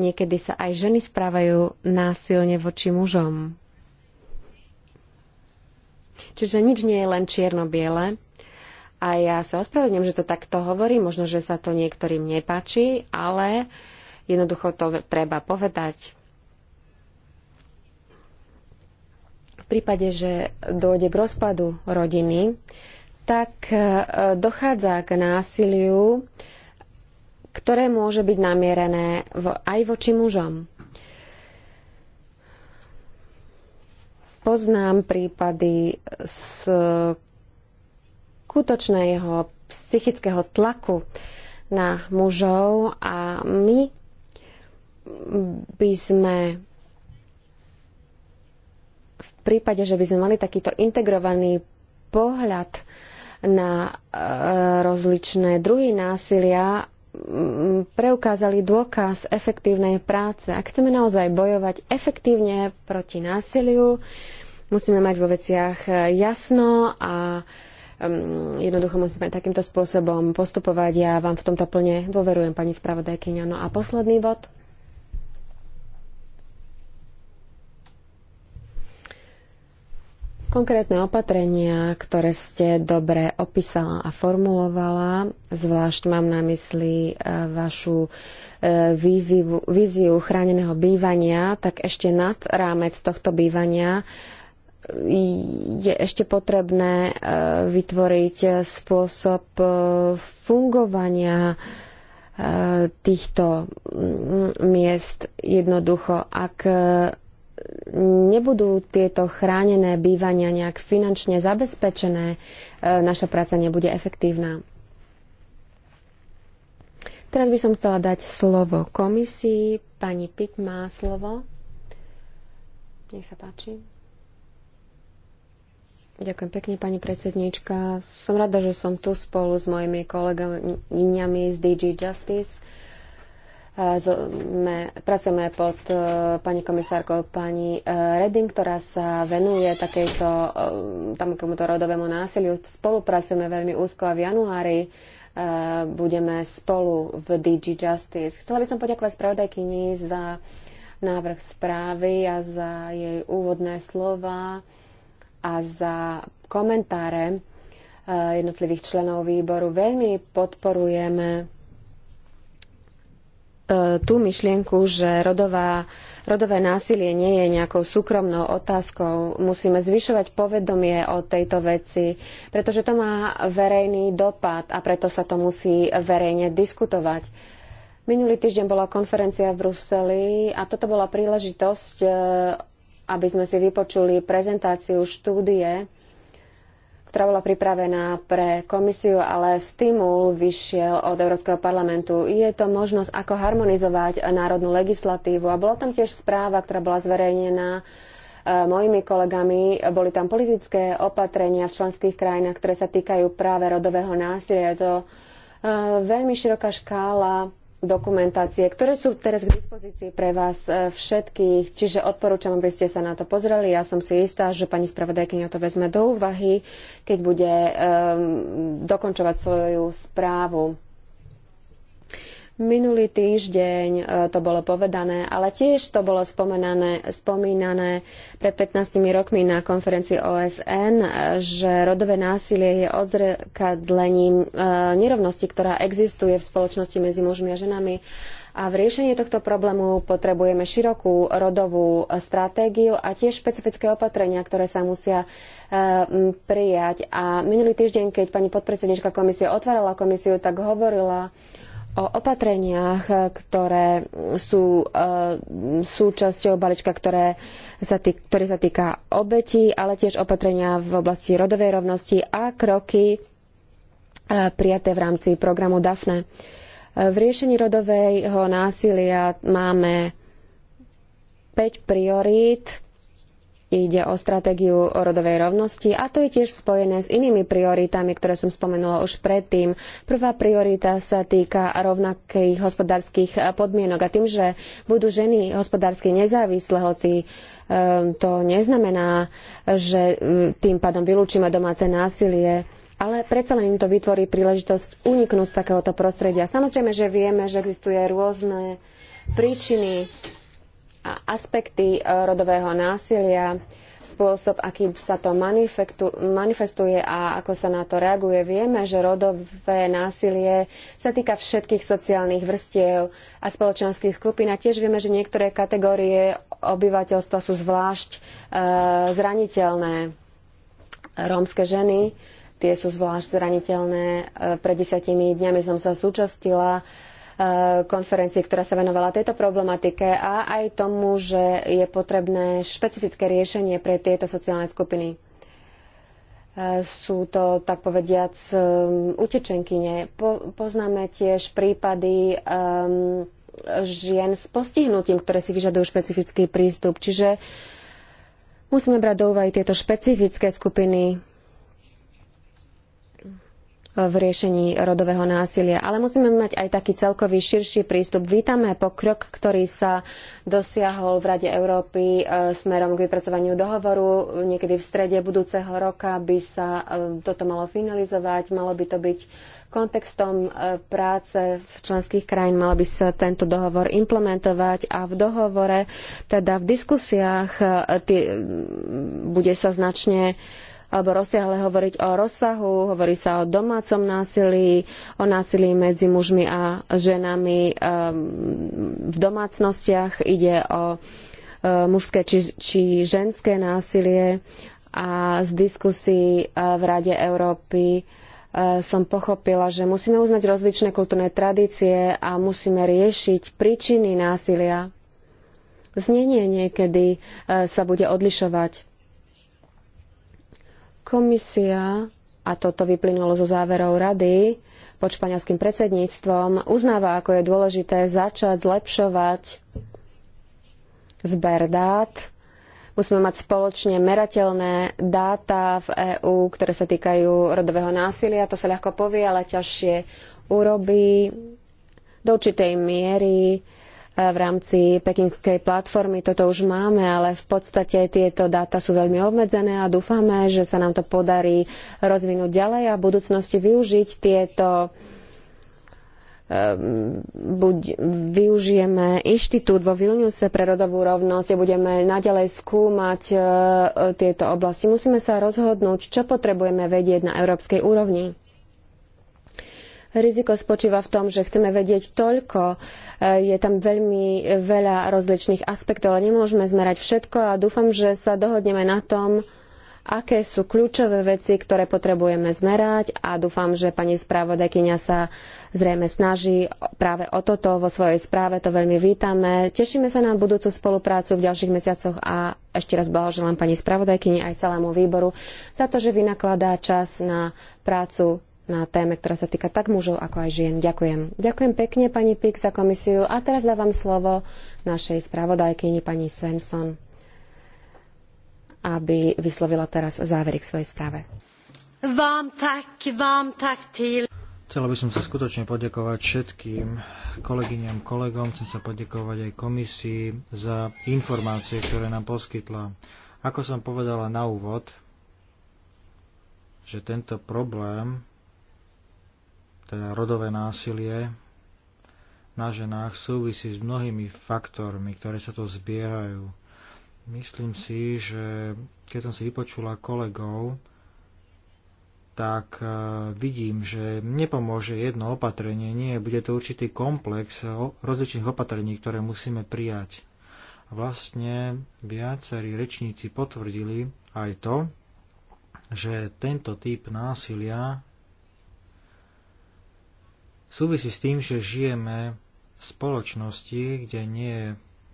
Speaker 4: Niekedy sa aj ženy správajú násilne voči mužom. Čiže nič nie je len čierno-biele. A ja sa ospravedlňujem, že to takto hovorí, možno, že sa to niektorým nepáči, ale jednoducho to treba povedať. V prípade, že dôjde k rozpadu rodiny, tak e, dochádza k násiliu, ktoré môže byť namierené aj voči mužom. Poznám prípady z skutočného psychického tlaku na mužov a my by sme v prípade, že by sme mali takýto integrovaný pohľad na e, rozličné druhy násilia preukázali dôkaz efektívnej práce. Ak chceme naozaj bojovať efektívne proti násiliu, musíme mať vo veciach jasno a um, jednoducho musíme takýmto spôsobom postupovať. Ja vám v tomto plne dôverujem, pani spravodajkyňa. No a posledný bod. Konkrétne opatrenia, ktoré ste dobre opísala a formulovala, zvlášť mám na mysli e, vašu e, víziu, víziu chráneného bývania, tak ešte nad rámec tohto bývania e, je ešte potrebné vytvoriť spôsob fungovania týchto miest jednoducho, ak nebudú tieto chránené bývania nejak finančne zabezpečené, e, naša práca nebude efektívna. Teraz by som chcela dať slovo komisii. Pani Pit má slovo. Nech sa páči. Ďakujem pekne, pani predsedníčka. Som rada, že som tu spolu s mojimi kolegami z DG Justice sme, pracujeme pod e, pani komisárkou pani e, Redding, ktorá sa venuje takejto, e, takémuto rodovému násiliu. Spolupracujeme veľmi úzko a v januári budeme spolu v DG Justice. Chcela by som poďakovať spravodajkyni za návrh správy a za jej úvodné slova a za komentáre jednotlivých členov výboru. Veľmi podporujeme tú myšlienku, že rodová, rodové násilie nie je nejakou súkromnou otázkou. Musíme zvyšovať povedomie o tejto veci, pretože to má verejný dopad a preto sa to musí verejne diskutovať. Minulý týždeň bola konferencia v Bruseli a toto bola príležitosť, e, aby sme si vypočuli prezentáciu štúdie ktorá bola pripravená pre komisiu, ale stimul vyšiel od Európskeho parlamentu. Je to možnosť, ako harmonizovať národnú legislatívu. A bola tam tiež správa, ktorá bola zverejnená e, mojimi kolegami. Boli tam politické opatrenia v členských krajinách, ktoré sa týkajú práve rodového násilia. Je to e, veľmi široká škála dokumentácie, ktoré sú teraz k dispozícii pre vás e, všetkých. Čiže odporúčam, aby ste sa na to pozreli. Ja som si istá, že pani spravodajkynia to vezme do úvahy, keď bude um, dokončovať svoju správu. Minulý týždeň e, to bolo povedané, ale tiež to bolo spomenané, spomínané pred 15 rokmi na konferencii OSN, e, že rodové násilie je odzrkadlením e, nerovnosti, ktorá existuje v spoločnosti medzi mužmi a ženami. A v riešení tohto problému potrebujeme širokú rodovú stratégiu a tiež špecifické opatrenia, ktoré sa musia prijať. A minulý týždeň, keď pani podpredsednička komisie otvárala komisiu, tak hovorila o opatreniach, ktoré sú e, súčasťou balíčka, ktoré sa tý, ktorý sa týka obetí, ale tiež opatrenia v oblasti rodovej rovnosti a kroky e, prijaté v rámci programu DAFNE. E, v riešení rodového násilia máme 5 priorít, Ide o stratégiu o rodovej rovnosti a to je tiež spojené s inými prioritami, ktoré som spomenula už predtým. Prvá priorita sa týka rovnakých hospodárskych podmienok a tým, že budú ženy hospodársky nezávislé, hoci e, to neznamená, že tým pádom vylúčime domáce násilie ale predsa len im to vytvorí príležitosť uniknúť z takéhoto prostredia. Samozrejme, že vieme, že existuje rôzne príčiny a aspekty e, rodového násilia, spôsob, akým sa to manifestuje a ako sa na to reaguje. Vieme, že rodové násilie sa týka všetkých sociálnych vrstiev a spoločenských skupín a tiež vieme, že niektoré kategórie obyvateľstva sú zvlášť e, zraniteľné. Rómske ženy, tie sú zvlášť zraniteľné. E, pred desiatimi dňami som sa súčastila Eh, konferencii, ktorá sa venovala tejto problematike a aj tomu, že je potrebné špecifické riešenie pre tieto sociálne skupiny. Eh, sú to, tak povediac, eh, utečenkyne. Po, poznáme tiež prípady um, žien s postihnutím, ktoré si vyžadujú špecifický prístup. Čiže musíme brať do úvahy tieto špecifické skupiny v riešení rodového násilia. Ale musíme mať aj taký celkový širší prístup. Vítame pokrok, ktorý sa dosiahol v Rade Európy e, smerom k vypracovaniu dohovoru. Niekedy v strede budúceho roka by sa e, toto malo finalizovať. Malo by to byť kontextom e, práce v členských krajín. Mal by sa tento dohovor implementovať a v dohovore, teda v diskusiách, bude sa značne alebo rozsiahle hovoriť o rozsahu, hovorí sa o domácom násilí, o násilí medzi mužmi a ženami ehm, v domácnostiach, ide o ehm, mužské či, či ženské násilie a z diskusí e, v Rade Európy e, som pochopila, že musíme uznať rozličné kultúrne tradície a musíme riešiť príčiny násilia. Znenie niekedy e, sa bude odlišovať. Komisia, a toto vyplynulo zo záverov rady pod španielským predsedníctvom, uznáva, ako je dôležité začať zlepšovať zber dát. Musíme mať spoločne merateľné dáta v EÚ, ktoré sa týkajú rodového násilia. To sa ľahko povie, ale ťažšie urobí. Do určitej miery v rámci pekingskej platformy. Toto už máme, ale v podstate tieto dáta sú veľmi obmedzené a dúfame, že sa nám to podarí rozvinúť ďalej a v budúcnosti využiť tieto ehm, buď využijeme inštitút vo Vilniuse pre rodovú rovnosť a budeme naďalej skúmať e, e, tieto oblasti. Musíme sa rozhodnúť, čo potrebujeme vedieť na európskej úrovni. Riziko spočíva v tom, že chceme vedieť toľko, e, je tam veľmi veľa rozličných aspektov, ale nemôžeme zmerať všetko a dúfam, že sa dohodneme na tom, aké sú kľúčové veci, ktoré potrebujeme zmerať a dúfam, že pani správodajkyňa sa zrejme snaží práve o toto vo svojej správe, to veľmi vítame. Tešíme sa na budúcu spoluprácu v ďalších mesiacoch a ešte raz blahoželám pani spravodajkyni aj celému výboru za to, že vynakladá čas na prácu na téme, ktorá sa týka tak mužov, ako aj žien. Ďakujem. Ďakujem pekne, pani Pik, za komisiu. A teraz dávam slovo našej spravodajkyni, pani Svensson, aby vyslovila teraz závery k svojej správe.
Speaker 1: Vám tak, vám tak týl.
Speaker 2: Chcela by som sa skutočne poďakovať všetkým kolegyňam, kolegom, chcem sa poďakovať aj komisii za informácie, ktoré nám poskytla. Ako som povedala na úvod, že tento problém teda rodové násilie na ženách súvisí s mnohými faktormi, ktoré sa to zbiehajú. Myslím si, že keď som si vypočula kolegov, tak e, vidím, že nepomôže jedno opatrenie, nie, bude to určitý komplex e, rozličných opatrení, ktoré musíme prijať. A vlastne viacerí rečníci potvrdili aj to, že tento typ násilia Súvisí s tým, že žijeme v spoločnosti, kde nie je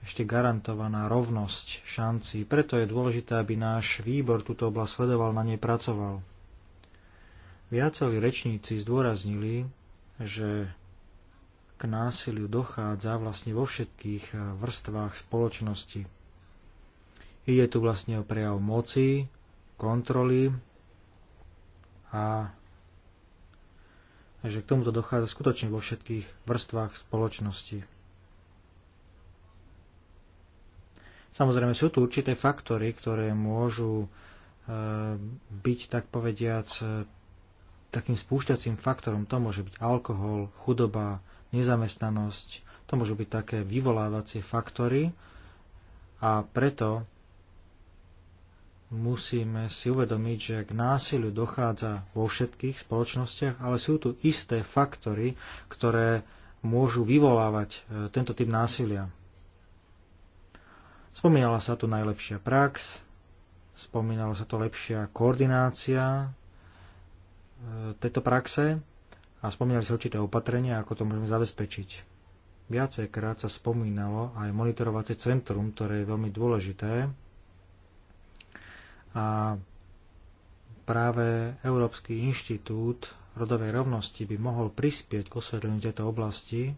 Speaker 2: ešte garantovaná rovnosť šanci. Preto je dôležité, aby náš výbor túto oblasť sledoval, na nej pracoval. Viacerí rečníci zdôraznili, že k násiliu dochádza vlastne vo všetkých vrstvách spoločnosti. Ide tu vlastne o prejav moci, kontroly a Takže k tomuto dochádza skutočne vo všetkých vrstvách spoločnosti. Samozrejme sú tu určité faktory, ktoré môžu e, byť, tak povediac, e, takým spúšťacím faktorom. To môže byť alkohol, chudoba, nezamestnanosť. To môžu byť také vyvolávacie faktory a preto musíme si uvedomiť, že k násiliu dochádza vo všetkých spoločnostiach, ale sú tu isté faktory, ktoré môžu vyvolávať e, tento typ násilia. Spomínala sa tu najlepšia prax, spomínala sa tu lepšia koordinácia e, tejto praxe a spomínali sa určité opatrenia, ako to môžeme zabezpečiť. Viacejkrát sa spomínalo aj monitorovacie centrum, ktoré je veľmi dôležité a práve Európsky inštitút rodovej rovnosti by mohol prispieť k osvetleniu tejto oblasti,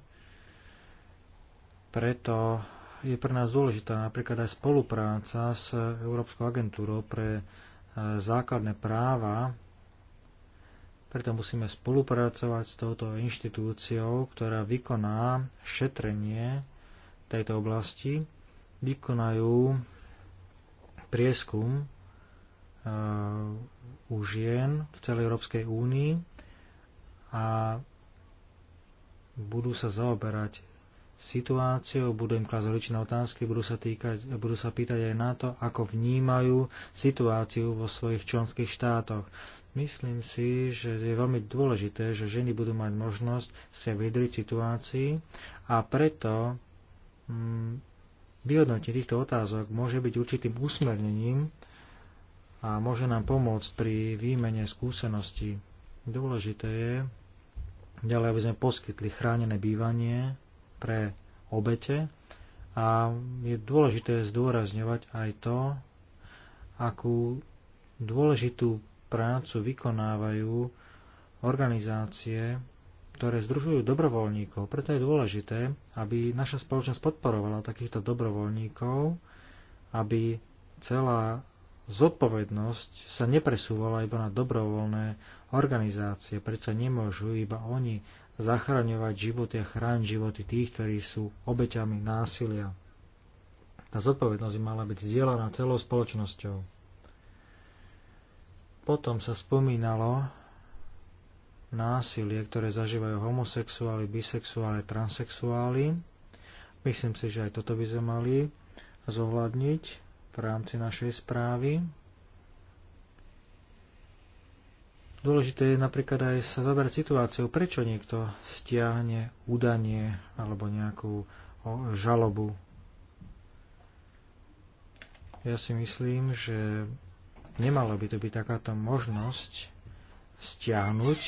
Speaker 2: preto je pre nás dôležitá napríklad aj spolupráca s Európskou agentúrou pre e, základné práva. Preto musíme spolupracovať s touto inštitúciou, ktorá vykoná šetrenie tejto oblasti. Vykonajú prieskum Eh, u žien v celej Európskej únii a budú sa zaoberať situáciou, budú im klásť rozličné otázky, budú sa, týkať, budú sa pýtať aj na to, ako vnímajú situáciu vo svojich členských štátoch. Myslím si, že je veľmi dôležité, že ženy budú mať možnosť sa vydriť situácii a preto mm, vyhodnotenie týchto otázok môže byť určitým usmernením a môže nám pomôcť pri výmene skúseností. Dôležité je ďalej, aby sme poskytli chránené bývanie pre obete a je dôležité zdôrazňovať aj to, akú dôležitú prácu vykonávajú organizácie, ktoré združujú dobrovoľníkov. Preto je dôležité, aby naša spoločnosť podporovala takýchto dobrovoľníkov, aby celá zodpovednosť sa nepresúvala iba na dobrovoľné organizácie, predsa nemôžu iba oni zachraňovať životy a chrániť životy tých, ktorí sú obeťami násilia. Tá zodpovednosť by mala byť zdieľaná celou spoločnosťou. Potom sa spomínalo násilie, ktoré zažívajú homosexuáli, bisexuáli, transexuáli. Myslím si, že aj toto by sme mali zohľadniť v rámci našej správy. Dôležité je napríklad aj sa zoberať situáciu, prečo niekto stiahne údanie alebo nejakú žalobu. Ja si myslím, že nemalo by to byť takáto možnosť stiahnuť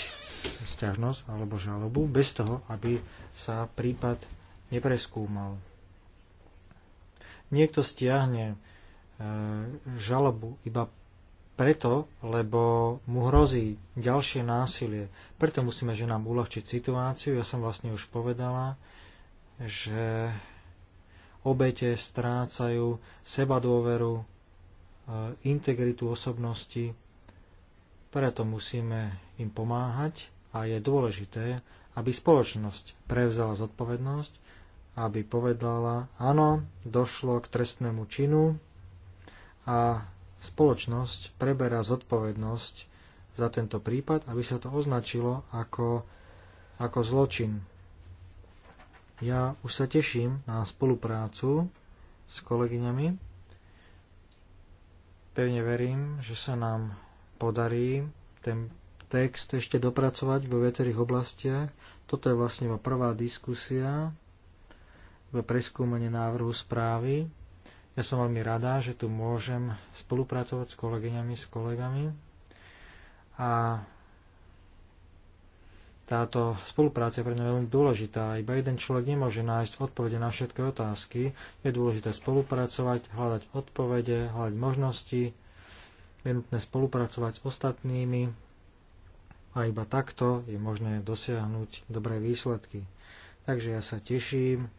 Speaker 2: stiažnosť alebo žalobu bez toho, aby sa prípad nepreskúmal. Niekto stiahne E, žalobu iba preto, lebo mu hrozí ďalšie násilie. Preto musíme ženám uľahčiť situáciu. Ja som vlastne už povedala, že obete strácajú seba dôveru, e, integritu osobnosti. Preto musíme im pomáhať a je dôležité, aby spoločnosť prevzala zodpovednosť, aby povedala, áno, došlo k trestnému činu, a spoločnosť preberá zodpovednosť za tento prípad, aby sa to označilo ako, ako zločin. Ja už sa teším na spoluprácu s kolegyňami. Pevne verím, že sa nám podarí ten text ešte dopracovať vo viacerých oblastiach. Toto je vlastne prvá diskusia, preskúmanie návrhu správy ja som veľmi rada, že tu môžem spolupracovať s kolegyňami, s kolegami. A táto spolupráca je pre mňa veľmi dôležitá. Iba jeden človek nemôže nájsť odpovede na všetky otázky. Je dôležité spolupracovať, hľadať odpovede, hľadať možnosti. Je nutné spolupracovať s ostatnými a iba takto je možné dosiahnuť dobré výsledky. Takže ja sa teším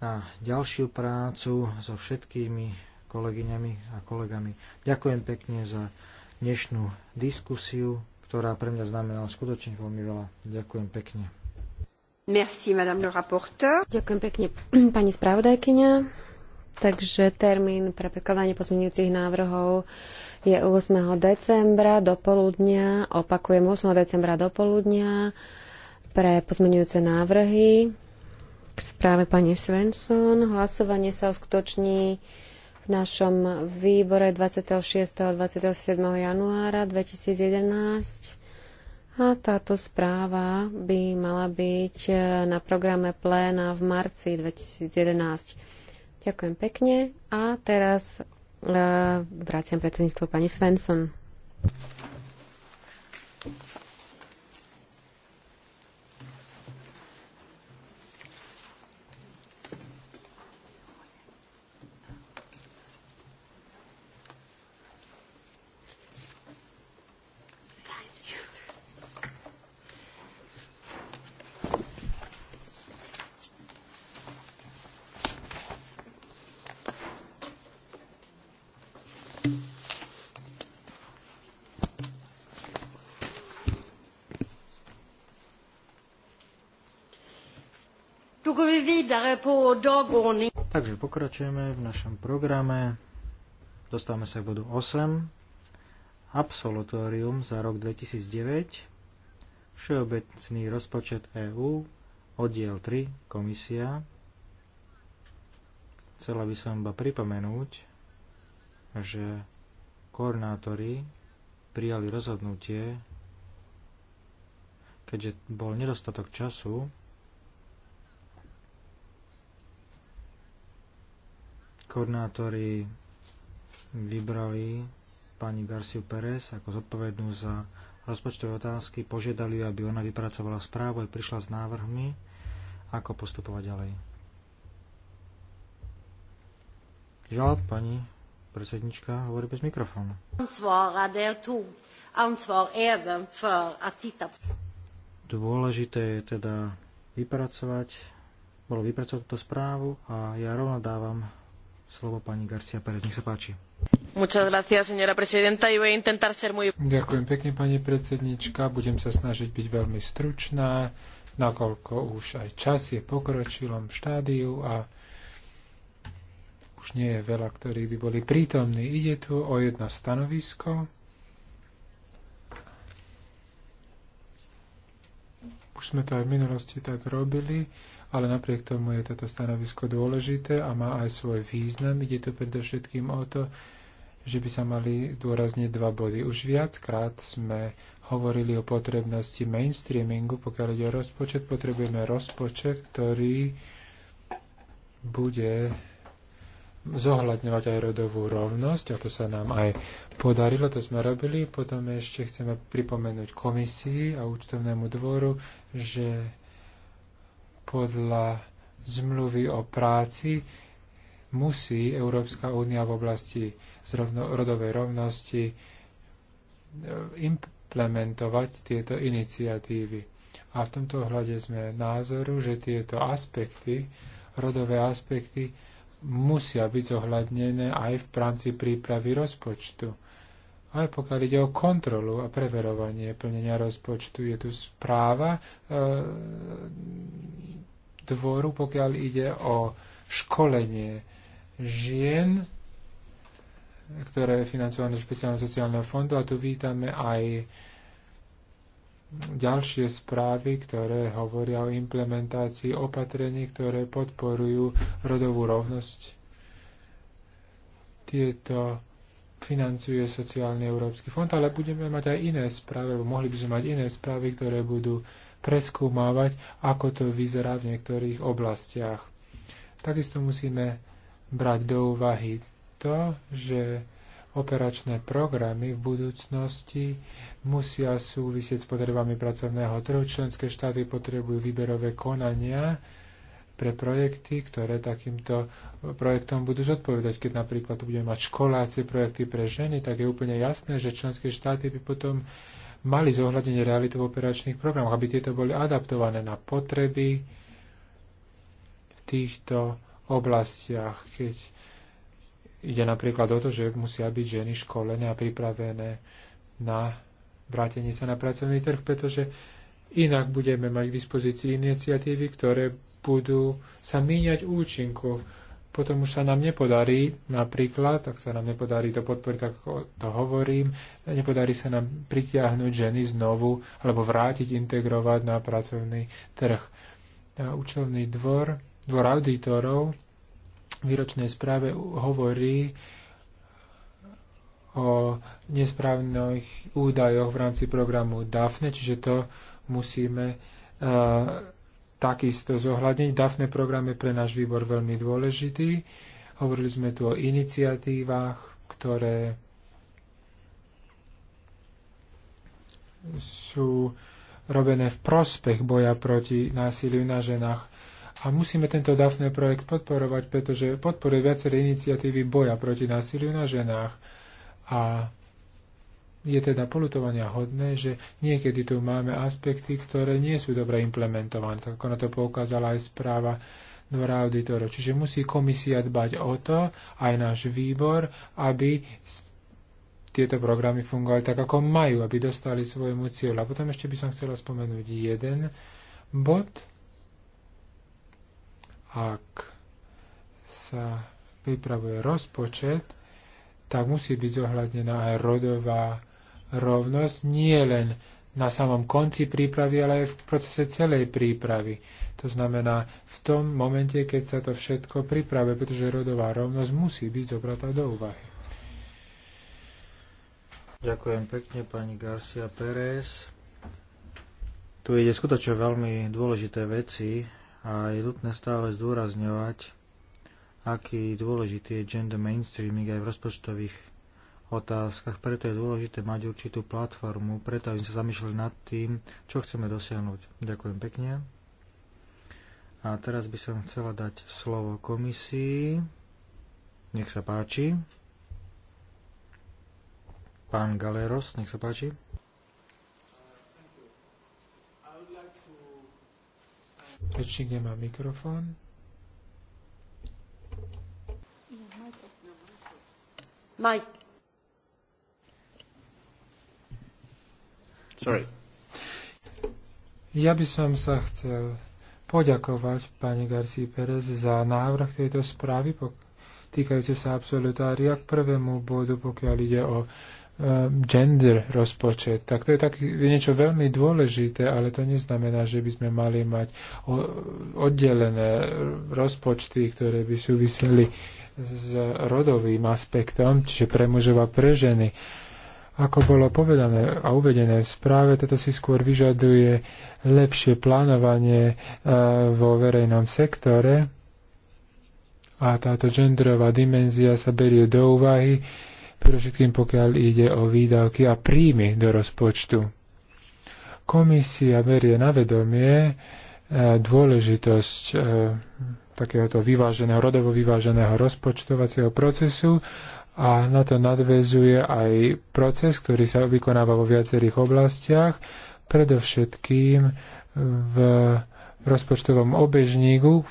Speaker 2: na ďalšiu prácu so všetkými kolegyňami a kolegami. Ďakujem pekne za dnešnú diskusiu, ktorá pre mňa znamenala skutočne veľmi veľa. Ďakujem pekne.
Speaker 4: Merci, madame le rapporteur. Ďakujem pekne, <clears throat> pani spravodajkyňa. Takže termín pre prekladanie pozmeňujúcich návrhov je 8. decembra do poludnia. Opakujem, 8. decembra do poludnia pre pozmeňujúce návrhy správe pani Svensson. Hlasovanie sa uskutoční v našom výbore 26. a 27. januára 2011. A táto správa by mala byť e, na programe pléna v marci 2011. Ďakujem pekne a teraz e, vraciam predsedníctvo pani Svensson.
Speaker 2: Takže pokračujeme v našom programe. Dostávame sa k bodu 8. Absolutórium za rok 2009. Všeobecný rozpočet EÚ. Oddiel 3. Komisia. Chcela by som iba pripomenúť, že koordinátori prijali rozhodnutie, keďže bol nedostatok času Koordinátori vybrali pani Garciu Pérez ako zodpovednú za rozpočtové otázky, požiadali ju, aby ona vypracovala správu a prišla s návrhmi, ako postupovať ďalej. Žal, pani predsednička hovorí bez mikrofónu.
Speaker 1: Er er
Speaker 2: Dôležité je teda vypracovať, bolo vypracovať túto správu a ja rovno dávam slovo pani Garcia Nech sa
Speaker 3: páči.
Speaker 4: Gracias, muy...
Speaker 3: Ďakujem pekne, pani predsednička. Budem sa snažiť byť veľmi stručná, nakoľko už aj čas je pokročilom štádiu a už nie je veľa, ktorí by boli prítomní. Ide tu o jedno stanovisko. Už sme to aj v minulosti tak robili ale napriek tomu je toto stanovisko dôležité a má aj svoj význam. Ide tu predovšetkým o to, že by sa mali zdôrazniť dva body. Už viackrát sme hovorili o potrebnosti mainstreamingu, pokiaľ ide o rozpočet, potrebujeme rozpočet, ktorý bude zohľadňovať aj rodovú rovnosť a to sa nám aj podarilo, to sme robili. Potom ešte chceme pripomenúť komisii a účtovnému dvoru, že podľa zmluvy o práci musí Európska únia v oblasti zrovno, rodovej rovnosti e, implementovať tieto iniciatívy. A v tomto ohľade sme názoru, že tieto aspekty, rodové aspekty, musia byť zohľadnené aj v rámci prípravy rozpočtu. Aj pokiaľ ide o kontrolu a preverovanie plnenia rozpočtu, je tu správa e, dvoru, pokiaľ ide o školenie žien, ktoré je financované do špeciálneho sociálneho fondu a tu vítame aj ďalšie správy, ktoré hovoria o implementácii opatrení, ktoré podporujú rodovú rovnosť. Tieto financuje sociálny Európsky fond, ale budeme mať aj iné správy, alebo mohli by sme mať iné správy, ktoré budú preskúmávať, ako to vyzerá v niektorých oblastiach. Takisto musíme brať do úvahy to, že operačné programy v budúcnosti musia súvisieť s potrebami pracovného trhu. Členské štáty potrebujú výberové konania, pre projekty, ktoré takýmto projektom budú zodpovedať. Keď napríklad budeme mať školácie, projekty pre ženy, tak je úplne jasné, že členské štáty by potom mali zohľadenie realitu v operačných programoch, aby tieto boli adaptované na potreby v týchto oblastiach, keď ide napríklad o to, že musia byť ženy školené a pripravené na vrátenie sa na pracovný trh, pretože Inak budeme mať k dispozícii iniciatívy, ktoré budú sa míňať účinku. Potom už sa nám nepodarí, napríklad, tak sa nám nepodarí to podporiť, ako to hovorím, nepodarí sa nám pritiahnuť ženy znovu alebo vrátiť, integrovať na pracovný trh. Účelný dvor, dvor auditorov v výročnej správe hovorí, o nesprávnych údajoch v rámci programu DAFNE, čiže to musíme eh, takisto zohľadniť. DAFNE program je pre náš výbor veľmi dôležitý. Hovorili sme tu o iniciatívach, ktoré sú robené v prospech boja proti násiliu na ženách. A musíme tento DAFNE projekt podporovať, pretože podporuje viaceré iniciatívy boja proti násiliu na ženách. A je teda polutovania hodné, že niekedy tu máme aspekty, ktoré nie sú dobre implementované, tak ako na to poukázala aj správa dvora auditorov. Čiže musí komisia dbať o to, aj náš výbor, aby tieto programy fungovali tak, ako majú, aby dostali svojmu cieľu. A potom ešte by som chcela spomenúť jeden bod. Ak sa pripravuje rozpočet, tak musí byť zohľadnená aj rodová rovnosť nie len na samom konci prípravy, ale aj v procese celej prípravy. To znamená v tom momente, keď sa to všetko pripravuje, pretože rodová rovnosť musí byť zobratá do úvahy.
Speaker 2: Ďakujem pekne pani Garcia Pérez. Tu ide skutočne veľmi dôležité veci a je nutné stále zdôrazňovať, aký dôležitý je gender mainstreaming aj v rozpočtových otázkach, preto je dôležité mať určitú platformu, preto aby sme sa zamýšľali nad tým, čo chceme dosiahnuť. Ďakujem pekne. A teraz by som chcela dať slovo komisii. Nech sa páči.
Speaker 3: Pán Galeros, nech sa páči. kde má mikrofón.
Speaker 1: Mike. Sorry.
Speaker 3: Ja by som sa chcel poďakovať pani Garcii Perez za návrh tejto správy týkajúce sa absolutária k prvému bodu, pokiaľ ide o e, gender rozpočet, tak to je tak, niečo veľmi dôležité, ale to neznamená, že by sme mali mať oddelené rozpočty, ktoré by súviseli s rodovým aspektom, čiže pre mužov a pre ženy. Ako bolo povedané a uvedené v správe, toto si skôr vyžaduje lepšie plánovanie e, vo verejnom sektore a táto genderová dimenzia sa berie do úvahy, predovšetkým pokiaľ ide o výdavky a príjmy do rozpočtu. Komisia berie na vedomie e, dôležitosť e, takéhoto vyváženého, rodovo vyváženého rozpočtovacieho procesu a na to nadvezuje aj proces, ktorý sa vykonáva vo viacerých oblastiach, predovšetkým v rozpočtovom obežníku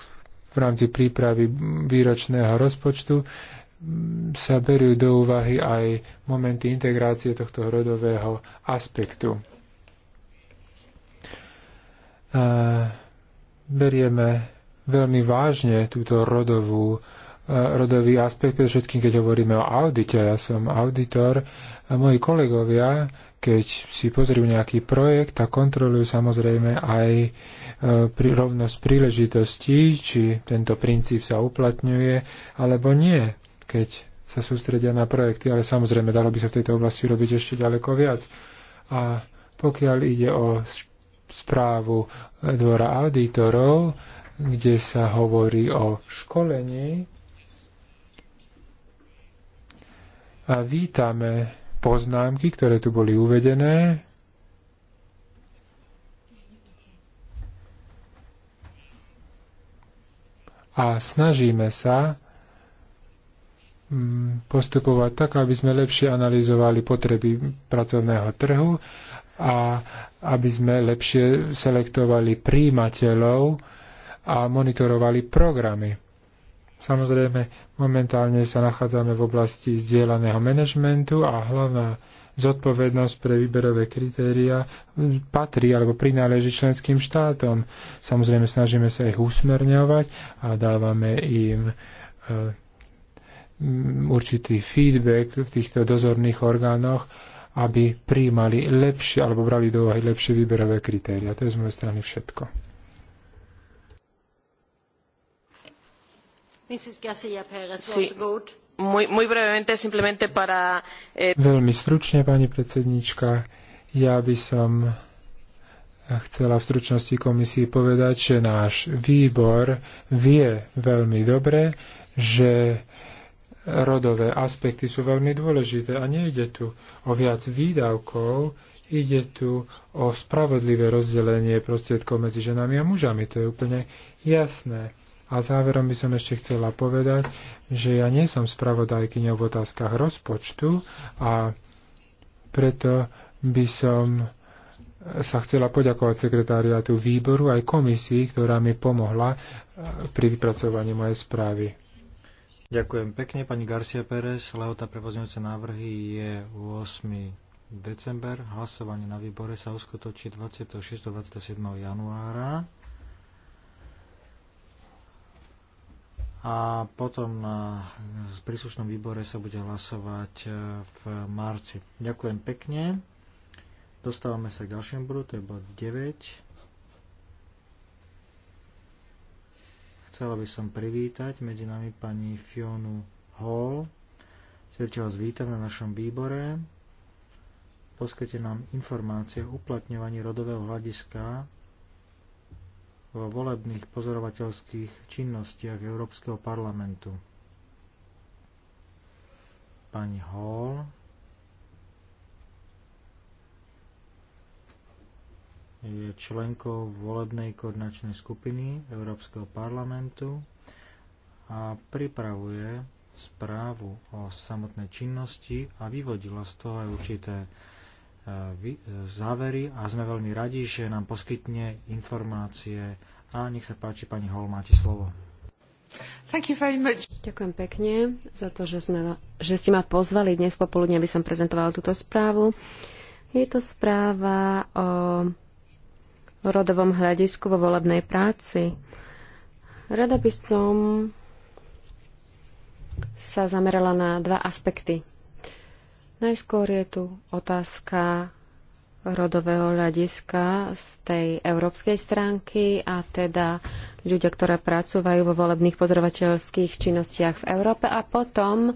Speaker 3: v rámci prípravy výročného rozpočtu sa berú do úvahy aj momenty integrácie tohto rodového aspektu. Berieme veľmi vážne túto rodovú rodový aspekt, pre všetkým, keď hovoríme o audite, ja som auditor, a moji kolegovia, keď si pozrú nejaký projekt a kontrolujú samozrejme aj e, pri rovnosť príležitostí, či tento princíp sa uplatňuje, alebo nie, keď sa sústredia na projekty, ale samozrejme dalo by sa v tejto oblasti robiť ešte ďaleko viac. A pokiaľ ide o správu Dvora auditorov, kde sa hovorí o školení, A vítame poznámky, ktoré tu boli uvedené. A snažíme sa mm, postupovať tak, aby sme lepšie analyzovali potreby pracovného trhu a aby sme lepšie selektovali príjimateľov a monitorovali programy. Samozrejme, momentálne sa nachádzame v oblasti zdieľaného manažmentu a hlavná zodpovednosť pre výberové kritéria patrí alebo prináleží členským štátom. Samozrejme, snažíme sa ich usmerňovať a dávame im eh, určitý feedback v týchto dozorných orgánoch, aby príjmali lepšie alebo brali do úvahy lepšie výberové kritéria. To je z mojej strany všetko.
Speaker 1: Sí. Muy, muy brevemente,
Speaker 4: simplemente para... Eh...
Speaker 3: Veľmi stručne, pani predsednička, ja by som chcela v stručnosti komisii povedať, že náš výbor vie veľmi dobre, že rodové aspekty sú veľmi dôležité a nejde tu o viac výdavkov, ide tu o spravodlivé rozdelenie prostriedkov medzi ženami a mužami. To je úplne jasné. A záverom by som ešte chcela povedať, že ja nie som spravodajkyňou v otázkach rozpočtu a preto by som sa chcela poďakovať sekretáriatu výboru aj komisii, ktorá mi pomohla e, pri vypracovaní mojej správy.
Speaker 2: Ďakujem pekne, pani Garcia Pérez. Lehota pre pozňujúce návrhy je 8. december. Hlasovanie na výbore sa uskutočí 26. 27. januára. a potom na príslušnom výbore sa bude hlasovať e, v marci. Ďakujem pekne. Dostávame sa k ďalšiemu bodu, to je bod 9. Chcela by som privítať medzi nami pani Fionu Hall. Srdečne vás vítam na našom výbore. Poskyte nám informácie o uplatňovaní rodového hľadiska vo volebných pozorovateľských činnostiach Európskeho parlamentu. Pani Hall je členkou volebnej koordinačnej skupiny Európskeho parlamentu a pripravuje správu o samotnej činnosti a vyvodila z toho aj určité E, závery a sme veľmi radi, že nám poskytne informácie a nech sa páči, pani Hol, máte slovo.
Speaker 4: Ďakujem pekne za to, že, sme, že ste ma pozvali dnes popoludne, aby som prezentovala túto správu. Je to správa o rodovom hľadisku vo volebnej práci. Rada by som sa zamerala na dva aspekty. Najskôr je tu otázka rodového hľadiska z tej európskej stránky a teda ľudia, ktoré pracujú vo volebných pozorovateľských činnostiach v Európe a potom eh,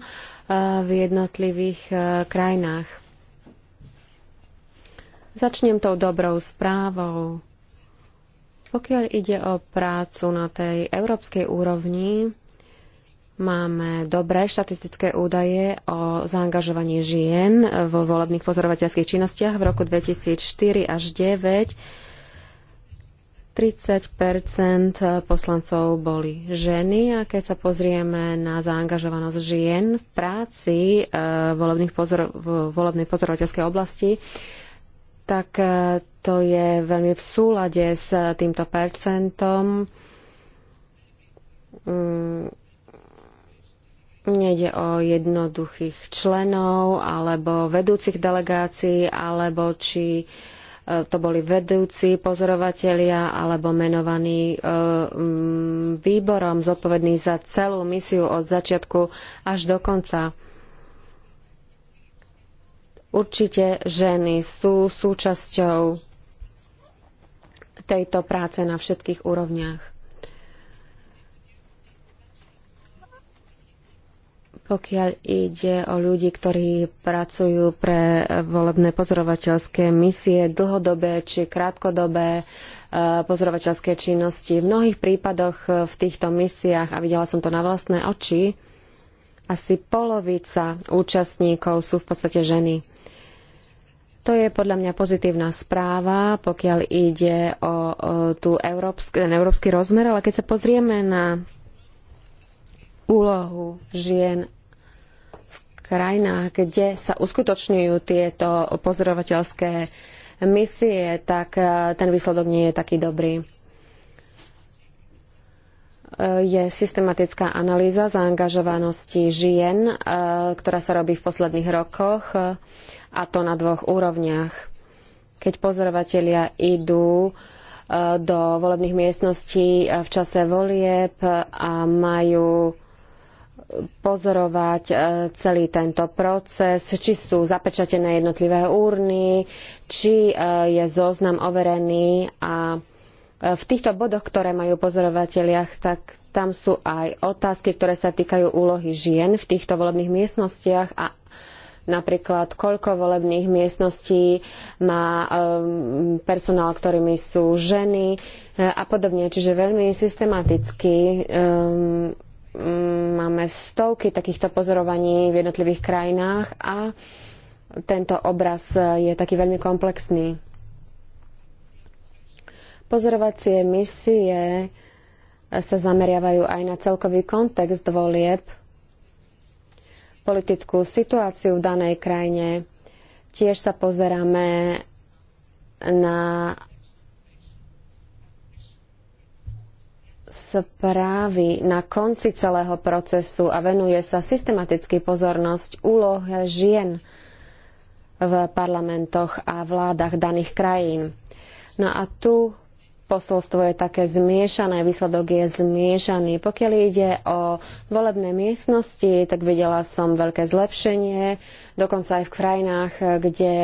Speaker 4: v jednotlivých eh, krajinách. Začnem tou dobrou správou. Pokiaľ ide o prácu na tej európskej úrovni, Máme dobré štatistické údaje o zaangažovaní žien vo volebných pozorovateľských činnostiach v roku 2004 až 2009. 30 poslancov boli ženy a keď sa pozrieme na zaangažovanosť žien v práci e, pozor- v volebnej pozorovateľskej oblasti, tak e, to je veľmi v súlade s týmto percentom. Mm, Nejde o jednoduchých členov alebo vedúcich delegácií, alebo či e, to boli vedúci pozorovatelia alebo menovaní e, výborom zodpovedný za celú misiu od začiatku až do konca. Určite ženy sú súčasťou tejto práce na všetkých úrovniach. Pokiaľ ide o ľudí, ktorí pracujú pre volebné pozorovateľské misie, dlhodobé či krátkodobé e, pozorovateľské činnosti, v mnohých prípadoch e, v týchto misiách, a videla som to na vlastné oči, asi polovica účastníkov sú v podstate ženy. To je podľa mňa pozitívna správa, pokiaľ ide o, o tú európsky, ten európsky rozmer, ale keď sa pozrieme na úlohu žien krajinách, kde sa uskutočňujú tieto pozorovateľské misie, tak e, ten výsledok nie je taký dobrý. E, je systematická analýza zaangažovanosti žien, e, ktorá sa robí v posledných rokoch, a to na dvoch úrovniach. Keď pozorovatelia idú do volebných miestností v čase volieb a majú pozorovať e, celý tento proces, či sú zapečatené jednotlivé úrny, či e, je zoznam overený a e, v týchto bodoch, ktoré majú pozorovatelia, tak tam sú aj otázky, ktoré sa týkajú úlohy žien v týchto volebných miestnostiach a napríklad koľko volebných miestností má personál, ktorými sú ženy a podobne. Čiže veľmi systematicky um, Mm, máme stovky takýchto pozorovaní v jednotlivých krajinách a tento obraz e, je taký veľmi komplexný. Pozorovacie misie e, sa zameriavajú aj na celkový kontext volieb, politickú situáciu v danej krajine. Tiež sa pozeráme na správy na konci celého procesu a venuje sa systematicky pozornosť úlohe žien v parlamentoch a vládach daných krajín. No a tu posolstvo je také zmiešané, výsledok je zmiešaný. Pokiaľ ide o volebné miestnosti, tak videla som veľké zlepšenie, dokonca aj v krajinách, kde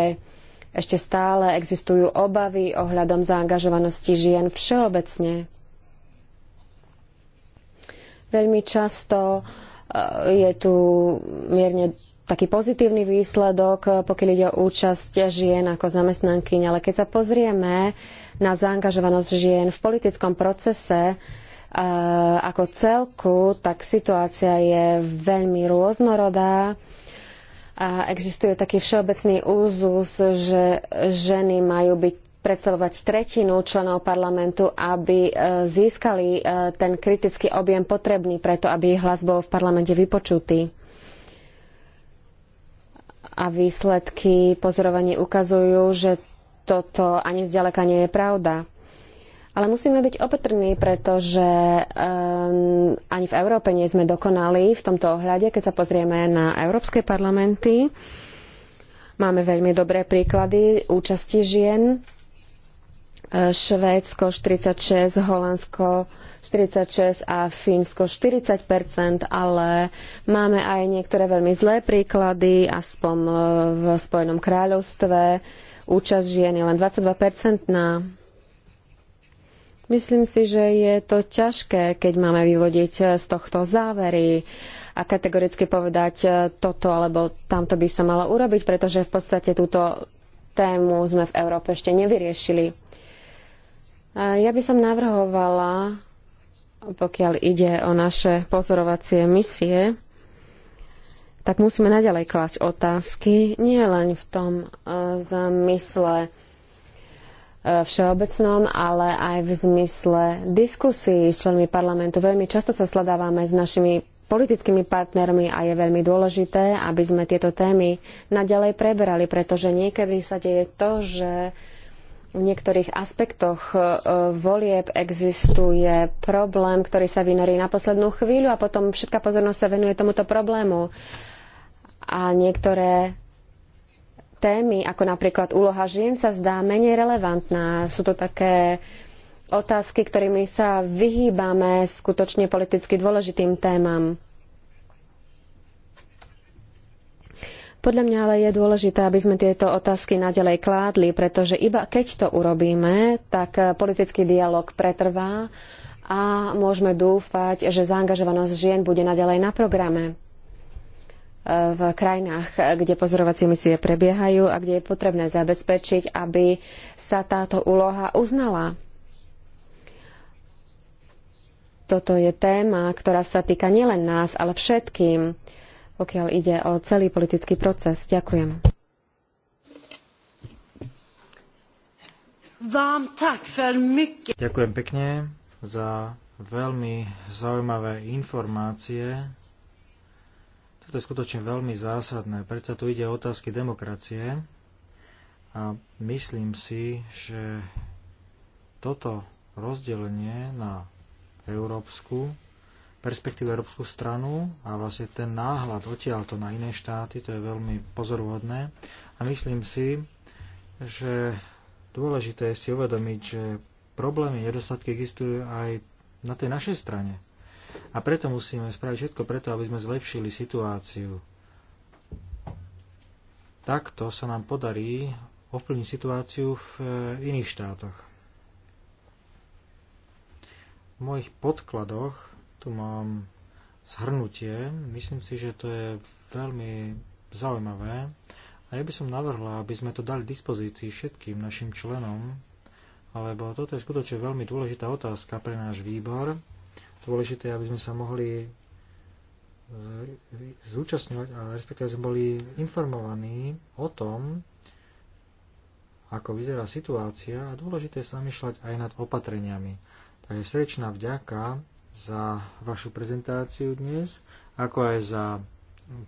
Speaker 4: ešte stále existujú obavy ohľadom zaangažovanosti žien všeobecne. Veľmi často eh, je tu mierne taký pozitívny výsledok, eh, pokiaľ ide o účasť žien ako zamestnankyň. Ale keď sa pozrieme na zaangažovanosť žien v politickom procese eh, ako celku, tak situácia je veľmi rôznorodá. A existuje taký všeobecný úzus, že ženy majú byť predstavovať tretinu členov parlamentu, aby e, získali e, ten kritický objem potrebný preto, aby ich hlas bol v parlamente vypočutý. A výsledky pozorovaní ukazujú, že toto ani zďaleka nie je pravda. Ale musíme byť opatrní, pretože um, ani v Európe nie sme dokonali v tomto ohľade, keď sa pozrieme na európske parlamenty. Máme veľmi dobré príklady účasti žien Švédsko 46, Holandsko 46 a Fínsko 40 ale máme aj niektoré veľmi zlé príklady, aspoň e, v Spojenom kráľovstve. Účasť žien je len 22 na Myslím si, že je to ťažké, keď máme vyvodiť e, z tohto závery a kategoricky povedať e, toto alebo tamto by sa malo urobiť, pretože v podstate túto tému sme v Európe ešte nevyriešili. Ja by som navrhovala, pokiaľ ide o naše pozorovacie misie, tak musíme naďalej klať otázky, nie len v tom uh, zmysle e, všeobecnom, ale aj v zmysle diskusí s členmi parlamentu. Veľmi často sa sledávame s našimi politickými partnermi a je veľmi dôležité, aby sme tieto témy naďalej preberali, pretože niekedy sa deje to, že v niektorých aspektoch e, volieb existuje problém, ktorý sa vynorí na poslednú chvíľu a potom všetká pozornosť sa venuje tomuto problému. A niektoré témy, ako napríklad úloha žien, sa zdá menej relevantná. Sú to také otázky, ktorými sa vyhýbame skutočne politicky dôležitým témam. Podľa mňa ale je dôležité, aby sme tieto otázky nadalej kládli, pretože iba keď to urobíme, tak eh, politický dialog pretrvá a môžeme dúfať, že zaangažovanosť žien bude nadalej na programe eh, v krajinách, eh, kde pozorovacie misie prebiehajú a kde je potrebné zabezpečiť, aby sa táto úloha uznala. Toto je téma, ktorá sa týka nielen nás, ale všetkým pokiaľ ide o celý politický proces. Ďakujem.
Speaker 2: Ďakujem pekne za veľmi zaujímavé informácie. Toto je skutočne veľmi zásadné. Predsa tu ide o otázky demokracie a myslím si, že toto rozdelenie na európsku perspektívu európsku stranu a vlastne ten náhľad odtiaľto na iné štáty, to je veľmi pozoruhodné. A myslím si, že dôležité je si uvedomiť, že problémy, nedostatky existujú aj na tej našej strane. A preto musíme spraviť všetko preto, aby sme zlepšili situáciu. Takto sa nám podarí ovplyvniť situáciu v e, iných štátoch. V mojich podkladoch tu mám zhrnutie. Myslím si, že to je veľmi zaujímavé. A ja by som navrhla, aby sme to dali dispozícii všetkým našim členom, alebo toto je skutočne veľmi dôležitá otázka pre náš výbor. Dôležité, aby sme sa mohli e, zúčastňovať, a respektíve sme boli informovaní o tom, ako vyzerá situácia a dôležité sa zamýšľať aj nad opatreniami. Takže srdečná vďaka za vašu prezentáciu dnes, ako aj za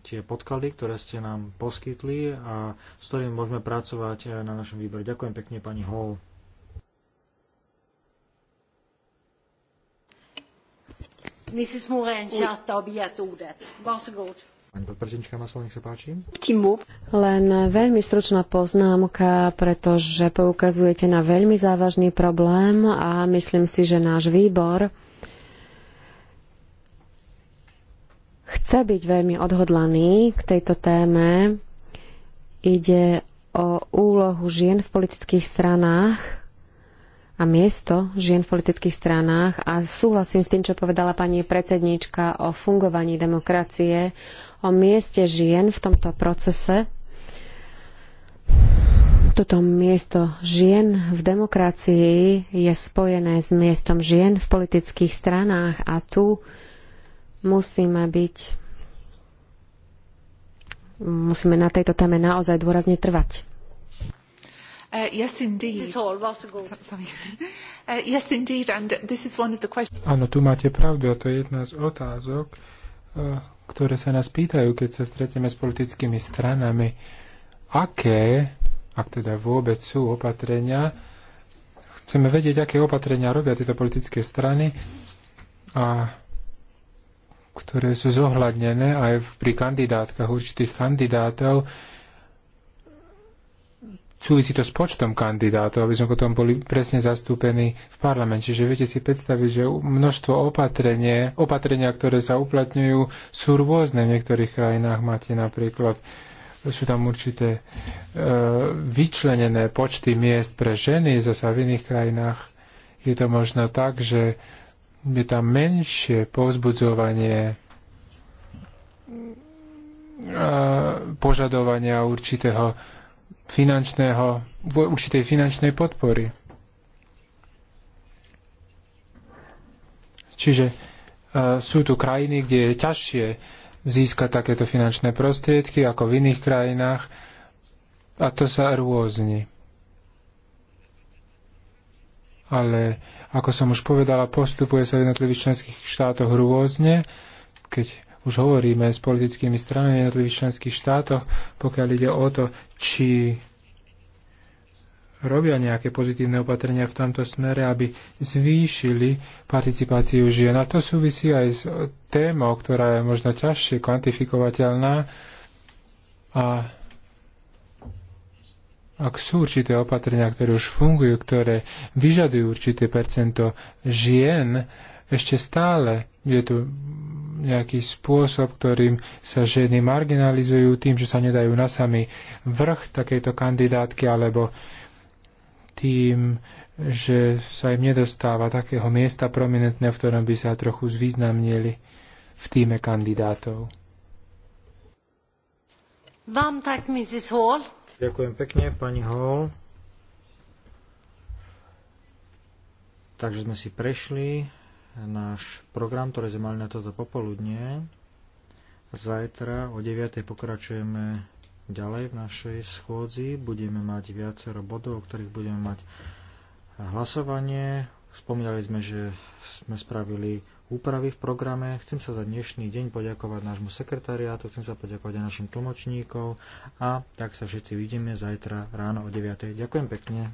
Speaker 2: tie podklady, ktoré ste nám poskytli a s ktorými môžeme pracovať eh, na našom výbore. Ďakujem pekne, pani Hall.
Speaker 1: Mrs. Moran,
Speaker 2: Pani podpredsednička Masla, nech sa páči.
Speaker 4: Len eh, veľmi stručná poznámka, pretože poukazujete na veľmi závažný problém a myslím si, že náš výbor chce byť veľmi odhodlaný k tejto téme. Ide o úlohu žien v politických stranách a miesto žien v politických stranách a súhlasím s tým, čo povedala pani predsedníčka o fungovaní demokracie, o mieste žien v tomto procese. Toto miesto žien v demokracii je spojené s miestom žien v politických stranách a tu musíme byť musíme na tejto téme naozaj dôrazne trvať.
Speaker 1: Uh, <laughs> uh,
Speaker 3: Áno, tu máte pravdu a to je jedna z otázok, uh, ktoré sa nás pýtajú, keď sa stretneme s politickými stranami. Aké, ak teda vôbec sú opatrenia, chceme vedieť, aké opatrenia robia tieto politické strany a ktoré sú zohľadnené aj pri kandidátkach určitých kandidátov. Súvisí to s počtom kandidátov, aby sme potom boli presne zastúpení v parlamente. Čiže viete si predstaviť, že množstvo opatrenie, opatrenia, ktoré sa uplatňujú, sú rôzne. V niektorých krajinách máte napríklad sú tam určité e, vyčlenené počty miest pre ženy, zasa v iných krajinách je to možno tak, že je tam menšie povzbudzovanie požadovania určitého finančného, určitej finančnej podpory. Čiže sú tu krajiny, kde je ťažšie získať takéto finančné prostriedky ako v iných krajinách a to sa rôzni ale ako som už povedala, postupuje sa v jednotlivých členských štátoch rôzne. Keď už hovoríme s politickými stranami v jednotlivých členských štátoch, pokiaľ ide o to, či robia nejaké pozitívne opatrenia v tomto smere, aby zvýšili participáciu žien. A to súvisí aj s témou, ktorá je možno ťažšie kvantifikovateľná a ak sú určité opatrenia, ktoré už fungujú, ktoré vyžadujú určité percento žien, ešte stále je tu nejaký spôsob, ktorým sa ženy marginalizujú tým, že sa nedajú na samý vrch takejto kandidátky, alebo tým, že sa im nedostáva takého miesta prominentného, v ktorom by sa trochu zvýznamnili v týme kandidátov.
Speaker 1: Vám tak, Mrs. Hall.
Speaker 2: Ďakujem pekne, pani Hall. Takže sme si prešli náš program, ktorý sme mali na toto popoludne. Zajtra o 9.00 pokračujeme ďalej v našej schôdzi. Budeme mať viacero bodov, o ktorých budeme mať hlasovanie. Spomínali sme, že sme spravili úpravy v programe. Chcem sa za dnešný deň poďakovať nášmu sekretariátu, chcem sa poďakovať aj našim tlmočníkov a tak sa všetci vidíme zajtra ráno o 9. Ďakujem pekne.